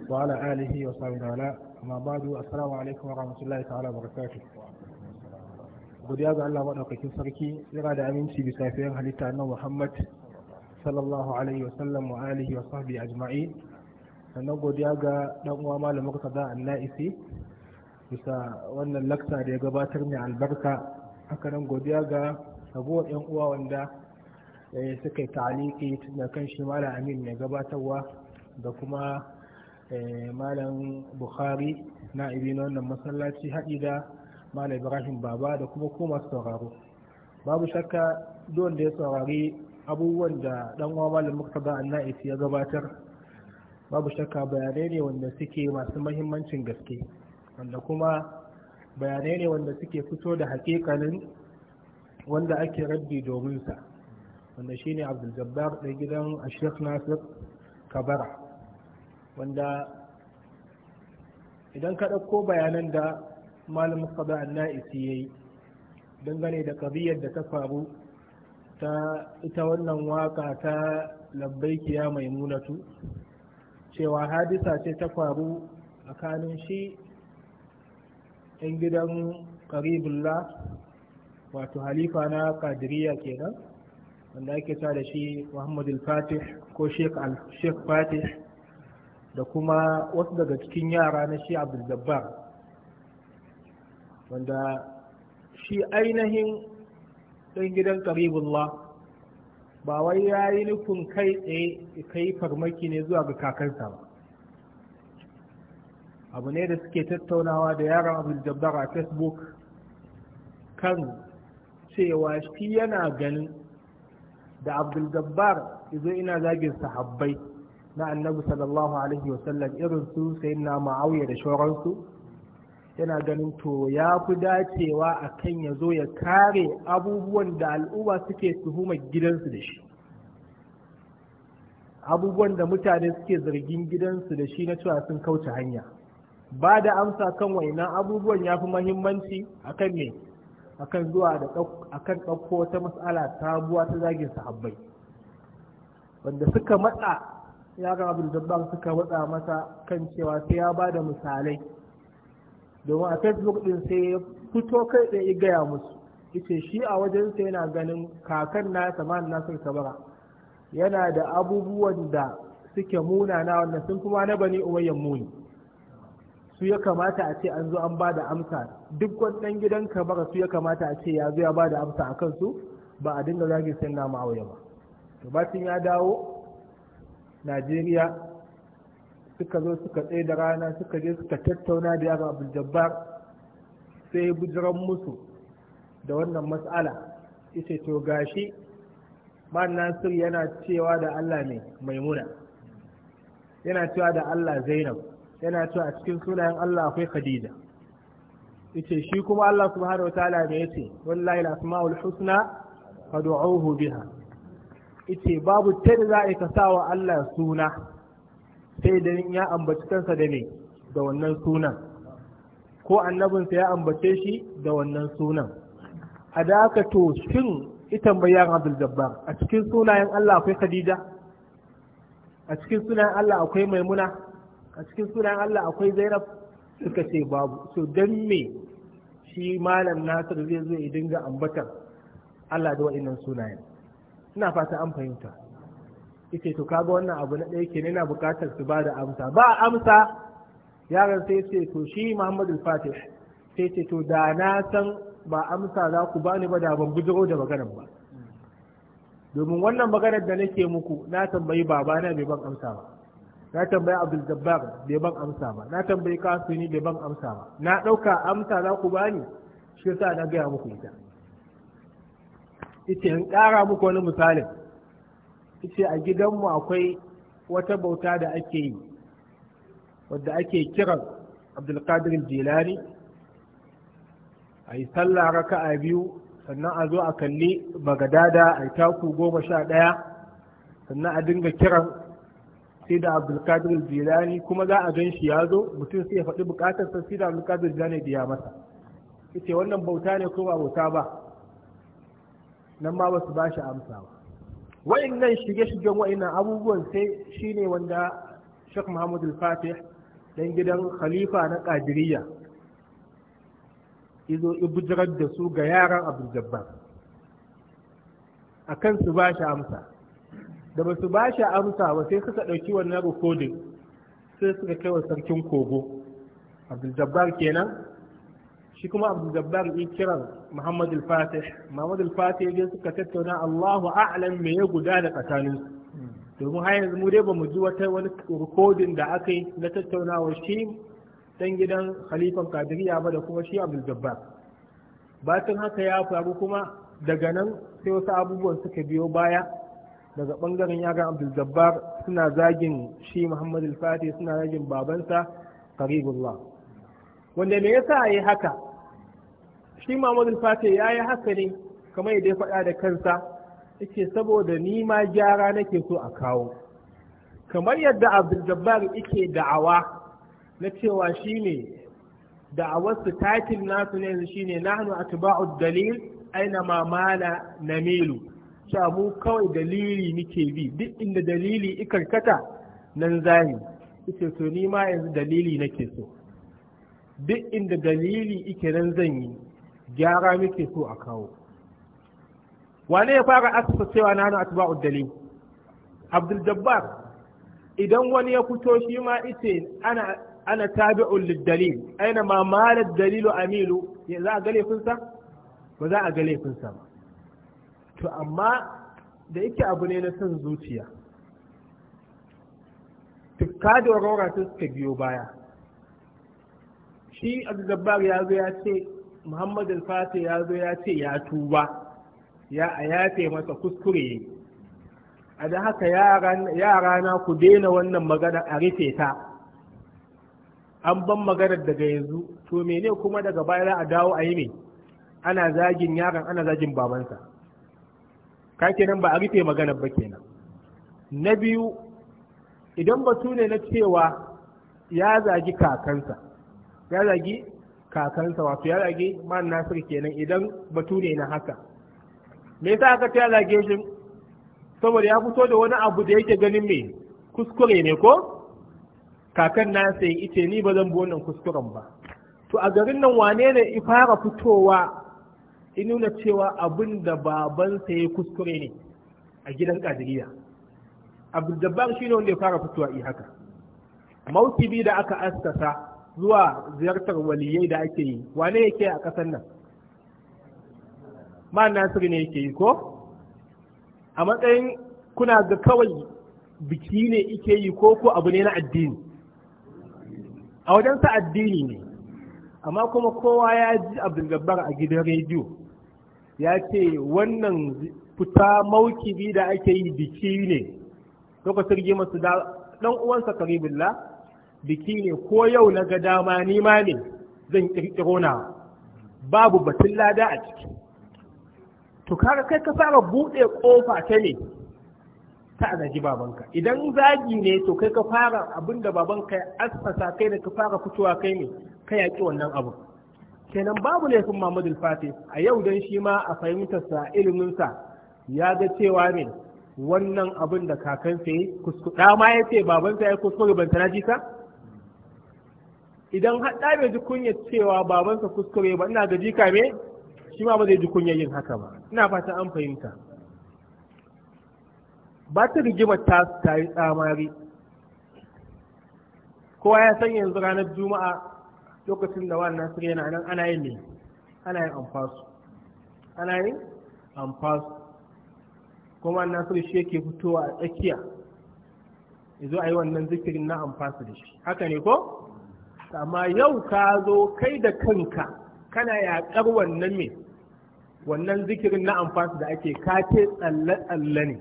وعلى آله وصحبه وعلى أما بعد السلام عليكم ورحمة الله تعالى وبركاته godiya ga Allah maɗaukakin sarki yana da aminci bisa fiyan halitta na Muhammad sallallahu alaihi wa sallam wa alihi wa ajma'in sannan godiya ga dan uwa malam Murtaza Annaisi bisa wannan lakta da ya gabatar mai albarka haka nan godiya ga ragowar yan uwa wanda suka yi ta'aliki na kan shi malam amin mai gabatarwa da kuma eh, malam bukhari na ibi na wannan masallaci haɗi da malam ibrahim baba da kuma kuma sauraro babu shakka don da ya saurari abubuwan da dan uwa malam muktada annais ya gabatar babu shakka bayanai ne wanda suke masu mahimmancin gaske wanda kuma bayanai ne wanda suke fito da haƙiƙanin wanda ake rabbi domin sa wanda shine abdul jabbar da gidan ashek nasir kabara wanda idan ka ɗauko bayanan da malam saba isi ya yi dangane da ƙabiyar da ta faru ta ita wannan waka ta labbaikiya mai munatu cewa hadisa ce ta faru kanin shi yan gidan karibullah wato halifa na kadiriya kenan wanda ake sa da shi Muhammad al-Fatih ko Sheikh al-Sheikh Fatih da kuma wasu daga cikin yara na shi Abdul Jabbar wanda shi ainihin ɗan gidan Karibullah ba wai ya yi nufin kai tsaye yi farmaki ne zuwa ga kakansa ba abu ne da suke tattaunawa da yaran Abdul Jabbar a Facebook kan cewa shi yana ganin da abdul jabbar izo ina zagin sahabbai na annabi sallallahu alaihi wasallam irin su sai na ma'auya da shauransu yana ganin to ya fi dacewa a kan ya zo ya kare abubuwan da al'umma suke tuhumar gidansu da shi abubuwan da mutane suke zargin gidansu da shi na cewa sun kauce hanya ba da amsa kan waina abubuwan ya fi mahimmanci a kan ne akan zuwa da akan ɗauko wata mas'ala buwa ta zagin sahabbai wanda suka matsa ya ga abin dabban suka matsa masa kan cewa sai ya ba da misalai domin a facebook ɗin sai ya fito kai da ya gaya musu ita shi a wajen sai yana ganin kakan na saman na sun sabara yana da abubuwan da suke munana wannan sun kuma na bani umayyan muni su ya kamata a ce an zo an ba da amsa duk wannan gidan ka kabara su ya kamata a ce ya zo ya ba da amsa a kansu ba a dinga zagi sai na ma'auya ba to bacin ya dawo najeriya suka zo suka tsaye da rana suka je suka tattauna da yaran abdul jabbar sai bujiran musu da wannan matsala ita to gashi man nasir yana cewa da allah ne maimuna yana cewa da allah zainab yana cewa a cikin sunayen Allah akwai Khadija yace shi kuma Allah subhanahu wataala da yace wallahi al-asmaul husna fad'uuhu biha yace babu ta za a ka sawa Allah suna sai da ya ambaci kansa da me da wannan sunan ko annabinsa ya ambace shi da wannan sunan a da aka to shin ita bayan Abdul Jabbar a cikin sunayen Allah akwai Khadija a cikin sunayen Allah akwai Maimuna a cikin sunan Allah akwai zainab suka ce babu so dan me shi malam nasir zai zo ya dinga ambatar Allah da wa'annan sunayen ina fata an fahimta yace to kaga wannan abu na ɗaya kenan yana buƙatar su ba da amsa ba amsa yaron sai ce to shi Muhammadu Fatih sai ce to da na san ba amsa za ku bani ba da ban gudu da maganar ba domin wannan maganar da nake muku na tambayi babana bai ban amsa ba na tambayi abdul jabbar bai ban amsa ba na tambayi kasuni bai ban amsa ba na ɗauka amsa za ku bani shi yasa na gaya muku ita ita in ƙara muku wani misalin ita a gidanmu akwai wata bauta da ake yi wadda ake kiran abdulkadir jilani a yi sallah raka'a biyu sannan a zo a kalli bagadada a yi taku goma sha ɗaya sannan a dinga kiran sai da abdulkadir jilani kuma za a gan shi ya zo mutum sai ya faɗi sa, sai da abdulkadir jilani biya masa ita wannan bauta ne ko ba bauta ba nan ma ba ba shi amsa ba wa'annan shige-shigen wa'annan abubuwan sai shine wanda Sheikh Muhammad Al-Fatih dan gidan khalifa na Qadiriyya izo ibujirar da su ga yaran Abdul Jabbar akan su ba shi amsa da ba su ba shi amsa ba sai suka ɗauki wannan rikodin sai suka kai wa sarkin kogo abdul kenan shi kuma abdul jabbar yi kiran muhammad al-fatih muhammad al-fatih suka tattauna allahu a'lam me ya guda da su domin har yanzu mu dai ba mu ji wata wani rikodin da aka yi na tattaunawa shi dan gidan khalifan kadiriya ba da kuma shi abdul jabbar haka ya faru kuma daga nan sai wasu abubuwan suka biyo baya daga bangaren yaran abdul jabbar suna zagin shi muhammad al suna zagin babansa karibullah wanda me yasa yi haka shi muhammad al ya yi haka ne kamar yadda ya faɗa da kansa yake saboda ni ma gyara nake so a kawo kamar yadda abdul jabbar yake da'awa na cewa shi ne da'awarsu takin nasu ne shine nahnu atba'u dalil aina ma mala namilu cewa mu kawai dalili nike bi duk inda dalili ikarkata nan zani ita to ni ma yanzu dalili nake so duk inda dalili ike nan zan yi gyara muke so a kawo wane ya fara asusa cewa na hannu atba'u dalil abdul jabbar idan wani ya fito shi ma ite ana ana tabi'un lid-dalil aina ma malad dalilu amilu za a ga laifinsa ba za a ga laifinsa ba to amma da yake abu ne na son zuciya tukka da warwara ta suka biyo baya shi abdulgabbar ya zo ya ce muhammad al ya zo ya ce ya tuba ya a yafe masa kuskure a da haka yara na ku daina wannan magana a rufe ta an ban maganar daga yanzu to mene kuma daga baya za a dawo a yi ne ana zagin yaran ana zagin babansa ka kenan ba a rufe maganar ba kenan na biyu idan batu ne na cewa ya zagi kakansa ya zagi kakansa wato ya zagi man nasir kenan idan batu ne na haka me yasa aka ta zage shi saboda ya fito da wani abu da yake ganin me kuskure ne ko kakan na sai ice ni ba zan bi wannan kuskuren ba to a garin nan wane ne i fara fitowa in nuna cewa abin da babansa ya kuskure ne a gidan kadiriya ba shi ne wanda ya fara fitowa i haka maukibi da aka askasa zuwa ziyartar waliyai da ake yi wane yake a ƙasar nan ma nasiru ne yake yi ko a matsayin kuna ga kawai biki ne ike yi ko ko abu ne na addini a wajensa addini ne amma kuma kowa ya ji gabbar a gidan rediyo ya ce wannan fita maukibi da ake yi biki ne lokacin rigimar masu da ɗan uwansa karibullah biki ne ko yau na ga dama ni ma ne zan ƙirƙiro na babu batun lada a ciki to kaga kai ka fara buɗe ƙofa ta ne ta azaji babanka idan zagi ne to kai ka fara abinda babanka ya assasa kai da ka fara fitowa kai ne ka yaƙi wannan abu kenan babu laifin Muhammadu Fati a yau dan shi ma a fahimtarsa iliminsa ya ga cewa ne wannan abin da kakansa ya kuskuda ma ya ce sa ya kuskure ban tana ka? idan haɗa bai ji kunya cewa babansa kuskure ba ina ga jika me shi ma ba zai ji kunya yin haka ba ina fata an fahimta ba ta rigimar ta yi tsamari kowa ya san yanzu ranar juma'a lokacin da wannan sirri yana nan ana yin ne ana yin amfasu ana yin amfasu kuma wannan sirri shi yake fitowa a tsakiya yazo a yi wannan zikirin na amfasu da shi haka ne ko amma yau ka zo kai da kanka kana yaƙar wannan me wannan zikirin na amfasu da ake ka ce tsalle-tsalle ne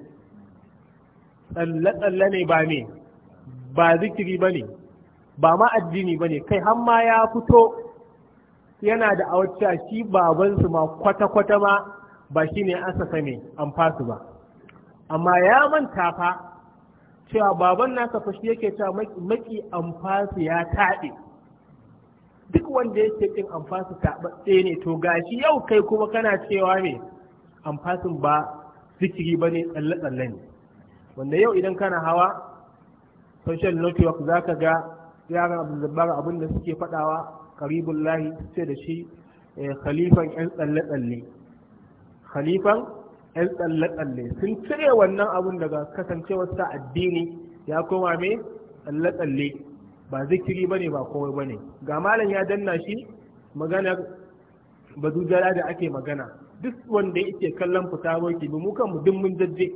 tsalle-tsalle ne ba ne ba zikiri ba ne ba ma addini ba ne kai hamma ya fito yana da wacce shi babansu ma kwata-kwata ma ba shi ne sasa ne an fasu ba amma ya manta fa cewa baban nasa fa yake cewa maki an fasu ya taɗe duk wanda yake ɗin an fasu taɓaɓɓe ne to gashi yau kai kuma kana cewa me an fasin ba zikiri ba ne tsalle-tsalle ne wanda yau idan kana hawa social network za ka ga yaran abdulbar abin da suke fadawa karibun lahi ce da shi eh, khalifan yan tsalle-tsalle khalifan yan tsalle-tsalle sun cire wannan abun daga kasancewarsa addini ya koma me tsalle-tsalle ba zikiri bane ba komai bane ga malam ya danna shi maganar bazujara da ake magana duk wanda yake kallon fita mu kan mu duk mun jajje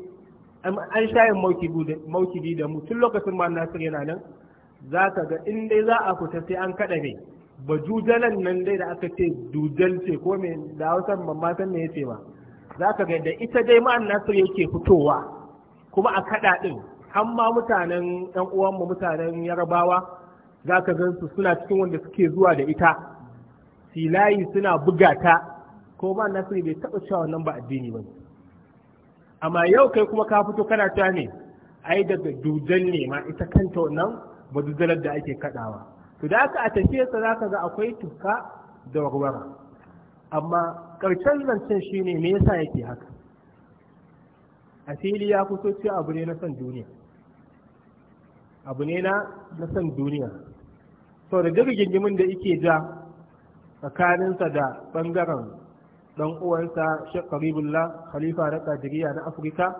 an shayin da mu tun lokacin ma nasir yana nan za ka ga in dai za a fita sai an kaɗa ne ba jujalan nan dai da aka ce dujal ce ko me da hausar mamma san me yace ba za ka ga da ita dai ma'an nasir yake fitowa kuma a kaɗa ɗin har ma mutanen ɗan uwanmu mutanen yarabawa za ka gan su suna cikin wanda suke zuwa da ita silayi suna buga ta ko ma'an nasir bai taɓa cewa wannan ba addini ba amma yau kai kuma ka fito kana ta ne ai daga dujal ne ma ita kanta wannan badujjalar da ake kaɗawa to da aka a tafiye sa za ka ga akwai tuka da warwara amma ƙarshen zancen shi ne me yasa yake haka a fili ya fito cewa abu ne na son duniya abu ne na na san duniya sau da duk gingimin da yake ja tsakaninsa da ɓangaren ɗan uwansa Shekaru Karibullah Khalifa na Kajiriya na Afirka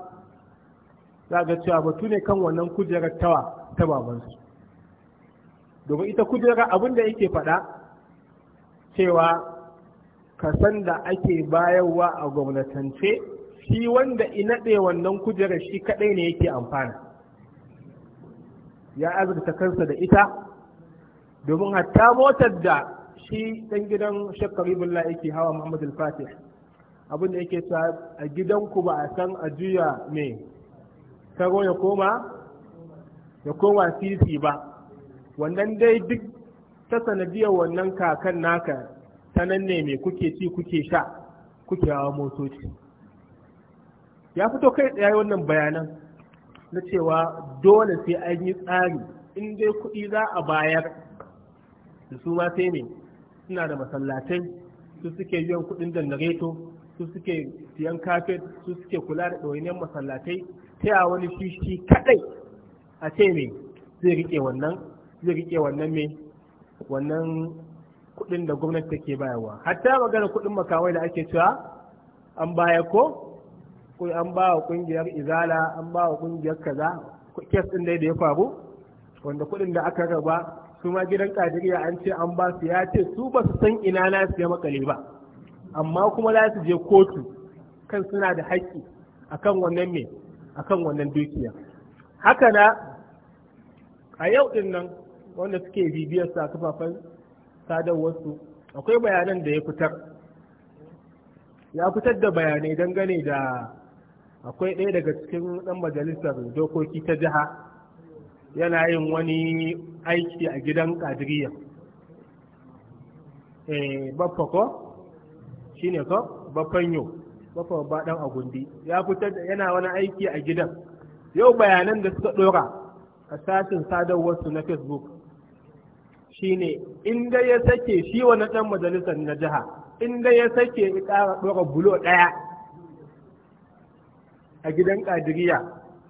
za ga cewa batu ne kan wannan kujerar tawa ta babansu domin ita kujera abin da yake faɗa cewa ka san da ake bayarwa a gwamnatance shi wanda inaɗe wannan kujerar shi kaɗai ne yake amfana ya azurta kansa da ita domin hatta motar da shi ɗan gidan shakkar yake hawa muhammad al-fatih abin da yake sa a gidanku ba a san a juya mai karo ya koma ya koma sisi ba wannan dai duk ta sanadiyar wannan kakan naka ta nan ne mai kuke ci kuke sha kuke hawa motoci ya fito kai tsaye wannan bayanan na cewa dole sai an yi tsari in dai kuɗi za a bayar da su ma sai ne suna da masallatai su suke biyan kuɗin janareto su suke siyan kafet su suke kula da ɗawainiyar masallatai ta wani shi shi kaɗai a ce ne zai riƙe wannan zai rike wannan me wannan kuɗin da gwamnati take bayarwa hatta magana kuɗin makawai da ake cewa an baya ko an ba wa ƙungiyar izala an ba wa ƙungiyar kaza kes ɗin dai da ya faru wanda kuɗin da aka raba su ma gidan kadiriya an ce an ba su ya ce su ba su san ina na su ya makale ba amma kuma za su je kotu kan suna da haƙƙi akan wannan me akan wannan dukiya haka na a yau din nan wanda suke bibiyar sa kafafen sadarwarsu akwai bayanan da ya fitar ya fitar da bayanai dangane da akwai ɗaya daga cikin ɗan majalisar dokoki ta jiha yana yin wani aiki a gidan kadiriya eh baffa ko shine ko yo. baffa ba dan agundi ya fitar yana wani aiki a gidan yau bayanan da suka dora a sashin sadarwar su na facebook shine ne inda ya sake shi wani ɗan majalisar na jiha inda ya sake ya ƙara ɗora bulo ɗaya a gidan ƙadiriya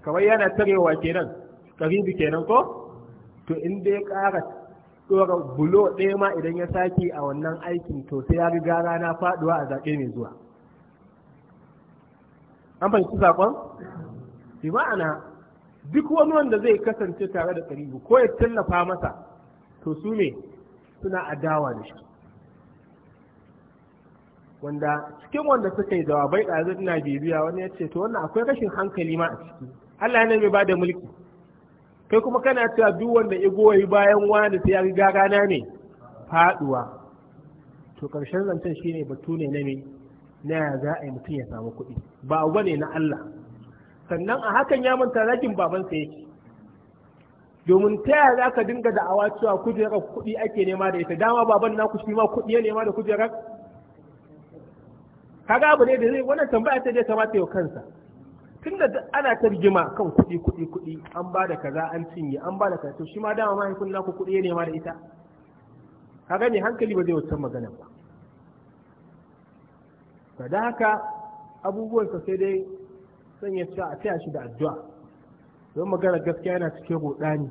kamar yana tarewa kenan karibi kenan ko to inda ya ƙara ɗora bulo ɗaya ma idan ya sake a wannan aikin to sai ya riga rana faɗuwa a zaɓe mai zuwa an fahimci saƙon bi ma'ana duk wani wanda zai kasance tare da karibu ko ya tallafa masa to su ne suna adawa da shi wanda cikin wanda suka yi jawabai zai ina bibiya wani ya ce to wannan akwai rashin hankali ma a ciki Allah ne mai bada mulki kai kuma kana cewa duk wanda ya goyi bayan wani sai ya riga rana ne faduwa to karshen zancen shine batu ne na me na za a yi mutum ya samu kuɗi ba abu ne na Allah sannan a hakan ya manta zakin babansa yake domin ta yaya za ka dinga da'awa cewa kujerar kuɗi ake nema da ita dama baban naku shi ma kuɗi ya nema da kujerar kaga abu ne da zai wannan tambaya ta je mata yau kansa tunda ana ta rigima kan kuɗi kuɗi kuɗi an ba da kaza an cinye an ba da kaza to shi ma dama mahaifin naku kuɗi ya nema da ita kaga ne hankali ba zai wuce magana ba ka da haka abubuwan sa sai dai sanya cewa a taya shi da addu'a don magana gaskiya yana cikin rudani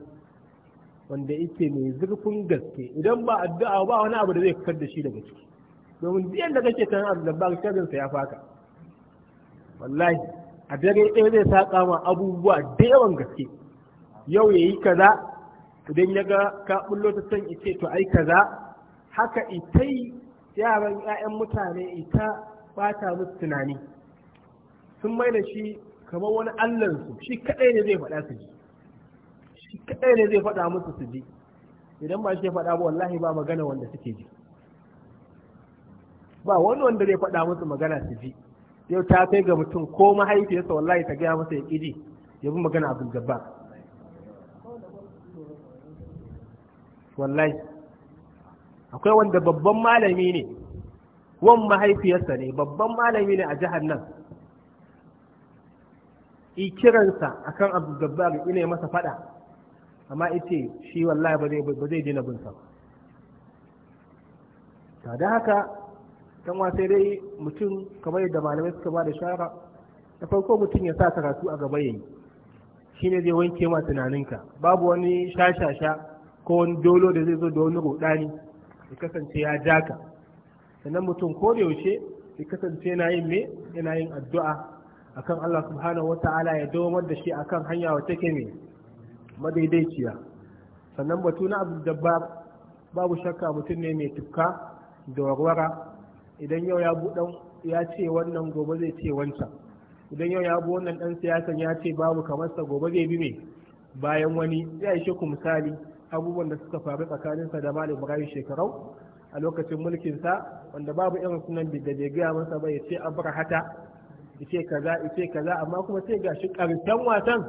wanda yake mai zurfin gaske idan ba addu'a ba wani abu da zai fitar da shi daga ciki domin duk yadda kake kan abu da ba sharrin sa ya faka wallahi a dare ɗaya zai saka ma abubuwa da yawan gaske yau yayi kaza idan ya ga ka bullo ta san ice to ai kaza haka ita yaran 'ya'yan mutane ita ba ta musu tunani sun mai da shi kamar wani allansu shi kadai ne zai faɗa su ji shi kadai ne zai faɗa musu su ji idan ba shi ya faɗa ba wallahi ba magana wanda suke ji ba wani wanda zai faɗa musu magana su ji yau ta kai ga mutum ko mahaifiyarsa wallahi ta gaya masa ya ƙiji ya bi magana abin gaba wallahi akwai wanda babban malami ne wan mahaifiyarsa ne babban malami ne a jihar nan ikiransa akan abu gabbar ina masa fada amma ita shi wallahi ba zai zai dina bin sa ta da haka kan wasa dai mutum kamar yadda malamai suka ba da shara da farko mutum ya sa karatu a gaba yayi ne zai wanke ma tunaninka babu wani shashasha ko wani dolo da zai zo da wani rudani ya kasance ya jaka sannan mutum ko da yaushe ya kasance yana yin me yana yin addu'a akan Allah subhanahu wata'ala ya dawamar da shi akan hanya wata take ne madaidaiciya sannan batu na abu dabba babu shakka mutum ne mai tufka da warwara idan yau ya buɗan ya ce wannan gobe zai ce wancan idan yau ya bu wannan dan siyasan ya ce babu kamar sa gobe zai bi me bayan wani ya ishe ku misali abubuwan da suka faru tsakaninsa da malam ibrahim shekarau a lokacin mulkinsa wanda babu irin sunan da bai gaya masa ba ya ce abrahata ice kaza ice kaza amma kuma sai gashi karshen wasan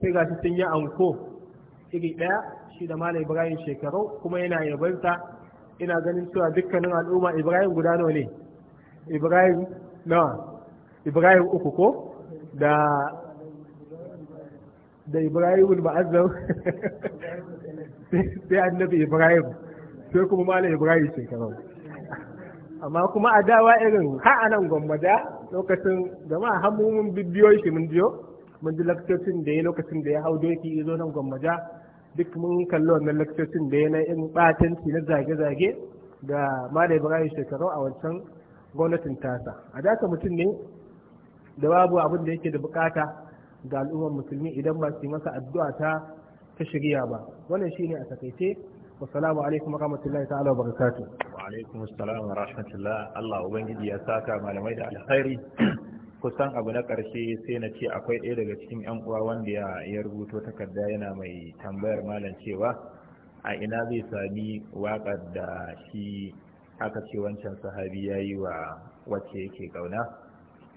sai gashi sun yi anko iri daya shi da malam ibrahim shekaru kuma yana yabanta ina ganin cewa dukkanin al'umma ibrahim guda nawa ne ibrahim nawa ibrahim uku ko da da ibrahim ma'azzam [laughs] sai annabi ibrahim sai kuma malam ibrahim shekaru amma kuma a dawa irin ha anan Gwamnati. lokacin jama'a har mu mun bibiyo shi mun jiyo mun ji lakcocin da ya lokacin da ya hau doki ya zo nan gwammaja duk mun kalli wannan lakcocin da ya na yin batanci na zage-zage da malam ibrahim shekaru a wancan gwamnatin tasa a daka mutum ne da babu abin da yake da bukata ga al'ummar musulmi idan ba su masa addu'a ta ta shirya ba wannan shine a takaice wassalamu alaikum wa rahmatullahi ta'ala wa barakatuh wa alaikum assalam wa rahmatullah Allah ubangiji ya saka malamai da alkhairi [clears throat] kusan abu na ƙarshe sai na ce akwai ɗaya daga cikin yan uwa wanda ya ya rubuto takarda yana mai tambayar malam cewa a ina zai sami waƙar da shi aka ce wancan sahabi ya yi wa wacce yake ƙauna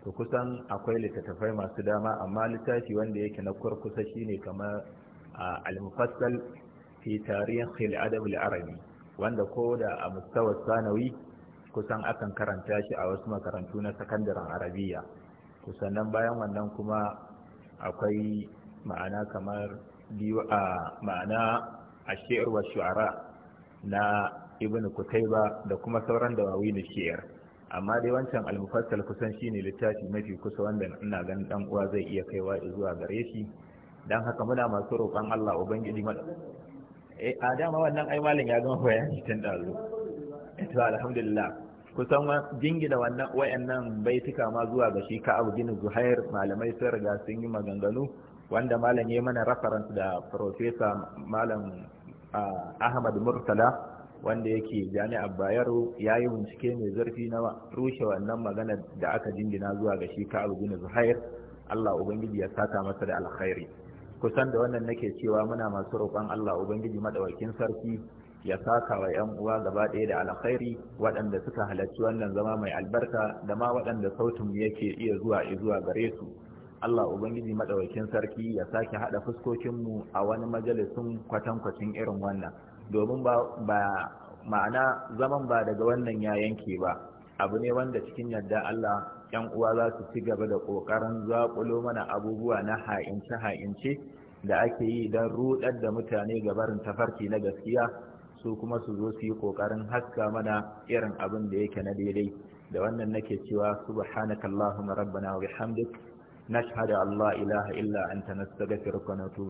to kusan akwai littattafai masu dama amma littafi wanda yake na kurkusa shine kamar al-mufassal fi tarihin adab al-arabi wanda ko da a mustawar sanawi kusan akan karanta shi a wasu makarantu na sakandaren arabiya kusan nan bayan wannan kuma akwai ma'ana kamar biyu ma'ana a wa shu'ara na ibn kutaiba da kuma sauran dawawi na shiyar amma dai wancan almufassal kusan shine littafi mafi kusa wanda ina ganin dan uwa zai iya kaiwa zuwa gare shi dan haka muna masu roƙon Allah ubangiji Eh, a dama wannan ai malam ya gama bayani tun da zo eh, to alhamdulillah kusan jingina wannan wayannan baituka ma zuwa ga shi ka abu gini zuhair malamai sun riga sun yi maganganu wanda malam ya mana reference da professor malam ahmad murtala wanda yake jami'ar bayero ya yi bincike mai zarfi na rushe wannan magana da aka jingina zuwa ga shi ka abu zuhair allah ubangiji ya saka masa da alkhairi kusan da wannan nake cewa muna masu roƙon Allah ubangiji madawakin sarki ya saka wa yan uwa gaba ɗaya da alkhairi waɗanda suka halarci wannan zama mai albarka da ma waɗanda sautin yake iya zuwa zuwa gare su Allah ubangiji madawakin sarki ya sake haɗa fuskokinmu a wani majalisun kwatankwacin irin wannan domin ba ma'ana zaman ba daga wannan ya yanke ba abu ne wanda cikin yadda Allah yan uwa za su ci gaba da ƙoƙarin zaƙulo mana abubuwa na ha'ince-ha'ince da ake yi don rudar da mutane gabarin tafarki na gaskiya su kuma su zo su yi ƙoƙarin haska mana irin abin da yake na daidai da wannan nake cewa subhanakallahumma rabbana wa bihamdik nashhadu an la ilaha illa anta nastaghfiruka wa natubu